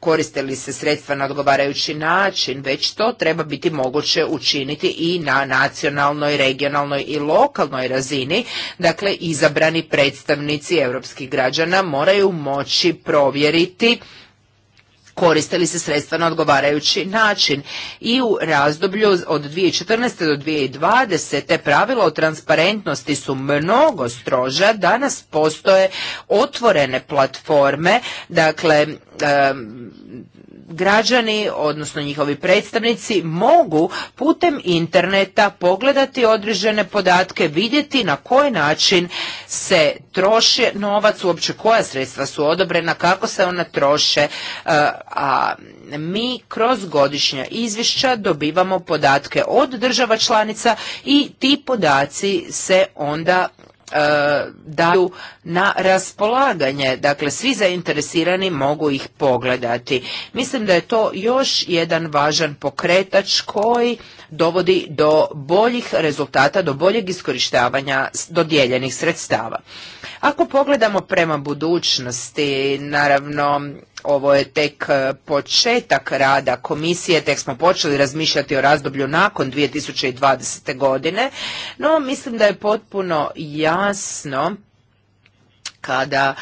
koriste li se sredstva na odgovarajući način, već to treba biti moguće učiniti i na nacionalnoj, regionalnoj i lokalnoj razini. Dakle, izabrani predstavnici europskih građana moraju moći provjeriti koriste li se sredstva na odgovarajući način. I u razdoblju od 2014. do 2020. pravila o transparentnosti su mnogo stroža. Danas postoje otvorene platforme, dakle, građani, odnosno njihovi predstavnici, mogu putem interneta pogledati određene podatke, vidjeti na koji način se troše novac, uopće koja sredstva su odobrena, kako se ona troše, e, a mi kroz godišnja izvješća dobivamo podatke od država članica i ti podaci se onda E, daju na raspolaganje. Dakle, svi zainteresirani mogu ih pogledati. Mislim da je to još jedan važan pokretač koji dovodi do boljih rezultata, do boljeg iskorištavanja dodijeljenih sredstava. Ako pogledamo prema budućnosti, naravno ovo je tek e, početak rada komisije, tek smo počeli razmišljati o razdoblju nakon 2020. godine, no mislim da je potpuno jasno kada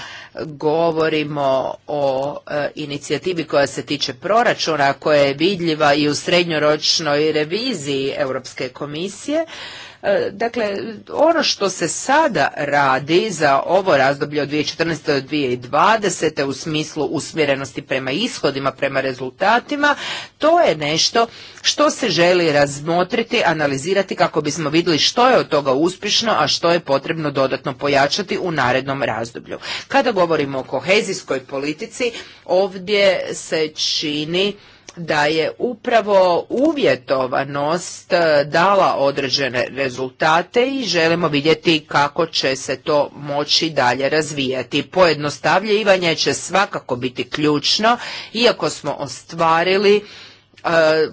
govorimo o e, inicijativi koja se tiče proračuna, koja je vidljiva i u srednjoročnoj reviziji Europske komisije, E, dakle, ono što se sada radi za ovo razdoblje od 2014. do 2020. u smislu usmjerenosti prema ishodima, prema rezultatima, to je nešto što se želi razmotriti, analizirati kako bismo vidjeli što je od toga uspješno, a što je potrebno dodatno pojačati u narednom razdoblju. Kada govorimo o kohezijskoj politici, ovdje se čini da je upravo uvjetovanost e, dala određene rezultate i želimo vidjeti kako će se to moći dalje razvijati. Pojednostavljivanje će svakako biti ključno, iako smo ostvarili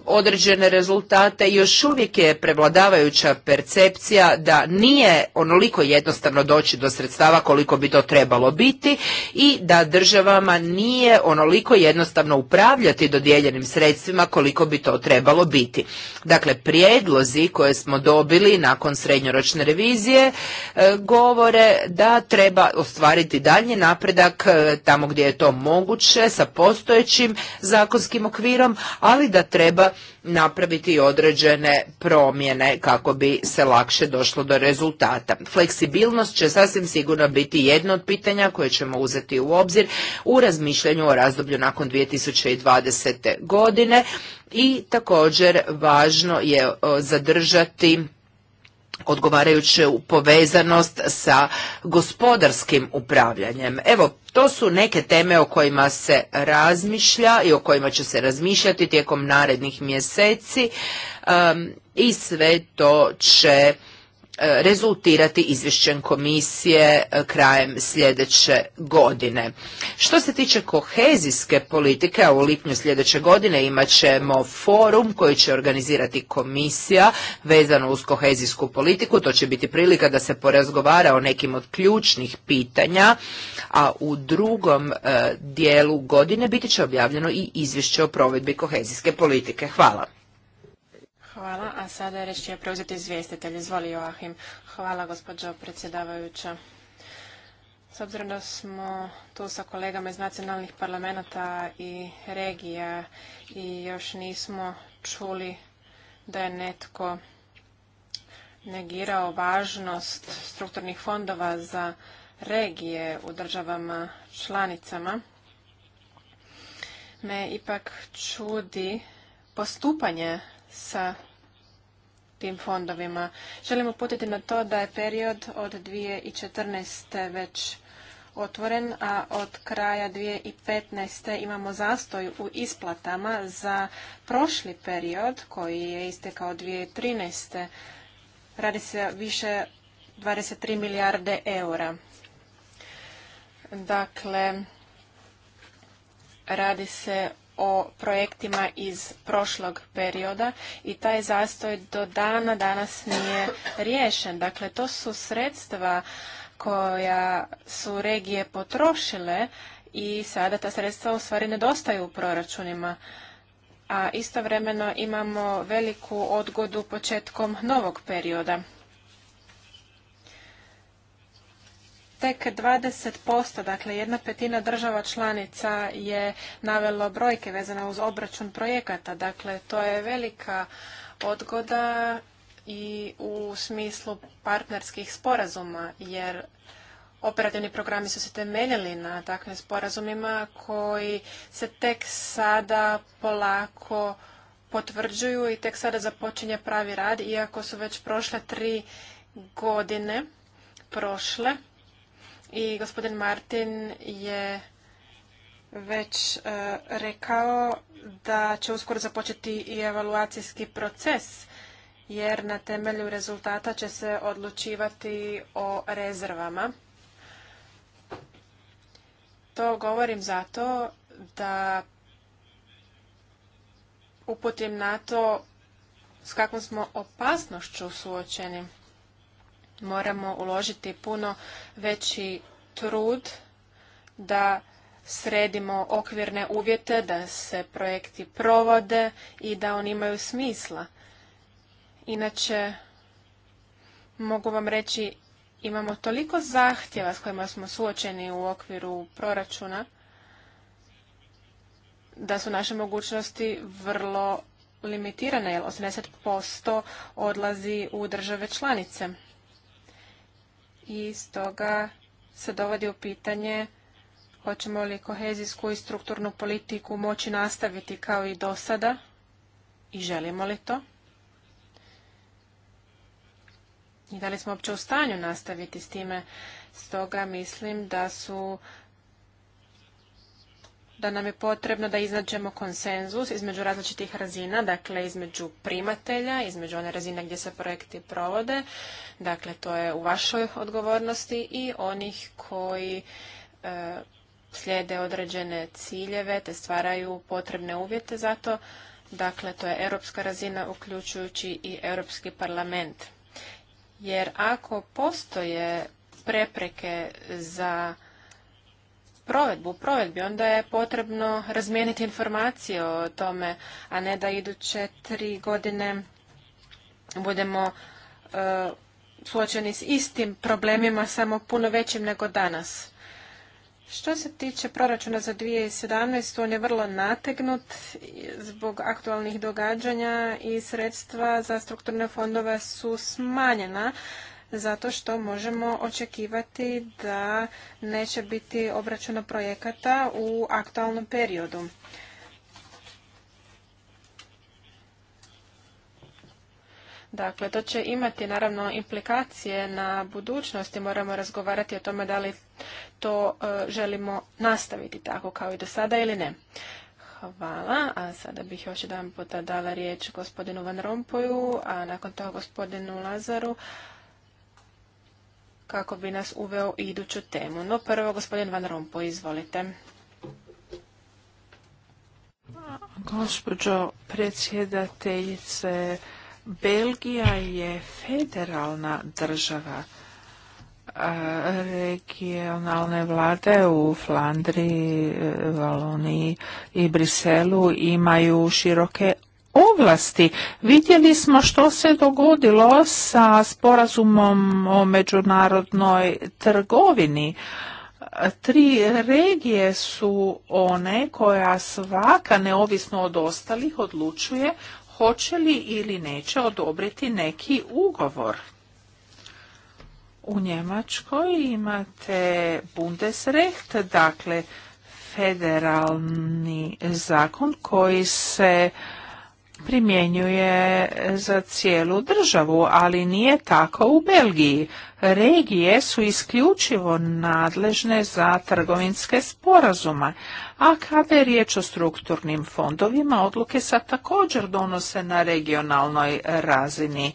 određene rezultate i još uvijek je prevladavajuća percepcija da nije onoliko jednostavno doći do sredstava koliko bi to trebalo biti i da državama nije onoliko jednostavno upravljati dodijeljenim sredstvima koliko bi to trebalo biti. Dakle, prijedlozi koje smo dobili nakon srednjoročne revizije e, govore da treba ostvariti dalji napredak e, tamo gdje je to moguće sa postojećim zakonskim okvirom, ali da treba napraviti određene promjene kako bi se lakše došlo do rezultata. Fleksibilnost će sasvim sigurno biti jedno od pitanja koje ćemo uzeti u obzir u razmišljanju o razdoblju nakon 2020. godine i također važno je zadržati odgovarajuću povezanost sa gospodarskim upravljanjem. Evo, to su neke teme o kojima se razmišlja i o kojima će se razmišljati tijekom narednih mjeseci i sve to će E, rezultirati izvješćem komisije e, krajem sljedeće godine. Što se tiče kohezijske politike, a u lipnju sljedeće godine imat ćemo forum koji će organizirati komisija vezano uz kohezijsku politiku. To će biti prilika da se porazgovara o nekim od ključnih pitanja, a u drugom e, dijelu godine biti će objavljeno i izvješće o provedbi kohezijske politike. Hvala. Hvala, a sada reći će preuzeti izvjestitelj. Izvoli Joahim. Hvala gospođo predsjedavajuća. S obzirom da smo tu sa kolegama iz nacionalnih parlamenta i regija i još nismo čuli da je netko negirao važnost strukturnih fondova za regije u državama članicama, me ipak čudi postupanje sa tim fondovima. Želimo uputiti na to da je period od 2014. već otvoren, a od kraja 2015. imamo zastoj u isplatama za prošli period koji je istekao 2013. Radi se više 23 milijarde eura. Dakle, radi se o projektima iz prošlog perioda i taj zastoj do dana danas nije riješen. Dakle, to su sredstva koja su regije potrošile i sada ta sredstva u stvari nedostaju u proračunima a istovremeno imamo veliku odgodu početkom novog perioda. tek 20%, dakle jedna petina država članica je navelo brojke vezane uz obračun projekata. Dakle, to je velika odgoda i u smislu partnerskih sporazuma, jer operativni programi su se temeljili na takvim sporazumima koji se tek sada polako potvrđuju i tek sada započinje pravi rad, iako su već prošle tri godine prošle i gospodin Martin je već e, rekao da će uskoro započeti i evaluacijski proces jer na temelju rezultata će se odlučivati o rezervama. To govorim zato da uputim na to s kakvom smo opasnošću suočeni moramo uložiti puno veći trud da sredimo okvirne uvjete, da se projekti provode i da oni imaju smisla. Inače, mogu vam reći, imamo toliko zahtjeva s kojima smo suočeni u okviru proračuna, da su naše mogućnosti vrlo limitirane, jer 80% odlazi u države članice i stoga se dovodi u pitanje hoćemo li kohezijsku i strukturnu politiku moći nastaviti kao i do sada i želimo li to. I da li smo uopće u stanju nastaviti s time? Stoga mislim da su da nam je potrebno da iznađemo konsenzus između različitih razina, dakle između primatelja, između one razine gdje se projekti provode, dakle to je u vašoj odgovornosti i onih koji e, slijede određene ciljeve te stvaraju potrebne uvjete za to, dakle to je europska razina uključujući i Europski parlament. Jer ako postoje prepreke za provedbu, u provedbi, onda je potrebno razmijeniti informacije o tome, a ne da iduće tri godine budemo e, suočeni s istim problemima, samo puno većim nego danas. Što se tiče proračuna za 2017. on je vrlo nategnut zbog aktualnih događanja i sredstva za strukturne fondove su smanjena zato što možemo očekivati da neće biti obračuna projekata u aktualnom periodu. Dakle, to će imati naravno implikacije na budućnost i moramo razgovarati o tome da li to e, želimo nastaviti tako kao i do sada ili ne. Hvala, a sada bih još jedan puta dala riječ gospodinu Van Rompuju, a nakon toga gospodinu Lazaru, kako bi nas uveo u iduću temu. No prvo, gospodin Van Rompo, izvolite. Gospođo predsjedateljice, Belgija je federalna država. Regionalne vlade u Flandriji, e, Valoniji i Briselu imaju široke ovlasti. Vidjeli smo što se dogodilo sa sporazumom o međunarodnoj trgovini. Tri regije su one koja svaka neovisno od ostalih odlučuje hoće li ili neće odobriti neki ugovor. U Njemačkoj imate Bundesrecht, dakle federalni zakon koji se primjenjuje za cijelu državu, ali nije tako u Belgiji. Regije su isključivo nadležne za trgovinske sporazuma, a kada je riječ o strukturnim fondovima, odluke se također donose na regionalnoj razini.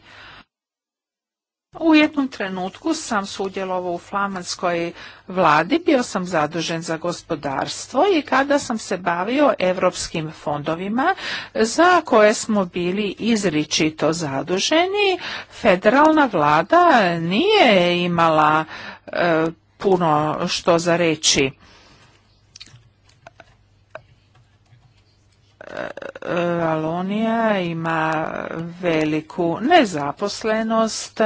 U jednom trenutku sam sudjelovao u flamanskoj vladi, bio sam zadužen za gospodarstvo i kada sam se bavio europskim fondovima za koje smo bili izričito zaduženi, federalna vlada nije imala e, puno što za reći. Katalonija ima veliku nezaposlenost.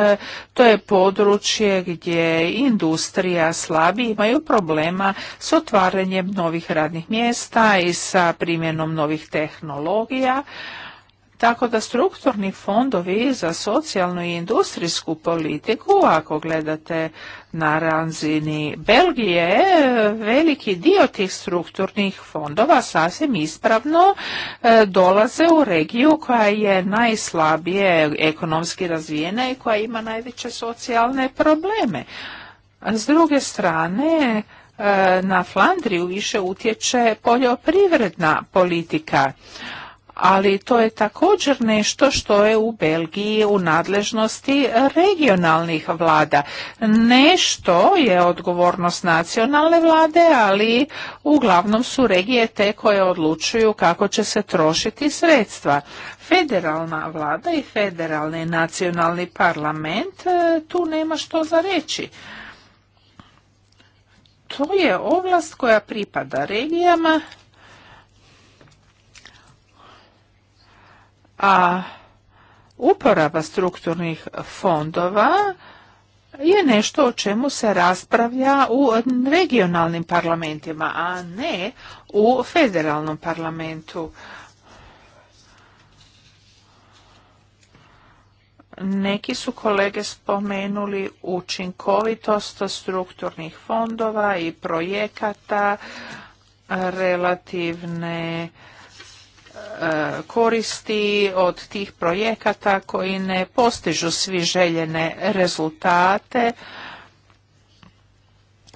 To je područje gdje industrija slabi imaju problema s otvaranjem novih radnih mjesta i sa primjenom novih tehnologija. Tako da strukturni fondovi za socijalnu i industrijsku politiku, ako gledate na ranzini Belgije, veliki dio tih strukturnih fondova sasvim ispravno e, dolaze u regiju koja je najslabije ekonomski razvijena i koja ima najveće socijalne probleme. S druge strane, e, na Flandriju više utječe poljoprivredna politika ali to je također nešto što je u Belgiji u nadležnosti regionalnih vlada. Nešto je odgovornost nacionalne vlade, ali uglavnom su regije te koje odlučuju kako će se trošiti sredstva. Federalna vlada i federalni nacionalni parlament e, tu nema što za reći. To je ovlast koja pripada regijama a uporaba strukturnih fondova je nešto o čemu se raspravlja u regionalnim parlamentima, a ne u federalnom parlamentu. Neki su kolege spomenuli učinkovitost strukturnih fondova i projekata, relativne koristi od tih projekata koji ne postižu svi željene rezultate.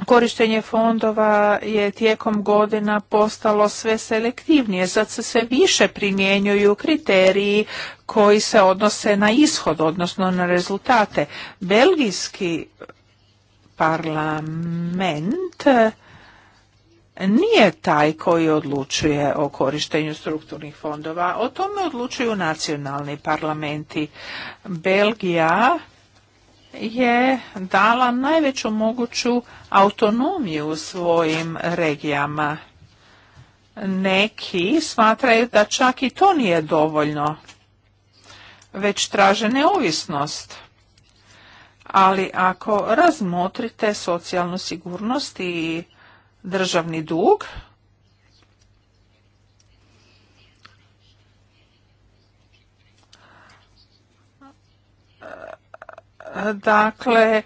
Korištenje fondova je tijekom godina postalo sve selektivnije, sad se sve više primjenjuju kriteriji koji se odnose na ishod, odnosno na rezultate. Belgijski parlament nije taj koji odlučuje o korištenju strukturnih fondova. O tome odlučuju nacionalni parlamenti. Belgija je dala najveću moguću autonomiju svojim regijama. Neki smatraju da čak i to nije dovoljno, već traže neovisnost. Ali ako razmotrite socijalnu sigurnost i državni dug. Dakle,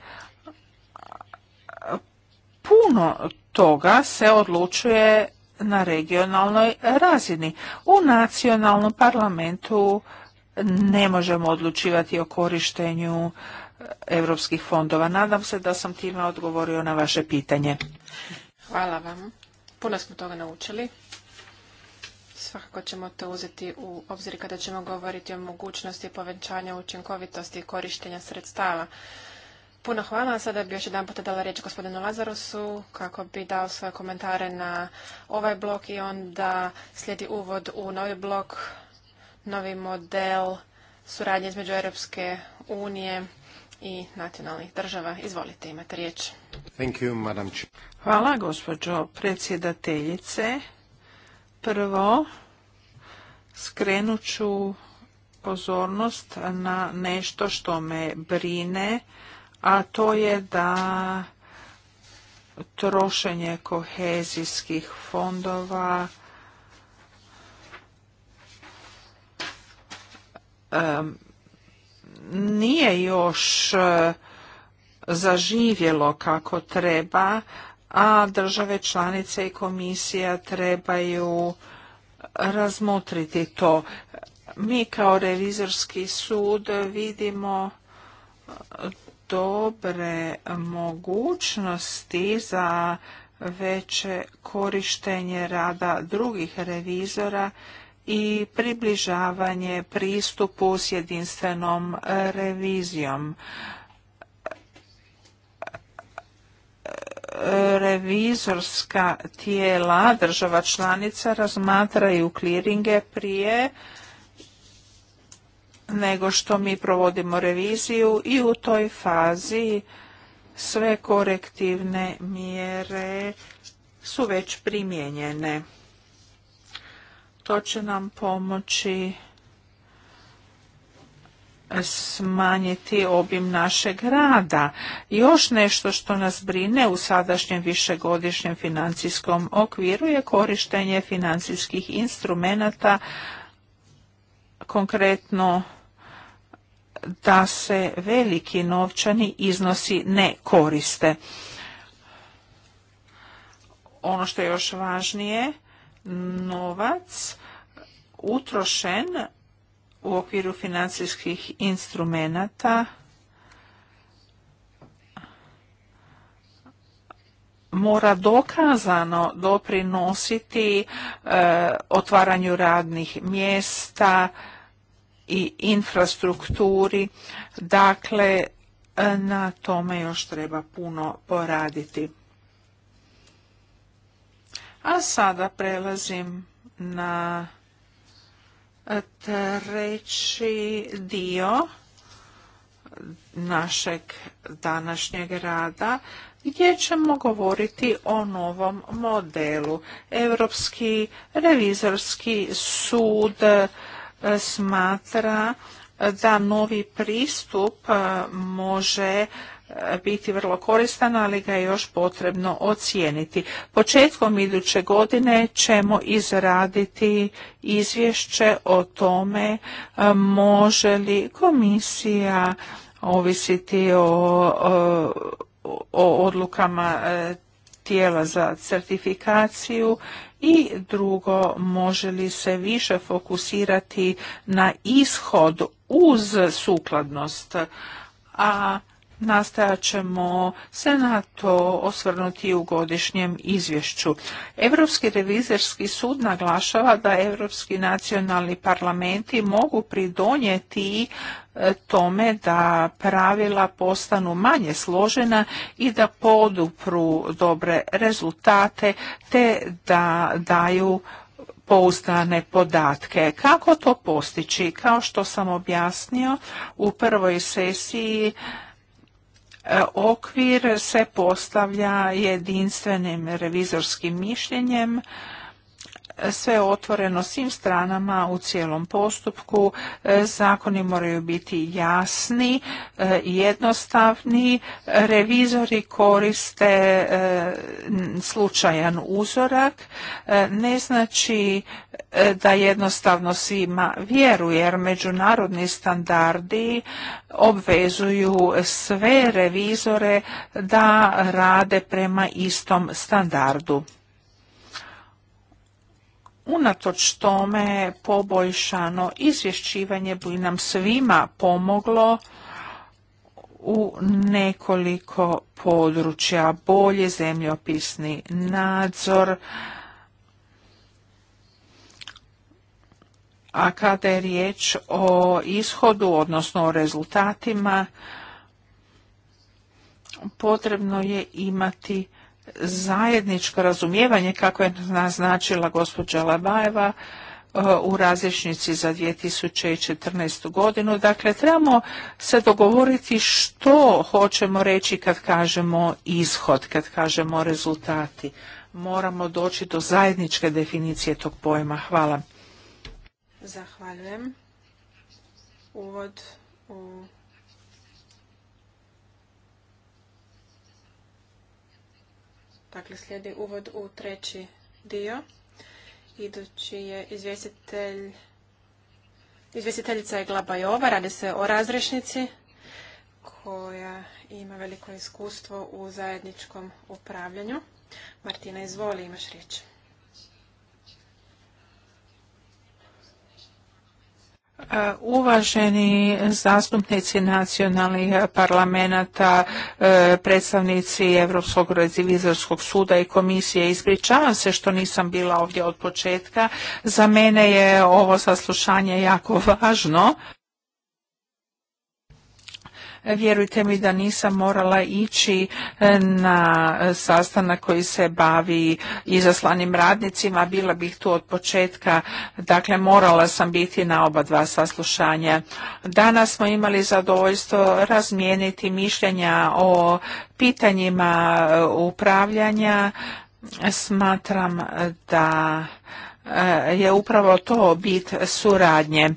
puno toga se odlučuje na regionalnoj razini. U nacionalnom parlamentu ne možemo odlučivati o korištenju europskih eh, fondova. Nadam se da sam time odgovorio na vaše pitanje. Hvala vam. Puno smo toga naučili. Svakako ćemo to uzeti u obzir kada ćemo govoriti o mogućnosti povećanja učinkovitosti i korištenja sredstava. Puno hvala. Sada bi još jedan puta dala riječ gospodinu Lazarusu kako bi dao svoje komentare na ovaj blok i onda slijedi uvod u novi blok, novi model suradnje između Europske unije i nacionalnih država. Izvolite, imate riječ. Thank Hvala, gospođo predsjedateljice. Prvo, skrenut ću pozornost na nešto što me brine, a to je da trošenje kohezijskih fondova nije još e, zaživjelo kako treba, a države članice i komisija trebaju razmotriti to. Mi kao revizorski sud vidimo e, dobre mogućnosti za veće korištenje rada drugih revizora i približavanje pristupu s jedinstvenom e, revizijom. E, revizorska tijela država članica razmatraju kliringe prije nego što mi provodimo reviziju i u toj fazi sve korektivne mjere su već primijenjene. To će nam pomoći smanjiti obim našeg rada. Još nešto što nas brine u sadašnjem višegodišnjem financijskom okviru je korištenje financijskih instrumenata, konkretno da se veliki novčani iznosi ne koriste. Ono što je još važnije, novac utrošen u okviru financijskih instrumenata mora dokazano doprinositi e, otvaranju radnih mjesta i infrastrukturi dakle e, na tome još treba puno poraditi a sada prelazim na e, treći dio našeg današnjeg rada gdje ćemo govoriti o novom modelu. Europski revizorski sud e, smatra da novi pristup e, može biti vrlo koristan, ali ga je još potrebno ocijeniti. Početkom iduće godine ćemo izraditi izvješće o tome e, može li komisija ovisiti o, o, e, o odlukama e, tijela za certifikaciju i drugo može li se više fokusirati na ishod uz sukladnost a nastojat ćemo se na to osvrnuti u godišnjem izvješću. Europski revizorski sud naglašava da europski nacionalni parlamenti mogu pridonijeti e, tome da pravila postanu manje složena i da podupru dobre rezultate te da daju pouzdane podatke. Kako to postići? Kao što sam objasnio u prvoj sesiji Okvir se postavlja jedinstvenim revizorskim mišljenjem sve otvoreno svim stranama u cijelom postupku. E, zakoni moraju biti jasni, e, jednostavni. Revizori koriste e, slučajan uzorak. Ne znači da jednostavno svima vjeruje, jer međunarodni standardi obvezuju sve revizore da rade prema istom standardu unatoč tome poboljšano izvješćivanje bi nam svima pomoglo u nekoliko područja bolje zemljopisni nadzor a kada je riječ o ishodu odnosno o rezultatima potrebno je imati zajedničko razumijevanje kako je naznačila gospođa Labajeva e, u različnici za 2014. godinu. Dakle, trebamo se dogovoriti što hoćemo reći kad kažemo ishod, kad kažemo rezultati. Moramo doći do zajedničke definicije tog pojma. Hvala. Zahvaljujem. Uvod Dakle, slijedi uvod u treći dio. Idući je izvjestitelj, izvjestiteljica je Glabajova, radi se o razrešnici koja ima veliko iskustvo u zajedničkom upravljanju. Martina, izvoli, imaš riječ. Uh, uvaženi zastupnici nacionalnih parlamenta, uh, predstavnici Europskog revizorskog suda i komisije, ispričavam se što nisam bila ovdje od početka. Za mene je ovo saslušanje jako važno. Vjerujte mi da nisam morala ići e, na e, sastanak koji se bavi izaslanim radnicima, bila bih tu od početka, dakle morala sam biti na oba dva saslušanja. Danas smo imali zadovoljstvo razmijeniti mišljenja o pitanjima e, upravljanja. Smatram da je upravo to bit suradnje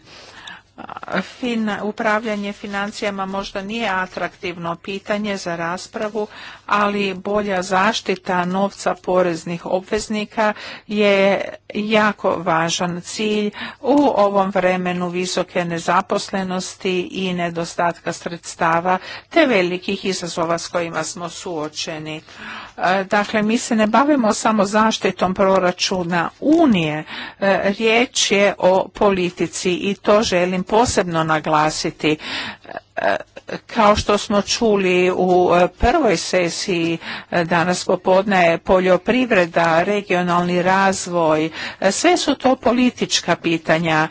upravljanje financijama možda nije atraktivno pitanje za raspravu, ali bolja zaštita novca poreznih obveznika je jako važan cilj u ovom vremenu visoke nezaposlenosti i nedostatka sredstava te velikih izazova s kojima smo suočeni. E, dakle, mi se ne bavimo samo zaštitom proračuna Unije, e, riječ je o politici i to želim posebno naglasiti. Kao što smo čuli u e, prvoj sesiji e, danas popodne, poljoprivreda, regionalni razvoj, e, sve su to politička pitanja.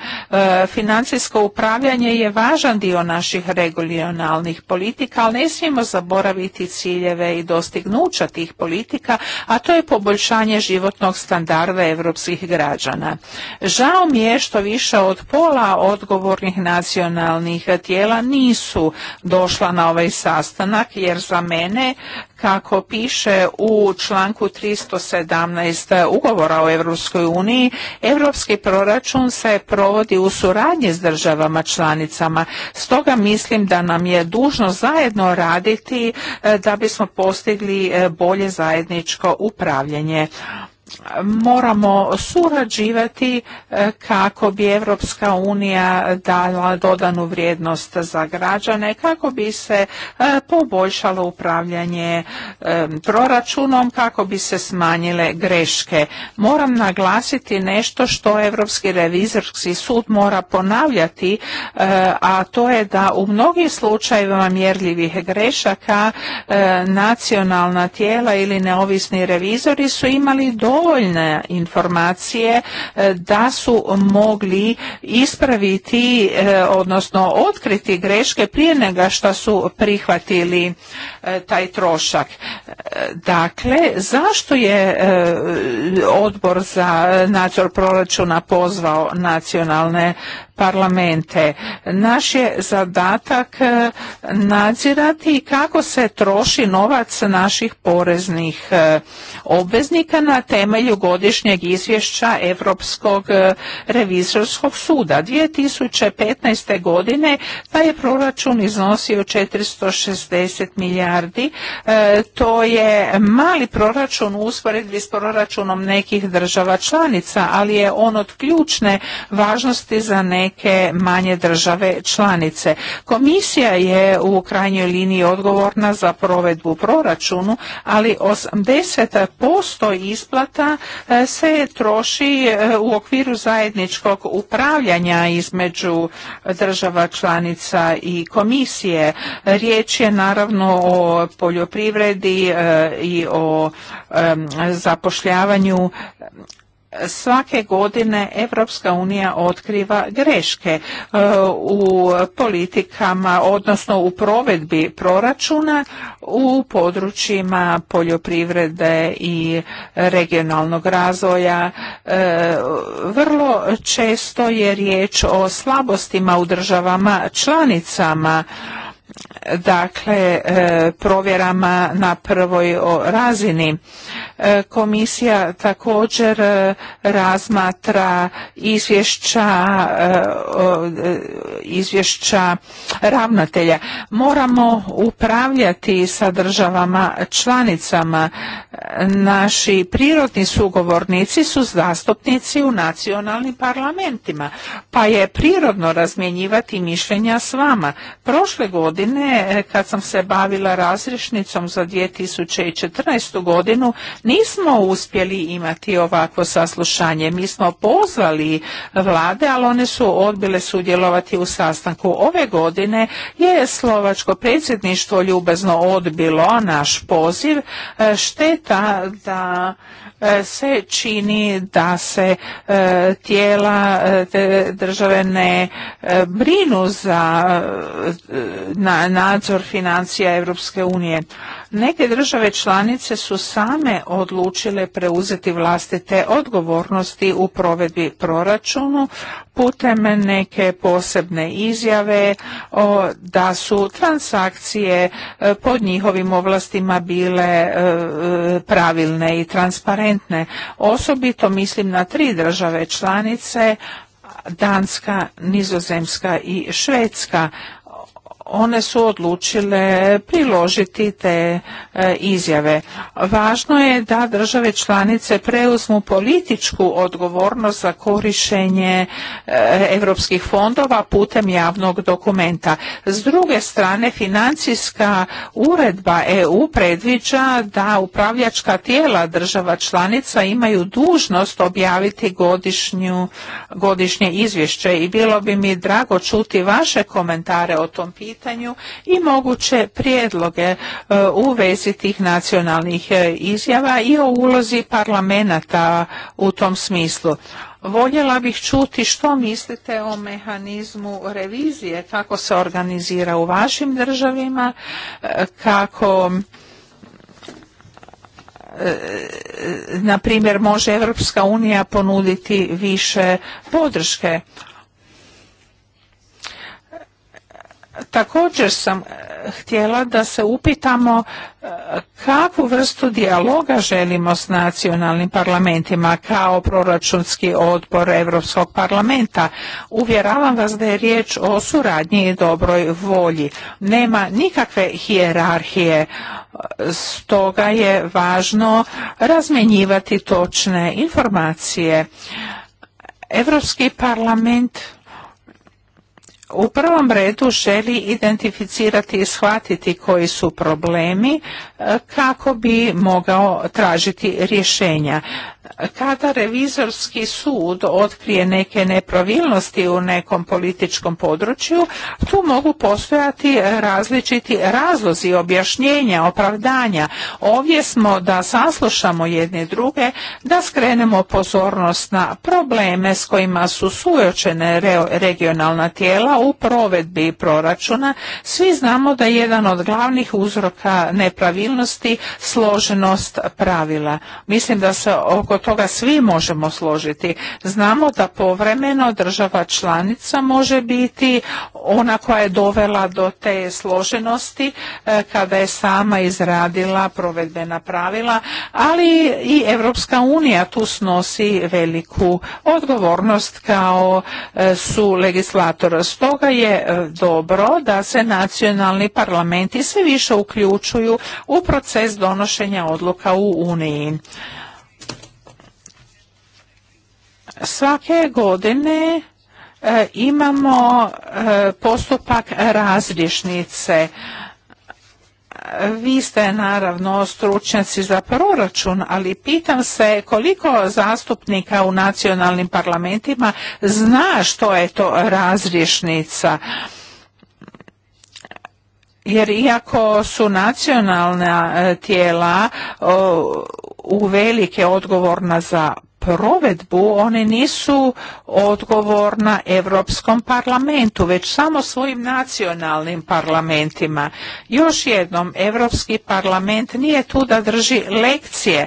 Financijsko upravljanje je važan dio naših regionalnih politika, ali ne smijemo zaboraviti ciljeve i dostignuća tih politika, a to je poboljšanje životnog standarda europskih građana. Žao mi je što više od pola odgovornih nacionalnih tijela nisu došla na ovaj sastanak jer za mene kako piše u članku 317 ugovora o Europskoj uniji, europski proračun se provodi u suradnji s državama članicama. Stoga mislim da nam je dužno zajedno raditi e, da bismo postigli e, bolje zajedničko upravljanje moramo surađivati e, kako bi Europska unija dala dodanu vrijednost za građane, kako bi se e, poboljšalo upravljanje e, proračunom, kako bi se smanjile greške. Moram naglasiti nešto što Europski revizorski sud mora ponavljati, a to je da u mnogim slučajevima mjerljivih grešaka nacionalna tijela ili neovisni revizori su imali do dovoljne informacije e, da su mogli ispraviti, e, odnosno otkriti greške prije nego što su prihvatili e, taj trošak. Dakle, zašto je odbor za nadzor proračuna pozvao nacionalne parlamente. Naš je zadatak nadzirati kako se troši novac naših poreznih obveznika na temelju temelju izvješća Europskog e, revizorskog suda. 2015. godine taj je proračun iznosio 460 milijardi. E, to je mali proračun u usporedbi s proračunom nekih država članica, ali je on od ključne važnosti za neke manje države članice. Komisija je u krajnjoj liniji odgovorna za provedbu proračunu, ali 80% isplata projekata e, se troši e, u okviru zajedničkog upravljanja između država članica i komisije. Riječ je naravno o poljoprivredi e, i o zapošljavanju svake godine Europska unija otkriva greške e, u politikama, odnosno u provedbi proračuna u područjima poljoprivrede i regionalnog razvoja. E, vrlo često je riječ o slabostima u državama članicama dakle e, provjerama na prvoj razini. E, komisija također e, razmatra izvješća izvješća ravnatelja. Moramo upravljati sa državama članicama. Naši prirodni sugovornici su zastupnici u nacionalnim parlamentima, pa je prirodno razmjenjivati mišljenja s vama. Prošle godine E, kad sam se bavila razrišnicom za 2014. godinu nismo uspjeli imati ovakvo saslušanje. Mi smo pozvali vlade, ali one su odbile sudjelovati u sastanku. Ove godine je slovačko predsjedništvo ljubazno odbilo naš poziv. E, šteta da E, se čini da se e, tijela e, te države ne brinu za nadzor financija Europske unije Neke države članice su same odlučile preuzeti vlastite odgovornosti u provedbi proračunu putem neke posebne izjave o, da su transakcije e, pod njihovim ovlastima bile e, e, pravilne i transparentne. Osobito mislim na tri države članice Danska, Nizozemska i Švedska one su odlučile priložiti te e, izjave. Važno je da države članice preuzmu političku odgovornost za korišenje europskih fondova putem javnog dokumenta. S druge strane, financijska uredba EU predviđa da upravljačka tijela država članica imaju dužnost objaviti godišnju, godišnje izvješće i bilo bi mi drago čuti vaše komentare o tom pitanju pitanju i moguće prijedloge e, u vezi tih nacionalnih e, izjava i o ulozi parlamenta u tom smislu. Voljela bih čuti što mislite o mehanizmu revizije, kako se organizira u vašim državima, e, kako na primjer može Europska unija ponuditi više podrške Također sam e, htjela da se upitamo e, kakvu vrstu dijaloga želimo s nacionalnim parlamentima kao proračunski odbor Europskog parlamenta. Uvjeravam vas da je riječ o suradnji i dobroj volji. Nema nikakve hijerarhije, e, stoga je važno razmjenjivati točne informacije. Europski parlament u prvom redu želi identificirati i shvatiti koji su problemi e, kako bi mogao tražiti rješenja kada revizorski sud otkrije neke nepravilnosti u nekom političkom području, tu mogu postojati različiti razlozi, objašnjenja, opravdanja. Ovdje smo da saslušamo jedne druge, da skrenemo pozornost na probleme s kojima su suočene regionalna tijela u provedbi proračuna. Svi znamo da je jedan od glavnih uzroka nepravilnosti složenost pravila. Mislim da se oko oko toga svi možemo složiti. Znamo da povremeno država članica može biti ona koja je dovela do te složenosti e, kada je sama izradila provedbena pravila, ali i Europska unija tu snosi veliku odgovornost kao e, su legislatora. Stoga je e, dobro da se nacionalni parlamenti sve više uključuju u proces donošenja odluka u Uniji. Svake godine e, imamo e, postupak razrišnice. E, vi ste naravno stručnjaci za proračun, ali pitam se koliko zastupnika u nacionalnim parlamentima zna što je to razrišnica. Jer iako su nacionalna tijela u velike odgovorna za provedbu one nisu odgovorna Europskom parlamentu, već samo svojim nacionalnim parlamentima. Još jednom, Europski parlament nije tu da drži lekcije.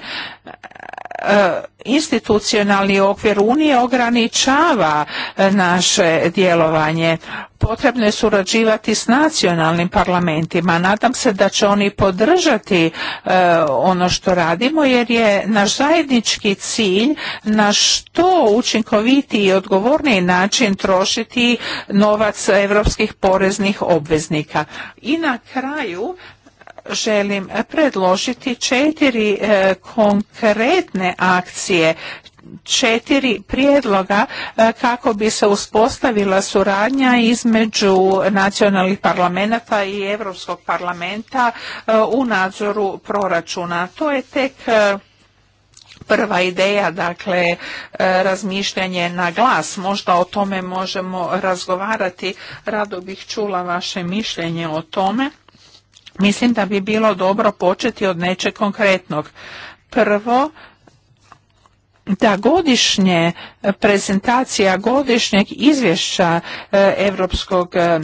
E, institucionalni okvir Unije ograničava e, naše djelovanje. Potrebno je surađivati s nacionalnim parlamentima. Nadam se da će oni podržati e, ono što radimo jer je naš zajednički cilj na što učinkovitiji i odgovorniji način trošiti novac europskih poreznih obveznika. I na kraju želim predložiti četiri e, konkretne akcije četiri prijedloga e, kako bi se uspostavila suradnja između nacionalnih parlamenta i Europskog parlamenta e, u nadzoru proračuna. To je tek prva ideja, dakle razmišljanje na glas, možda o tome možemo razgovarati, rado bih čula vaše mišljenje o tome. Mislim da bi bilo dobro početi od nečeg konkretnog. Prvo, da godišnje prezentacija godišnjeg izvješća Europskog e, e,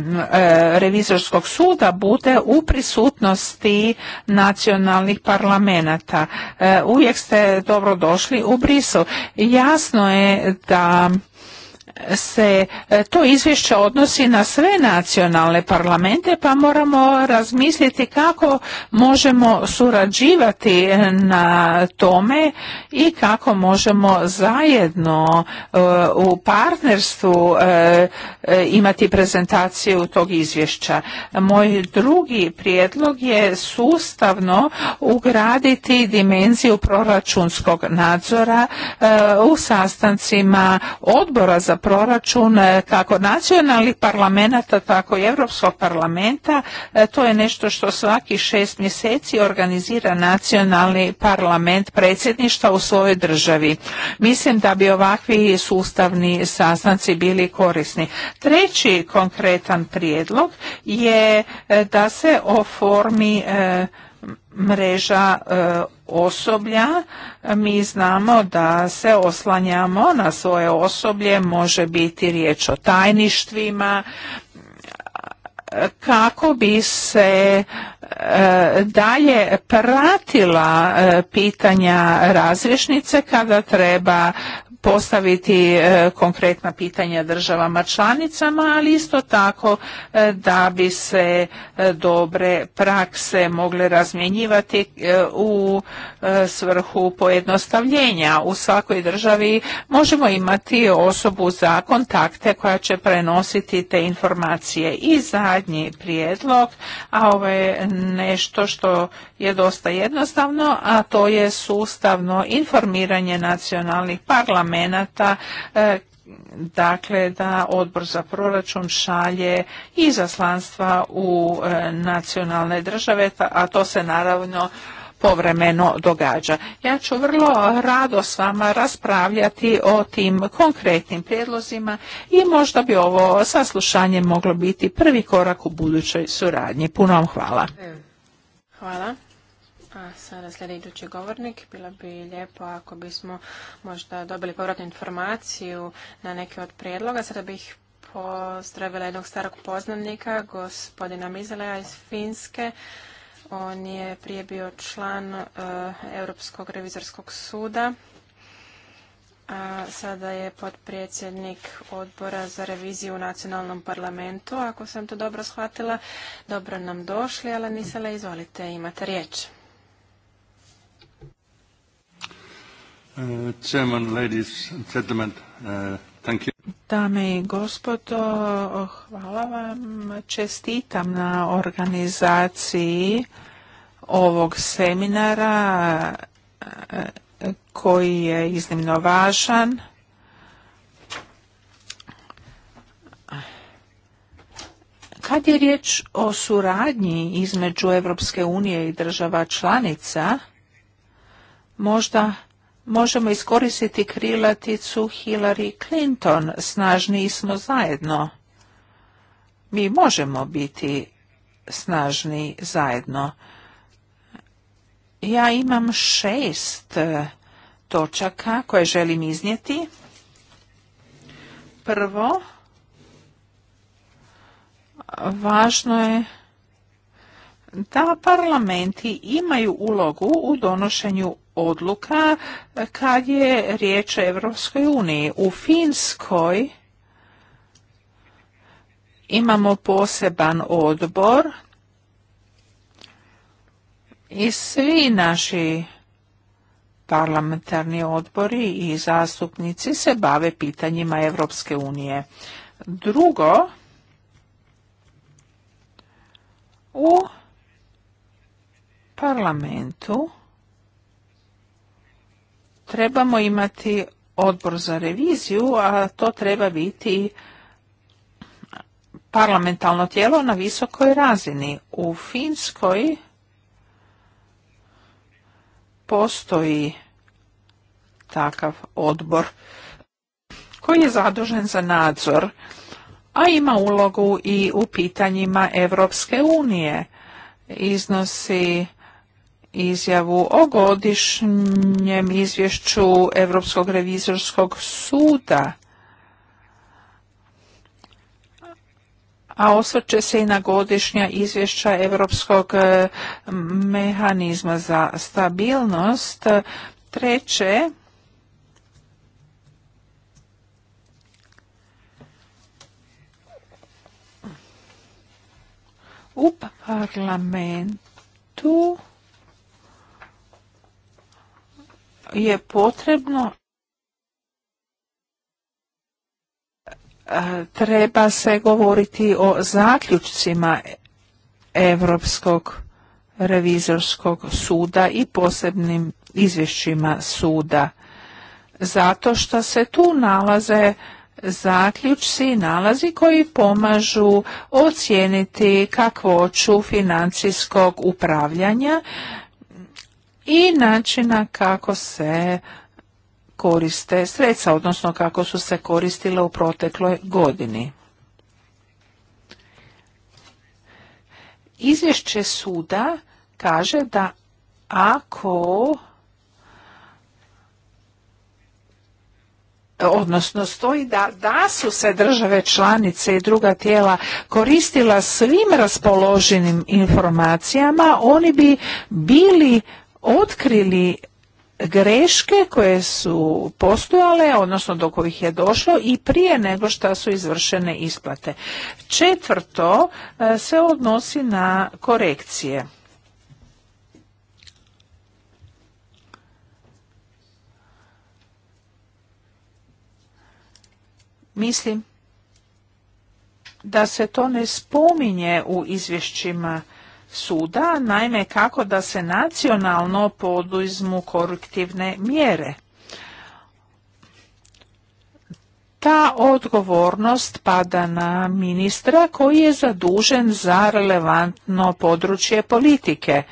revizorskog suda bude u prisutnosti nacionalnih parlamenata. E, uvijek ste dobro došli u Brisel. Jasno je da se e, to izvješće odnosi na sve nacionalne parlamente pa moramo razmisliti kako možemo surađivati na tome i kako možemo zajedno e, u partnerstvu e, imati prezentaciju tog izvješća. Moj drugi prijedlog je sustavno ugraditi dimenziju proračunskog nadzora u sastancima odbora za proračun kako nacionalnih parlamenta, tako i Europskog parlamenta. E, to je nešto što svaki šest mjeseci organizira nacionalni parlament predsjedništva u svojoj državi. Mislim da bi ovakvi sustavni sastanci bili korisni. Treći konkretan prijedlog je e, da se oformi e, mreža e, osoblja. Mi znamo da se oslanjamo na svoje osoblje, može biti riječ o tajništvima, kako bi se e, dalje pratila e, pitanja razrješnice kada treba postaviti e, konkretna pitanja državama članicama, ali isto tako e, da bi se e, dobre prakse mogle razmjenjivati u svrhu pojednostavljenja. U svakoj državi možemo imati osobu za kontakte koja će prenositi te informacije. I zadnji prijedlog, a ovo je nešto što je dosta jednostavno, a to je sustavno informiranje nacionalnih parlamenta amenata e, dakle da odbor za proračun šalje izaslanstva u e, nacionalne države, a to se naravno povremeno događa. Ja ću vrlo rado s vama raspravljati o tim konkretnim prijedlozima i možda bi ovo saslušanje moglo biti prvi korak u budućoj suradnji. Puno vam hvala. Hvala. A sada slijedi idući govornik. Bilo bi lijepo ako bismo možda dobili povratnu informaciju na neke od prijedloga. Sada bih pozdravila jednog starog poznanika, gospodina Mizeleja iz Finske. On je prije bio član e, Europskog revizorskog suda, a sada je potpredsjednik odbora za reviziju u nacionalnom parlamentu. Ako sam to dobro shvatila, dobro nam došli, ali Nisela, izvolite, imate riječ. Uh, uh, Dame i gospodo, oh, hvala vam. Čestitam na organizaciji ovog seminara uh, koji je iznimno važan. Kad je riječ o suradnji između Europske unije i država članica, možda možemo iskoristiti krilaticu Hillary Clinton, snažni smo zajedno. Mi možemo biti snažni zajedno. Ja imam šest eh, točaka koje želim iznijeti. Prvo, važno je da parlamenti imaju ulogu u donošenju odluka kad je riječ o Europskoj uniji. U Finskoj imamo poseban odbor i svi naši parlamentarni odbori i zastupnici se bave pitanjima Europske unije. Drugo, u parlamentu Trebamo imati odbor za reviziju, a to treba biti parlamentalno tijelo na visokoj razini. U Finskoj postoji takav odbor koji je zadužen za nadzor, a ima ulogu i u pitanjima Evropske unije. Iznosi izjavu o godišnjem izvješću Europskog revizorskog suda. a osvrće se i na godišnja izvješća Europskog eh, mehanizma za stabilnost. Treće, u parlamentu je potrebno e, treba se govoriti o zaključcima Europskog revizorskog suda i posebnim izvješćima suda. Zato što se tu nalaze zaključci, nalazi koji pomažu ocijeniti kakvoću financijskog upravljanja i načina kako se koriste sredstva, odnosno kako su se koristile u protekloj godini. Izvješće suda kaže da ako odnosno stoji da, da su se države članice i druga tijela koristila svim raspoloženim informacijama, oni bi bili otkrili greške koje su postojale, odnosno do kojih je došlo i prije nego što su izvršene isplate. Četvrto e, se odnosi na korekcije. Mislim da se to ne spominje u izvješćima suda, naime kako da se nacionalno poduzmu koruptivne mjere. Ta odgovornost pada na ministra koji je zadužen za relevantno područje politike.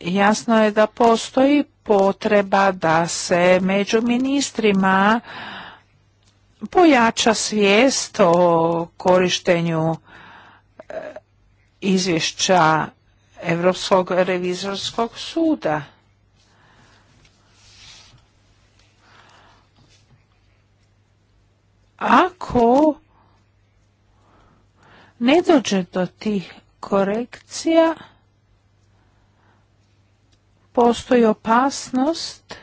Jasno je da postoji potreba da se među ministrima pojača svijest o korištenju izvješća Europskog revizorskog suda. Ako ne dođe do tih korekcija, postoji opasnost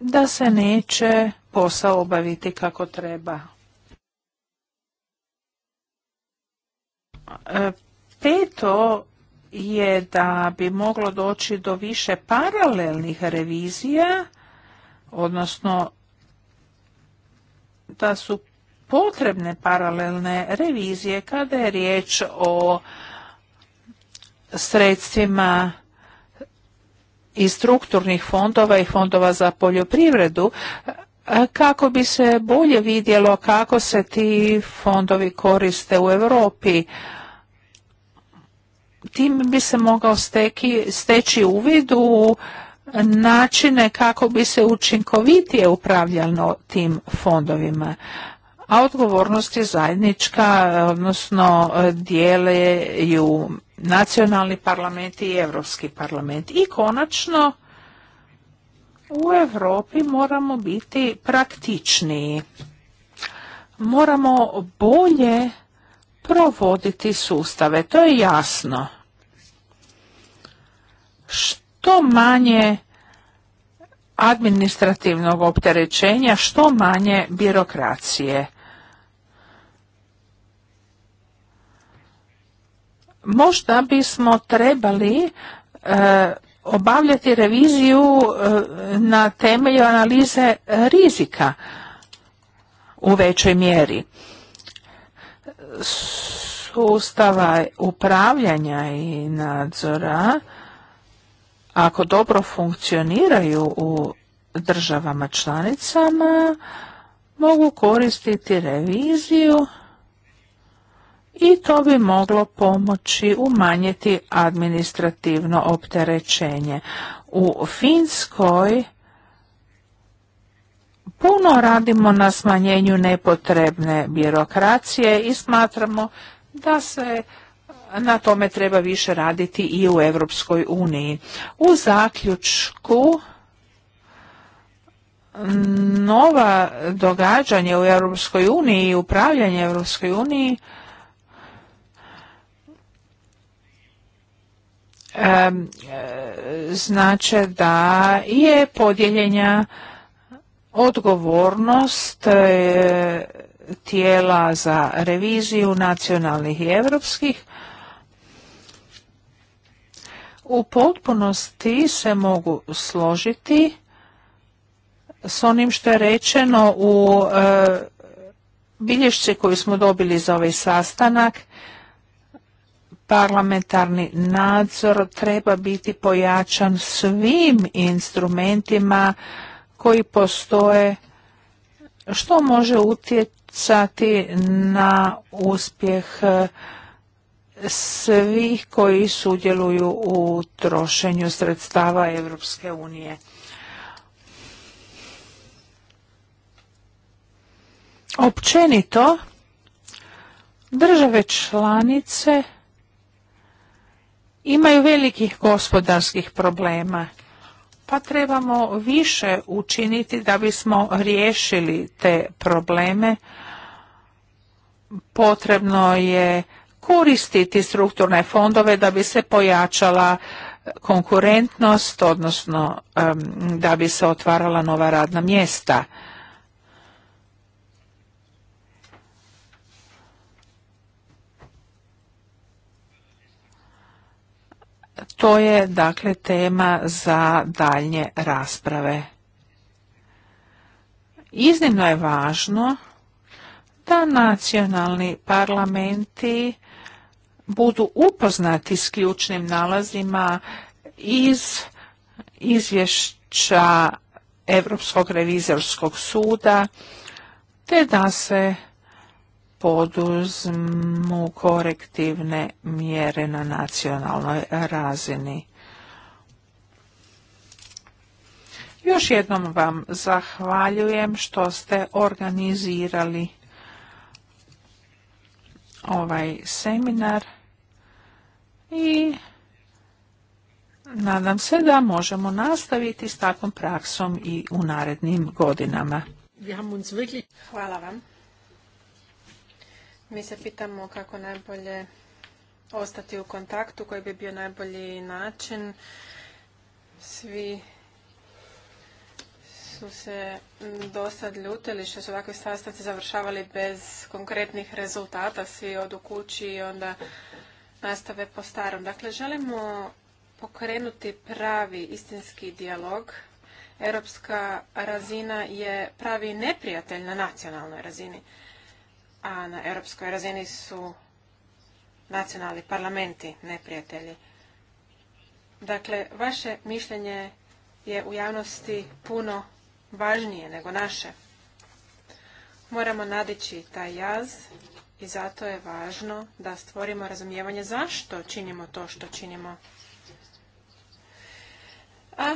da se neće posao obaviti kako treba. E, peto je da bi moglo doći do više paralelnih revizija, odnosno da su potrebne paralelne revizije kada je riječ o sredstvima i strukturnih fondova i fondova za poljoprivredu e, kako bi se bolje vidjelo kako se ti fondovi koriste u Europi Tim bi se mogao steki, steći uvid u načine kako bi se učinkovitije upravljalo tim fondovima. A odgovornost je zajednička, odnosno e, dijele ju nacionalni parlament i Europski parlament. I konačno, u Europi moramo biti praktičniji. Moramo bolje provoditi sustave. To je jasno. Što manje administrativnog opterećenja, što manje birokracije. Možda bismo trebali e, obavljati reviziju e, na temelju analize rizika u većoj mjeri sustava upravljanja i nadzora, ako dobro funkcioniraju u državama članicama, mogu koristiti reviziju i to bi moglo pomoći umanjiti administrativno opterećenje. U Finskoj Puno radimo na smanjenju nepotrebne birokracije i smatramo da se na tome treba više raditi i u Europskoj uniji. U zaključku nova događanja u Europskoj uniji i upravljanje Europskoj uniji e, znače da je podijeljenja odgovornost e, tijela za reviziju nacionalnih i europskih u potpunosti se mogu složiti s onim što je rečeno u e, bilješci bilješće koju smo dobili za ovaj sastanak. Parlamentarni nadzor treba biti pojačan svim instrumentima koji postoje što može utjecati na uspjeh e, svih koji sudjeluju u trošenju sredstava Europske unije. Općenito, države članice imaju velikih gospodarskih problema pa trebamo više učiniti da bismo riješili te probleme. Potrebno je koristiti strukturne fondove da bi se pojačala konkurentnost, odnosno da bi se otvarala nova radna mjesta. To je dakle tema za daljnje rasprave. Iznimno je važno da nacionalni parlamenti budu upoznati s ključnim nalazima iz izvješća Europskog revizorskog suda te da se poduzmu korektivne mjere na nacionalnoj razini. Još jednom vam zahvaljujem što ste organizirali ovaj seminar i nadam se da možemo nastaviti s takvom praksom i u narednim godinama. Hvala vam. Mi se pitamo kako najbolje ostati u kontaktu, koji bi bio najbolji način. Svi su se dosad ljutili što su ovakvi sastavci završavali bez konkretnih rezultata, svi odu kući i onda nastave po starom. Dakle, želimo pokrenuti pravi istinski dijalog. Europska razina je pravi neprijatelj na nacionalnoj razini a na europskoj razini su nacionalni parlamenti neprijatelji. Dakle, vaše mišljenje je u javnosti puno važnije nego naše. Moramo nadići taj jaz i zato je važno da stvorimo razumijevanje zašto činimo to što činimo. A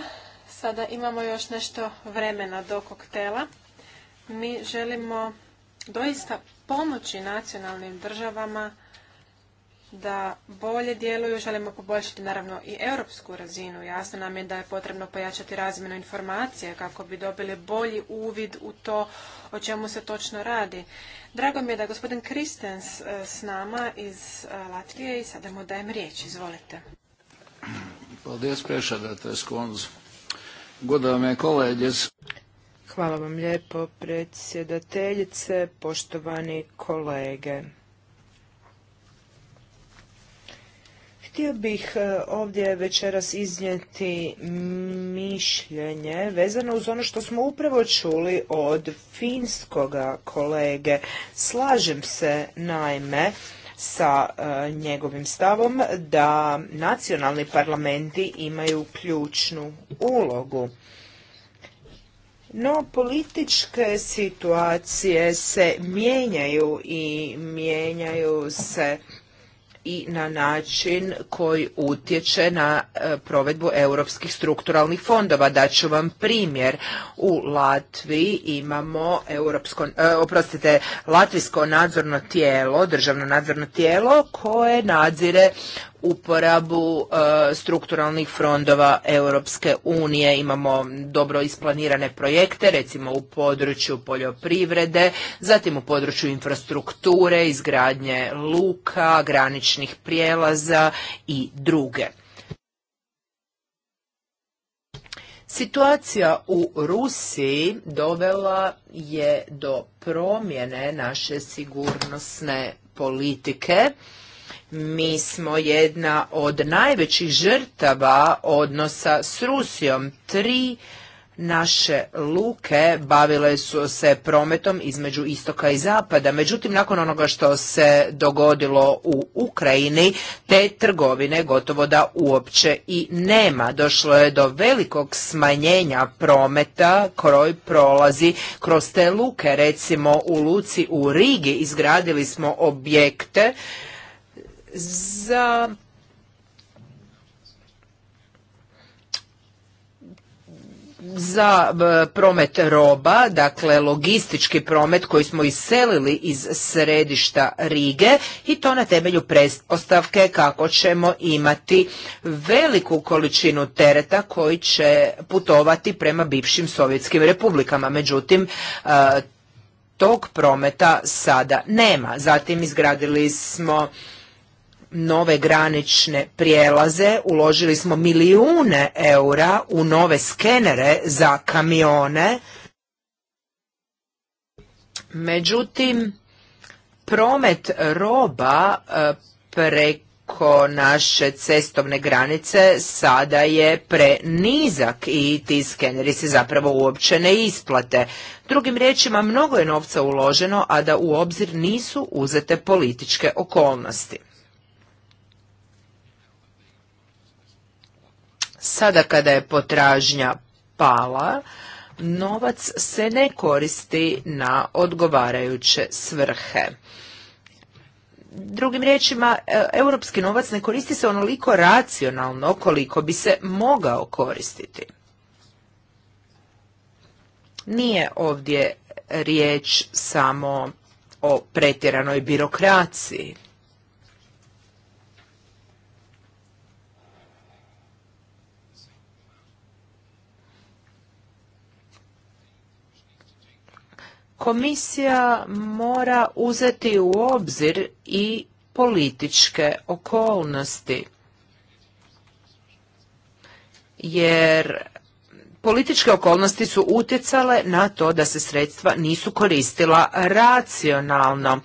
sada imamo još nešto vremena do koktela. Mi želimo doista pomoći nacionalnim državama da bolje djeluju, želimo poboljšati naravno i europsku razinu. Jasno nam je da je potrebno pojačati razmjenu informacije kako bi dobili bolji uvid u to o čemu se točno radi. Drago mi je da je gospodin Kristens e, s nama iz e, Latvije i sada mu dajem riječ. Izvolite. Hvala vam lijepo predsjedateljice, poštovani kolege. Htio bih e, ovdje večeras iznijeti mišljenje vezano uz ono što smo upravo čuli od finskoga kolege. Slažem se naime sa e, njegovim stavom da nacionalni parlamenti imaju ključnu ulogu. No, političke situacije se mijenjaju i mijenjaju se i na način koji utječe na e, provedbu europskih strukturalnih fondova. Daću vam primjer. U Latviji imamo europsko, e, oprostite, latvijsko nadzorno tijelo, državno nadzorno tijelo koje nadzire uporabu e, strukturalnih frondova Europske unije. Imamo dobro isplanirane projekte, recimo u području poljoprivrede, zatim u području infrastrukture, izgradnje luka, graničnih prijelaza i druge. Situacija u Rusiji dovela je do promjene naše sigurnosne politike mi smo jedna od najvećih žrtava odnosa s Rusijom. Tri naše luke bavile su se prometom između istoka i zapada. Međutim, nakon onoga što se dogodilo u Ukrajini, te trgovine gotovo da uopće i nema. Došlo je do velikog smanjenja prometa koji prolazi kroz te luke. Recimo u luci u Rigi izgradili smo objekte za za promet roba, dakle logistički promet koji smo iselili iz središta Rige i to na temelju pretpostavke kako ćemo imati veliku količinu tereta koji će putovati prema bivšim sovjetskim republikama. Međutim, e, tog prometa sada nema. Zatim izgradili smo nove granične prijelaze, uložili smo milijune eura u nove skenere za kamione. Međutim, promet roba e, preko naše cestovne granice sada je prenizak i ti skeneri se zapravo uopće ne isplate. Drugim riječima, mnogo je novca uloženo, a da u obzir nisu uzete političke okolnosti. Sada kada je potražnja pala, novac se ne koristi na odgovarajuće svrhe. Drugim riječima, e, europski novac ne koristi se onoliko racionalno koliko bi se mogao koristiti. Nije ovdje riječ samo o pretjeranoj birokraciji. Komisija mora uzeti u obzir i političke okolnosti jer Političke okolnosti su utjecale na to da se sredstva nisu koristila racionalno.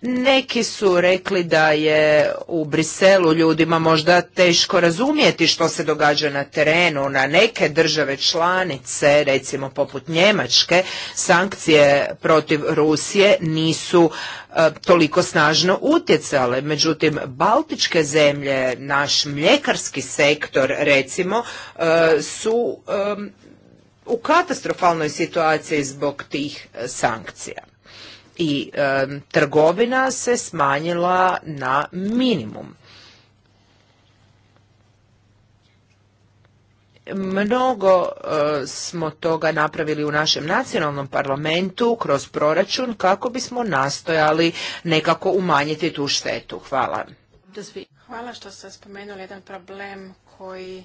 Neki su rekli da je u Briselu ljudima možda teško razumjeti što se događa na terenu. Na neke države članice, recimo poput Njemačke, sankcije protiv Rusije nisu e, toliko snažno utjecale. Međutim, baltičke zemlje, naš mljekarski sektor recimo, e, su u katastrofalnoj situaciji zbog tih e, sankcija i e, trgovina se smanjila na minimum. Mnogo e, smo toga napravili u našem nacionalnom parlamentu kroz proračun kako bismo nastojali nekako umanjiti tu štetu. Hvala. Hvala što ste spomenuli jedan problem koji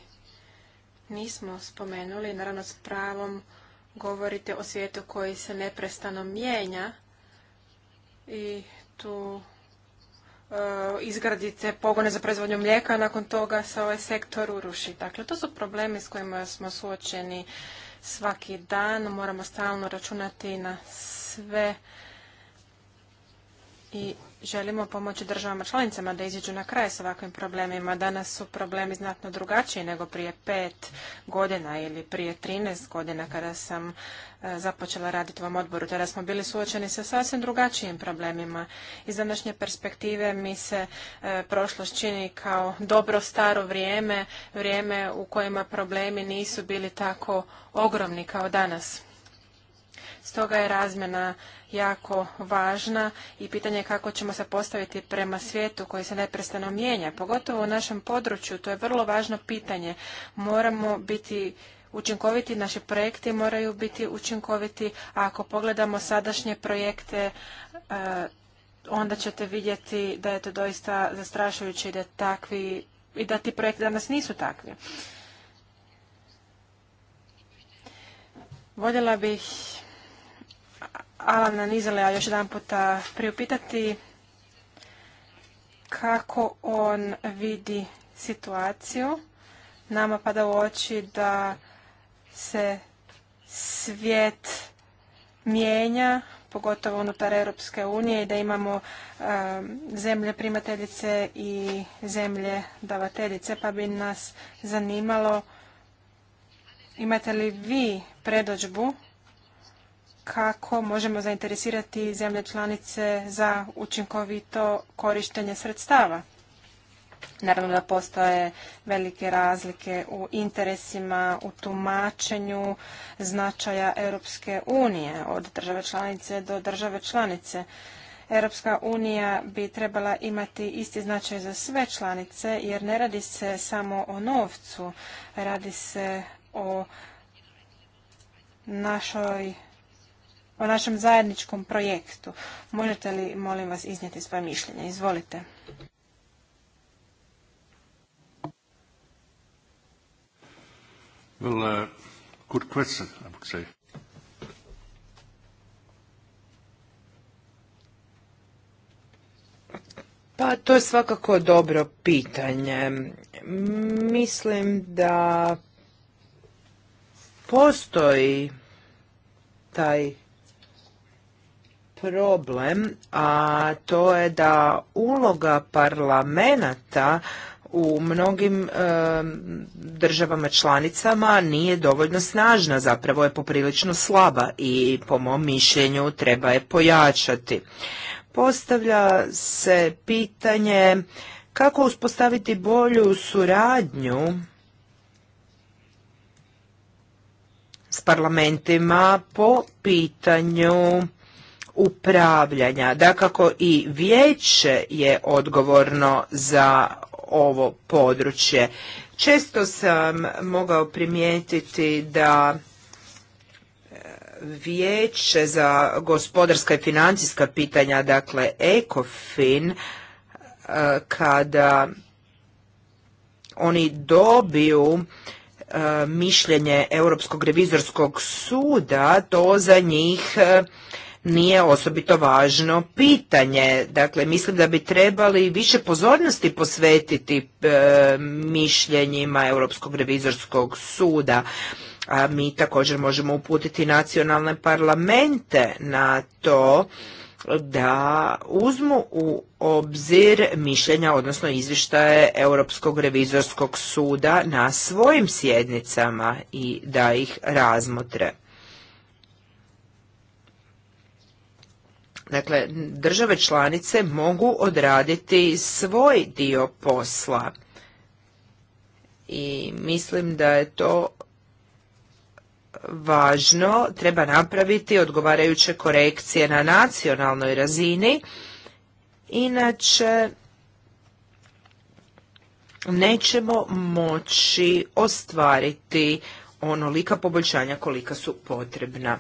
nismo spomenuli, naravno s pravom govorite o svijetu koji se neprestano mijenja i tu e, izgradite pogone za proizvodnju mlijeka, a nakon toga se ovaj sektor uruši. Dakle, to su problemi s kojima smo suočeni svaki dan, moramo stalno računati na sve i želimo pomoći državama članicama da iziđu na kraj s ovakvim problemima. Danas su problemi znatno drugačiji nego prije pet godina ili prije 13 godina kada sam e, započela raditi u ovom odboru. Tada smo bili suočeni sa sasvim drugačijim problemima. Iz današnje perspektive mi se e, prošlost čini kao dobro staro vrijeme, vrijeme u kojima problemi nisu bili tako ogromni kao danas. Stoga je razmjena jako važna i pitanje je kako ćemo se postaviti prema svijetu koji se neprestano mijenja. Pogotovo u našem području, to je vrlo važno pitanje. Moramo biti učinkoviti, naši projekti moraju biti učinkoviti, a ako pogledamo sadašnje projekte, e, onda ćete vidjeti da je to doista zastrašujuće i da, takvi, i da ti projekti danas nisu takvi. Voljela bih Alana još jedan puta priupitati kako on vidi situaciju. Nama pada u oči da se svijet mijenja, pogotovo unutar Europske unije i da imamo um, zemlje primateljice i zemlje davateljice, pa bi nas zanimalo imate li vi predođbu kako možemo zainteresirati zemlje članice za učinkovito korištenje sredstava. Naravno da postoje velike razlike u interesima, u tumačenju značaja Europske unije od države članice do države članice. Europska unija bi trebala imati isti značaj za sve članice jer ne radi se samo o novcu, radi se o našoj o našem zajedničkom projektu. Možete li, molim vas, iznijeti svoje mišljenje? Izvolite. Uh, pa to je svakako dobro pitanje. Mislim da postoji taj problem, a to je da uloga parlamenta u mnogim državama članicama nije dovoljno snažna, zapravo je poprilično slaba i po mom mišljenju treba je pojačati. Postavlja se pitanje kako uspostaviti bolju suradnju s parlamentima po pitanju upravljanja. Dakako i vijeće je odgovorno za ovo područje. Često sam mogao primijetiti da e, vijeće za gospodarska i financijska pitanja, dakle ECOFIN, e, kada oni dobiju e, mišljenje Europskog revizorskog suda, to za njih nije osobito važno pitanje. Dakle, mislim da bi trebali više pozornosti posvetiti e, mišljenjima Europskog revizorskog suda. A mi također možemo uputiti nacionalne parlamente na to da uzmu u obzir mišljenja, odnosno izvještaje Europskog revizorskog suda na svojim sjednicama i da ih razmotre. Dakle, države članice mogu odraditi svoj dio posla i mislim da je to važno. Treba napraviti odgovarajuće korekcije na nacionalnoj razini, inače nećemo moći ostvariti onolika poboljšanja kolika su potrebna.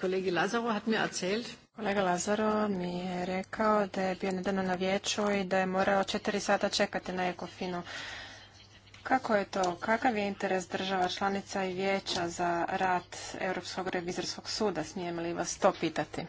Kolegi Lazaro hat mi erzählt, Kolega Lazaro mi je rekao da je bio nedavno na vijeću i da je morao četiri sata čekati na ekofinu. Kako je to? Kakav je interes država članica i vijeća za rad Europskog revizorskog suda? Smijem li vas to pitati?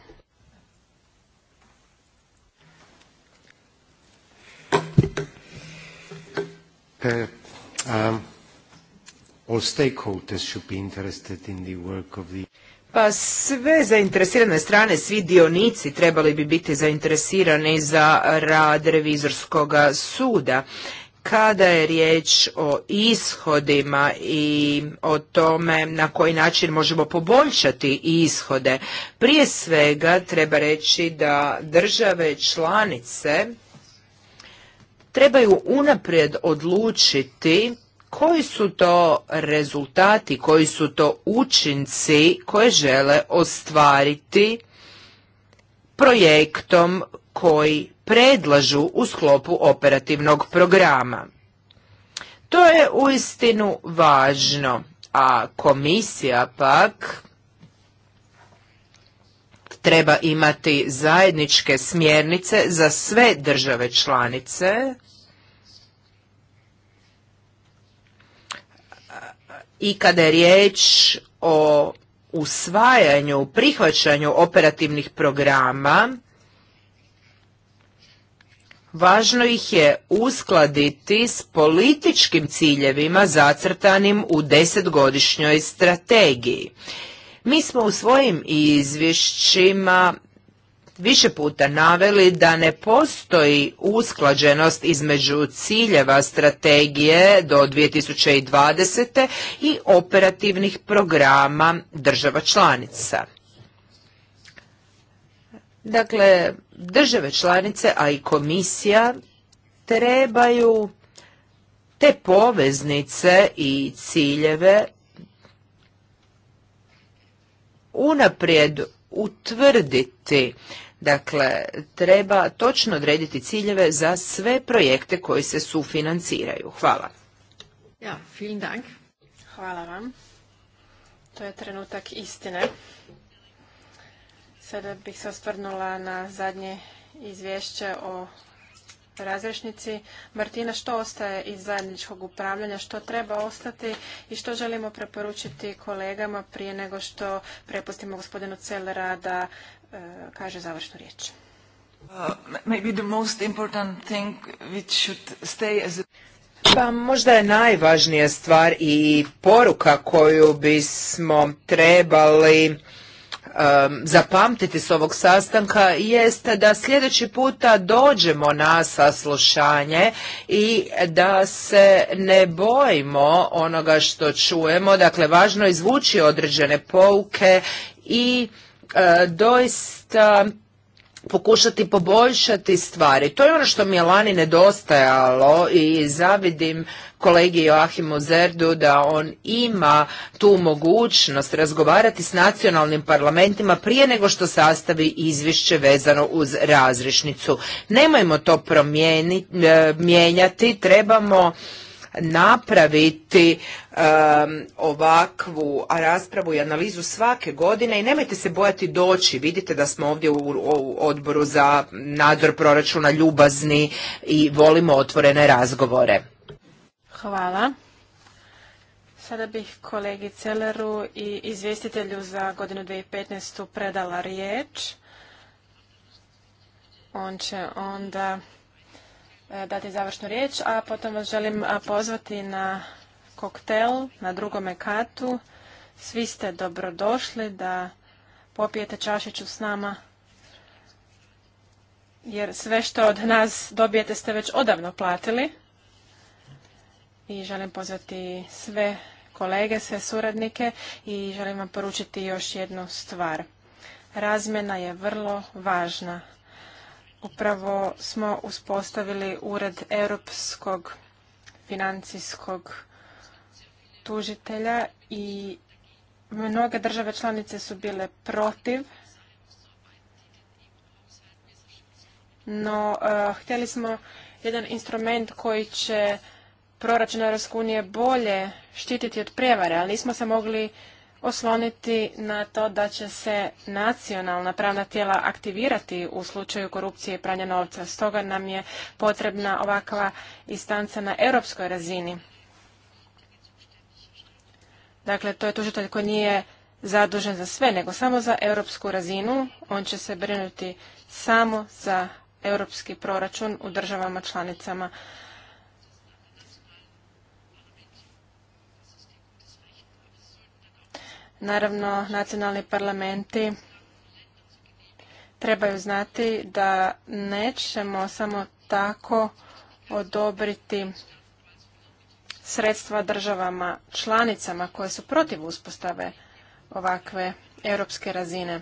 Pa sve zainteresirane strane, svi dionici trebali bi biti zainteresirani za rad revizorskog suda. Kada je riječ o ishodima i o tome na koji način možemo poboljšati ishode, prije svega treba reći da države članice trebaju unaprijed odlučiti koji su to rezultati, koji su to učinci koje žele ostvariti projektom koji predlažu u sklopu operativnog programa. To je uistinu važno, a komisija pak treba imati zajedničke smjernice za sve države članice i kada je riječ o usvajanju, prihvaćanju operativnih programa, važno ih je uskladiti s političkim ciljevima zacrtanim u desetgodišnjoj strategiji. Mi smo u svojim izvješćima više puta naveli da ne postoji usklađenost između ciljeva strategije do 2020. i operativnih programa država članica. Dakle, države članice, a i komisija trebaju te poveznice i ciljeve unaprijed utvrditi Dakle, treba točno odrediti ciljeve za sve projekte koji se sufinanciraju. Hvala. Ja, vielen Dank. Hvala vam. To je trenutak istine. Sada bih se osvrnula na zadnje izvješće o razrešnici. Martina, što ostaje iz zajedničkog upravljanja, što treba ostati i što želimo preporučiti kolegama prije nego što prepustimo gospodinu Celera da E, kaže završnu riječ. Uh, pa možda je najvažnija stvar i poruka koju bismo trebali um, zapamtiti s ovog sastanka jest da sljedeći puta dođemo na saslušanje i da se ne bojimo onoga što čujemo. Dakle, važno je izvući određene pouke i E, doista pokušati poboljšati stvari. To je ono što mi je lani nedostajalo i zavidim kolegi Joachimu Zerdu da on ima tu mogućnost razgovarati s nacionalnim parlamentima prije nego što sastavi izvješće vezano uz razrišnicu. Nemojmo to promijenjati. E, mijenjati, trebamo napraviti ovakvu raspravu i analizu svake godine i nemojte se bojati doći. Vidite da smo ovdje u, odboru za nadzor proračuna ljubazni i volimo otvorene razgovore. Hvala. Sada bih kolegi Celeru i izvjestitelju za godinu 2015. predala riječ. On će onda eh, dati završnu riječ, a potom vas želim pozvati na koktel na drugome katu. Svi ste dobrodošli da popijete čašiću s nama jer sve što od nas dobijete ste već odavno platili. I želim pozvati sve kolege, sve suradnike i želim vam poručiti još jednu stvar. Razmjena je vrlo važna. Upravo smo uspostavili ured europskog financijskog tužitelja i mnoge države članice su bile protiv no uh, htjeli smo jedan instrument koji će proračun Europske unije bolje štititi od prijevare, ali nismo se mogli osloniti na to da će se nacionalna pravna tijela aktivirati u slučaju korupcije i pranja novca. Stoga nam je potrebna ovakva instanca na europskoj razini. Dakle, to je tužitelj koji nije zadužen za sve, nego samo za europsku razinu. On će se brinuti samo za europski proračun u državama članicama. Naravno, nacionalni parlamenti trebaju znati da nećemo samo tako odobriti sredstva državama članicama koje su protiv uspostave ovakve europske razine.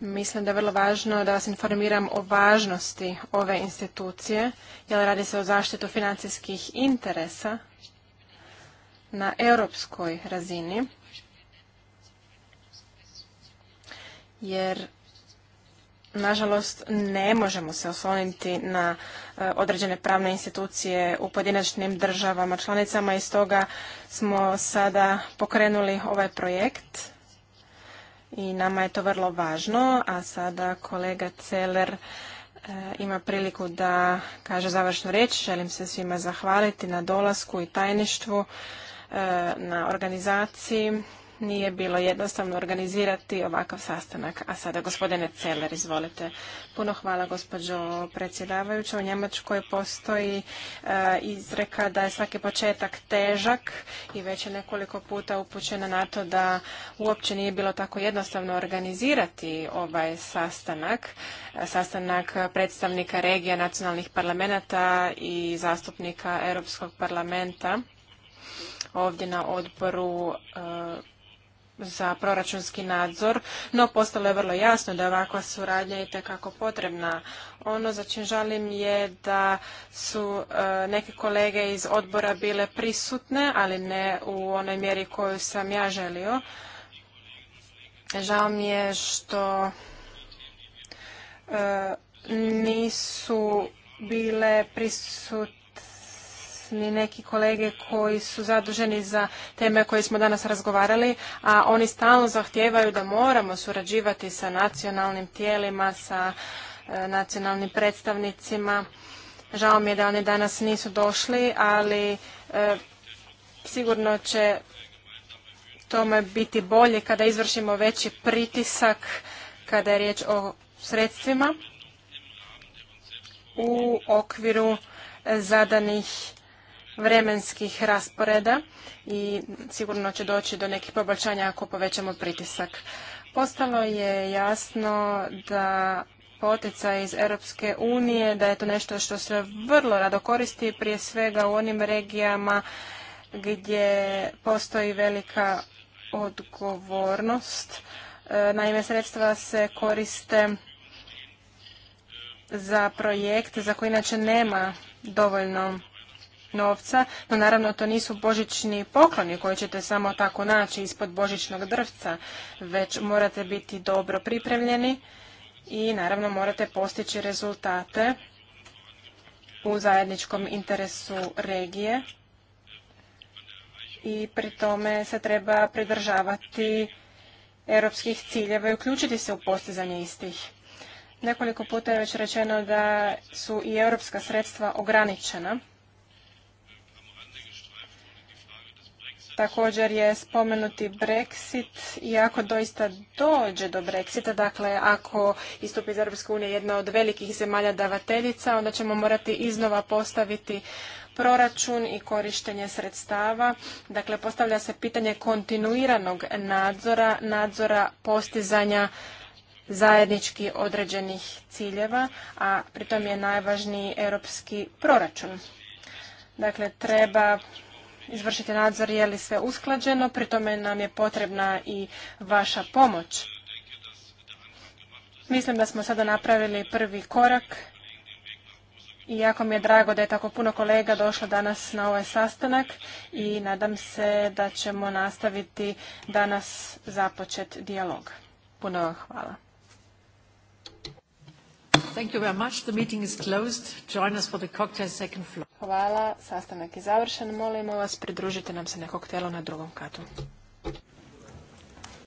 Mislim da je vrlo važno da vas informiram o važnosti ove institucije, jer radi se o zaštitu financijskih interesa na europskoj razini, jer nažalost ne možemo se osloniti na e, određene pravne institucije u pojedinačnim državama članicama i stoga smo sada pokrenuli ovaj projekt i nama je to vrlo važno, a sada kolega Celer e, ima priliku da kaže završnu riječ. Želim se svima zahvaliti na dolasku i tajništvu, e, na organizaciji nije bilo jednostavno organizirati ovakav sastanak. A sada gospodine Celer, izvolite. Puno hvala gospođo predsjedavajuća. U Njemačkoj postoji e, izreka da je svaki početak težak i već je nekoliko puta upućena na to da uopće nije bilo tako jednostavno organizirati ovaj sastanak, sastanak predstavnika regija nacionalnih parlamenta i zastupnika Europskog parlamenta ovdje na odboru e, za proračunski nadzor, no postalo je vrlo jasno da je ovakva suradnja i tekako potrebna. Ono za čim žalim je da su e, neke kolege iz odbora bile prisutne, ali ne u onoj mjeri koju sam ja želio. Žao mi je što e, nisu bile prisutne ni neki kolege koji su zaduženi za teme koje smo danas razgovarali, a oni stalno zahtijevaju da moramo surađivati sa nacionalnim tijelima, sa e, nacionalnim predstavnicima. Žao mi je da oni danas nisu došli, ali e, sigurno će tome biti bolje kada izvršimo veći pritisak kada je riječ o sredstvima u okviru zadanih vremenskih rasporeda i sigurno će doći do nekih poboljšanja ako povećamo pritisak. Postalo je jasno da potica iz Europske unije, da je to nešto što se vrlo rado koristi, prije svega u onim regijama gdje postoji velika odgovornost. E, naime, sredstva se koriste za projekte za koji inače nema dovoljno novca, no naravno to nisu božićni pokloni koji ćete samo tako naći ispod božićnog drvca, već morate biti dobro pripremljeni i naravno morate postići rezultate u zajedničkom interesu regije i pri tome se treba pridržavati europskih ciljeva i uključiti se u postizanje istih. Nekoliko puta je već rečeno da su i europska sredstva ograničena Također je spomenuti Brexit i ako doista dođe do Brexita, dakle ako istupi iz Europske unije jedna od velikih zemalja davateljica, onda ćemo morati iznova postaviti proračun i korištenje sredstava. Dakle, postavlja se pitanje kontinuiranog nadzora, nadzora postizanja zajednički određenih ciljeva, a pritom je najvažniji europski proračun. Dakle, treba izvršiti nadzor je li sve usklađeno, pri tome nam je potrebna i vaša pomoć. Mislim da smo sada napravili prvi korak i jako mi je drago da je tako puno kolega došlo danas na ovaj sastanak i nadam se da ćemo nastaviti danas započet dijalog. Puno vam hvala. Thank you very much. The meeting is closed. Join us for the cocktail second floor. Hvala, sastanak je završen. Molimo vas, pridružite nam se na koktelu na drugom katu.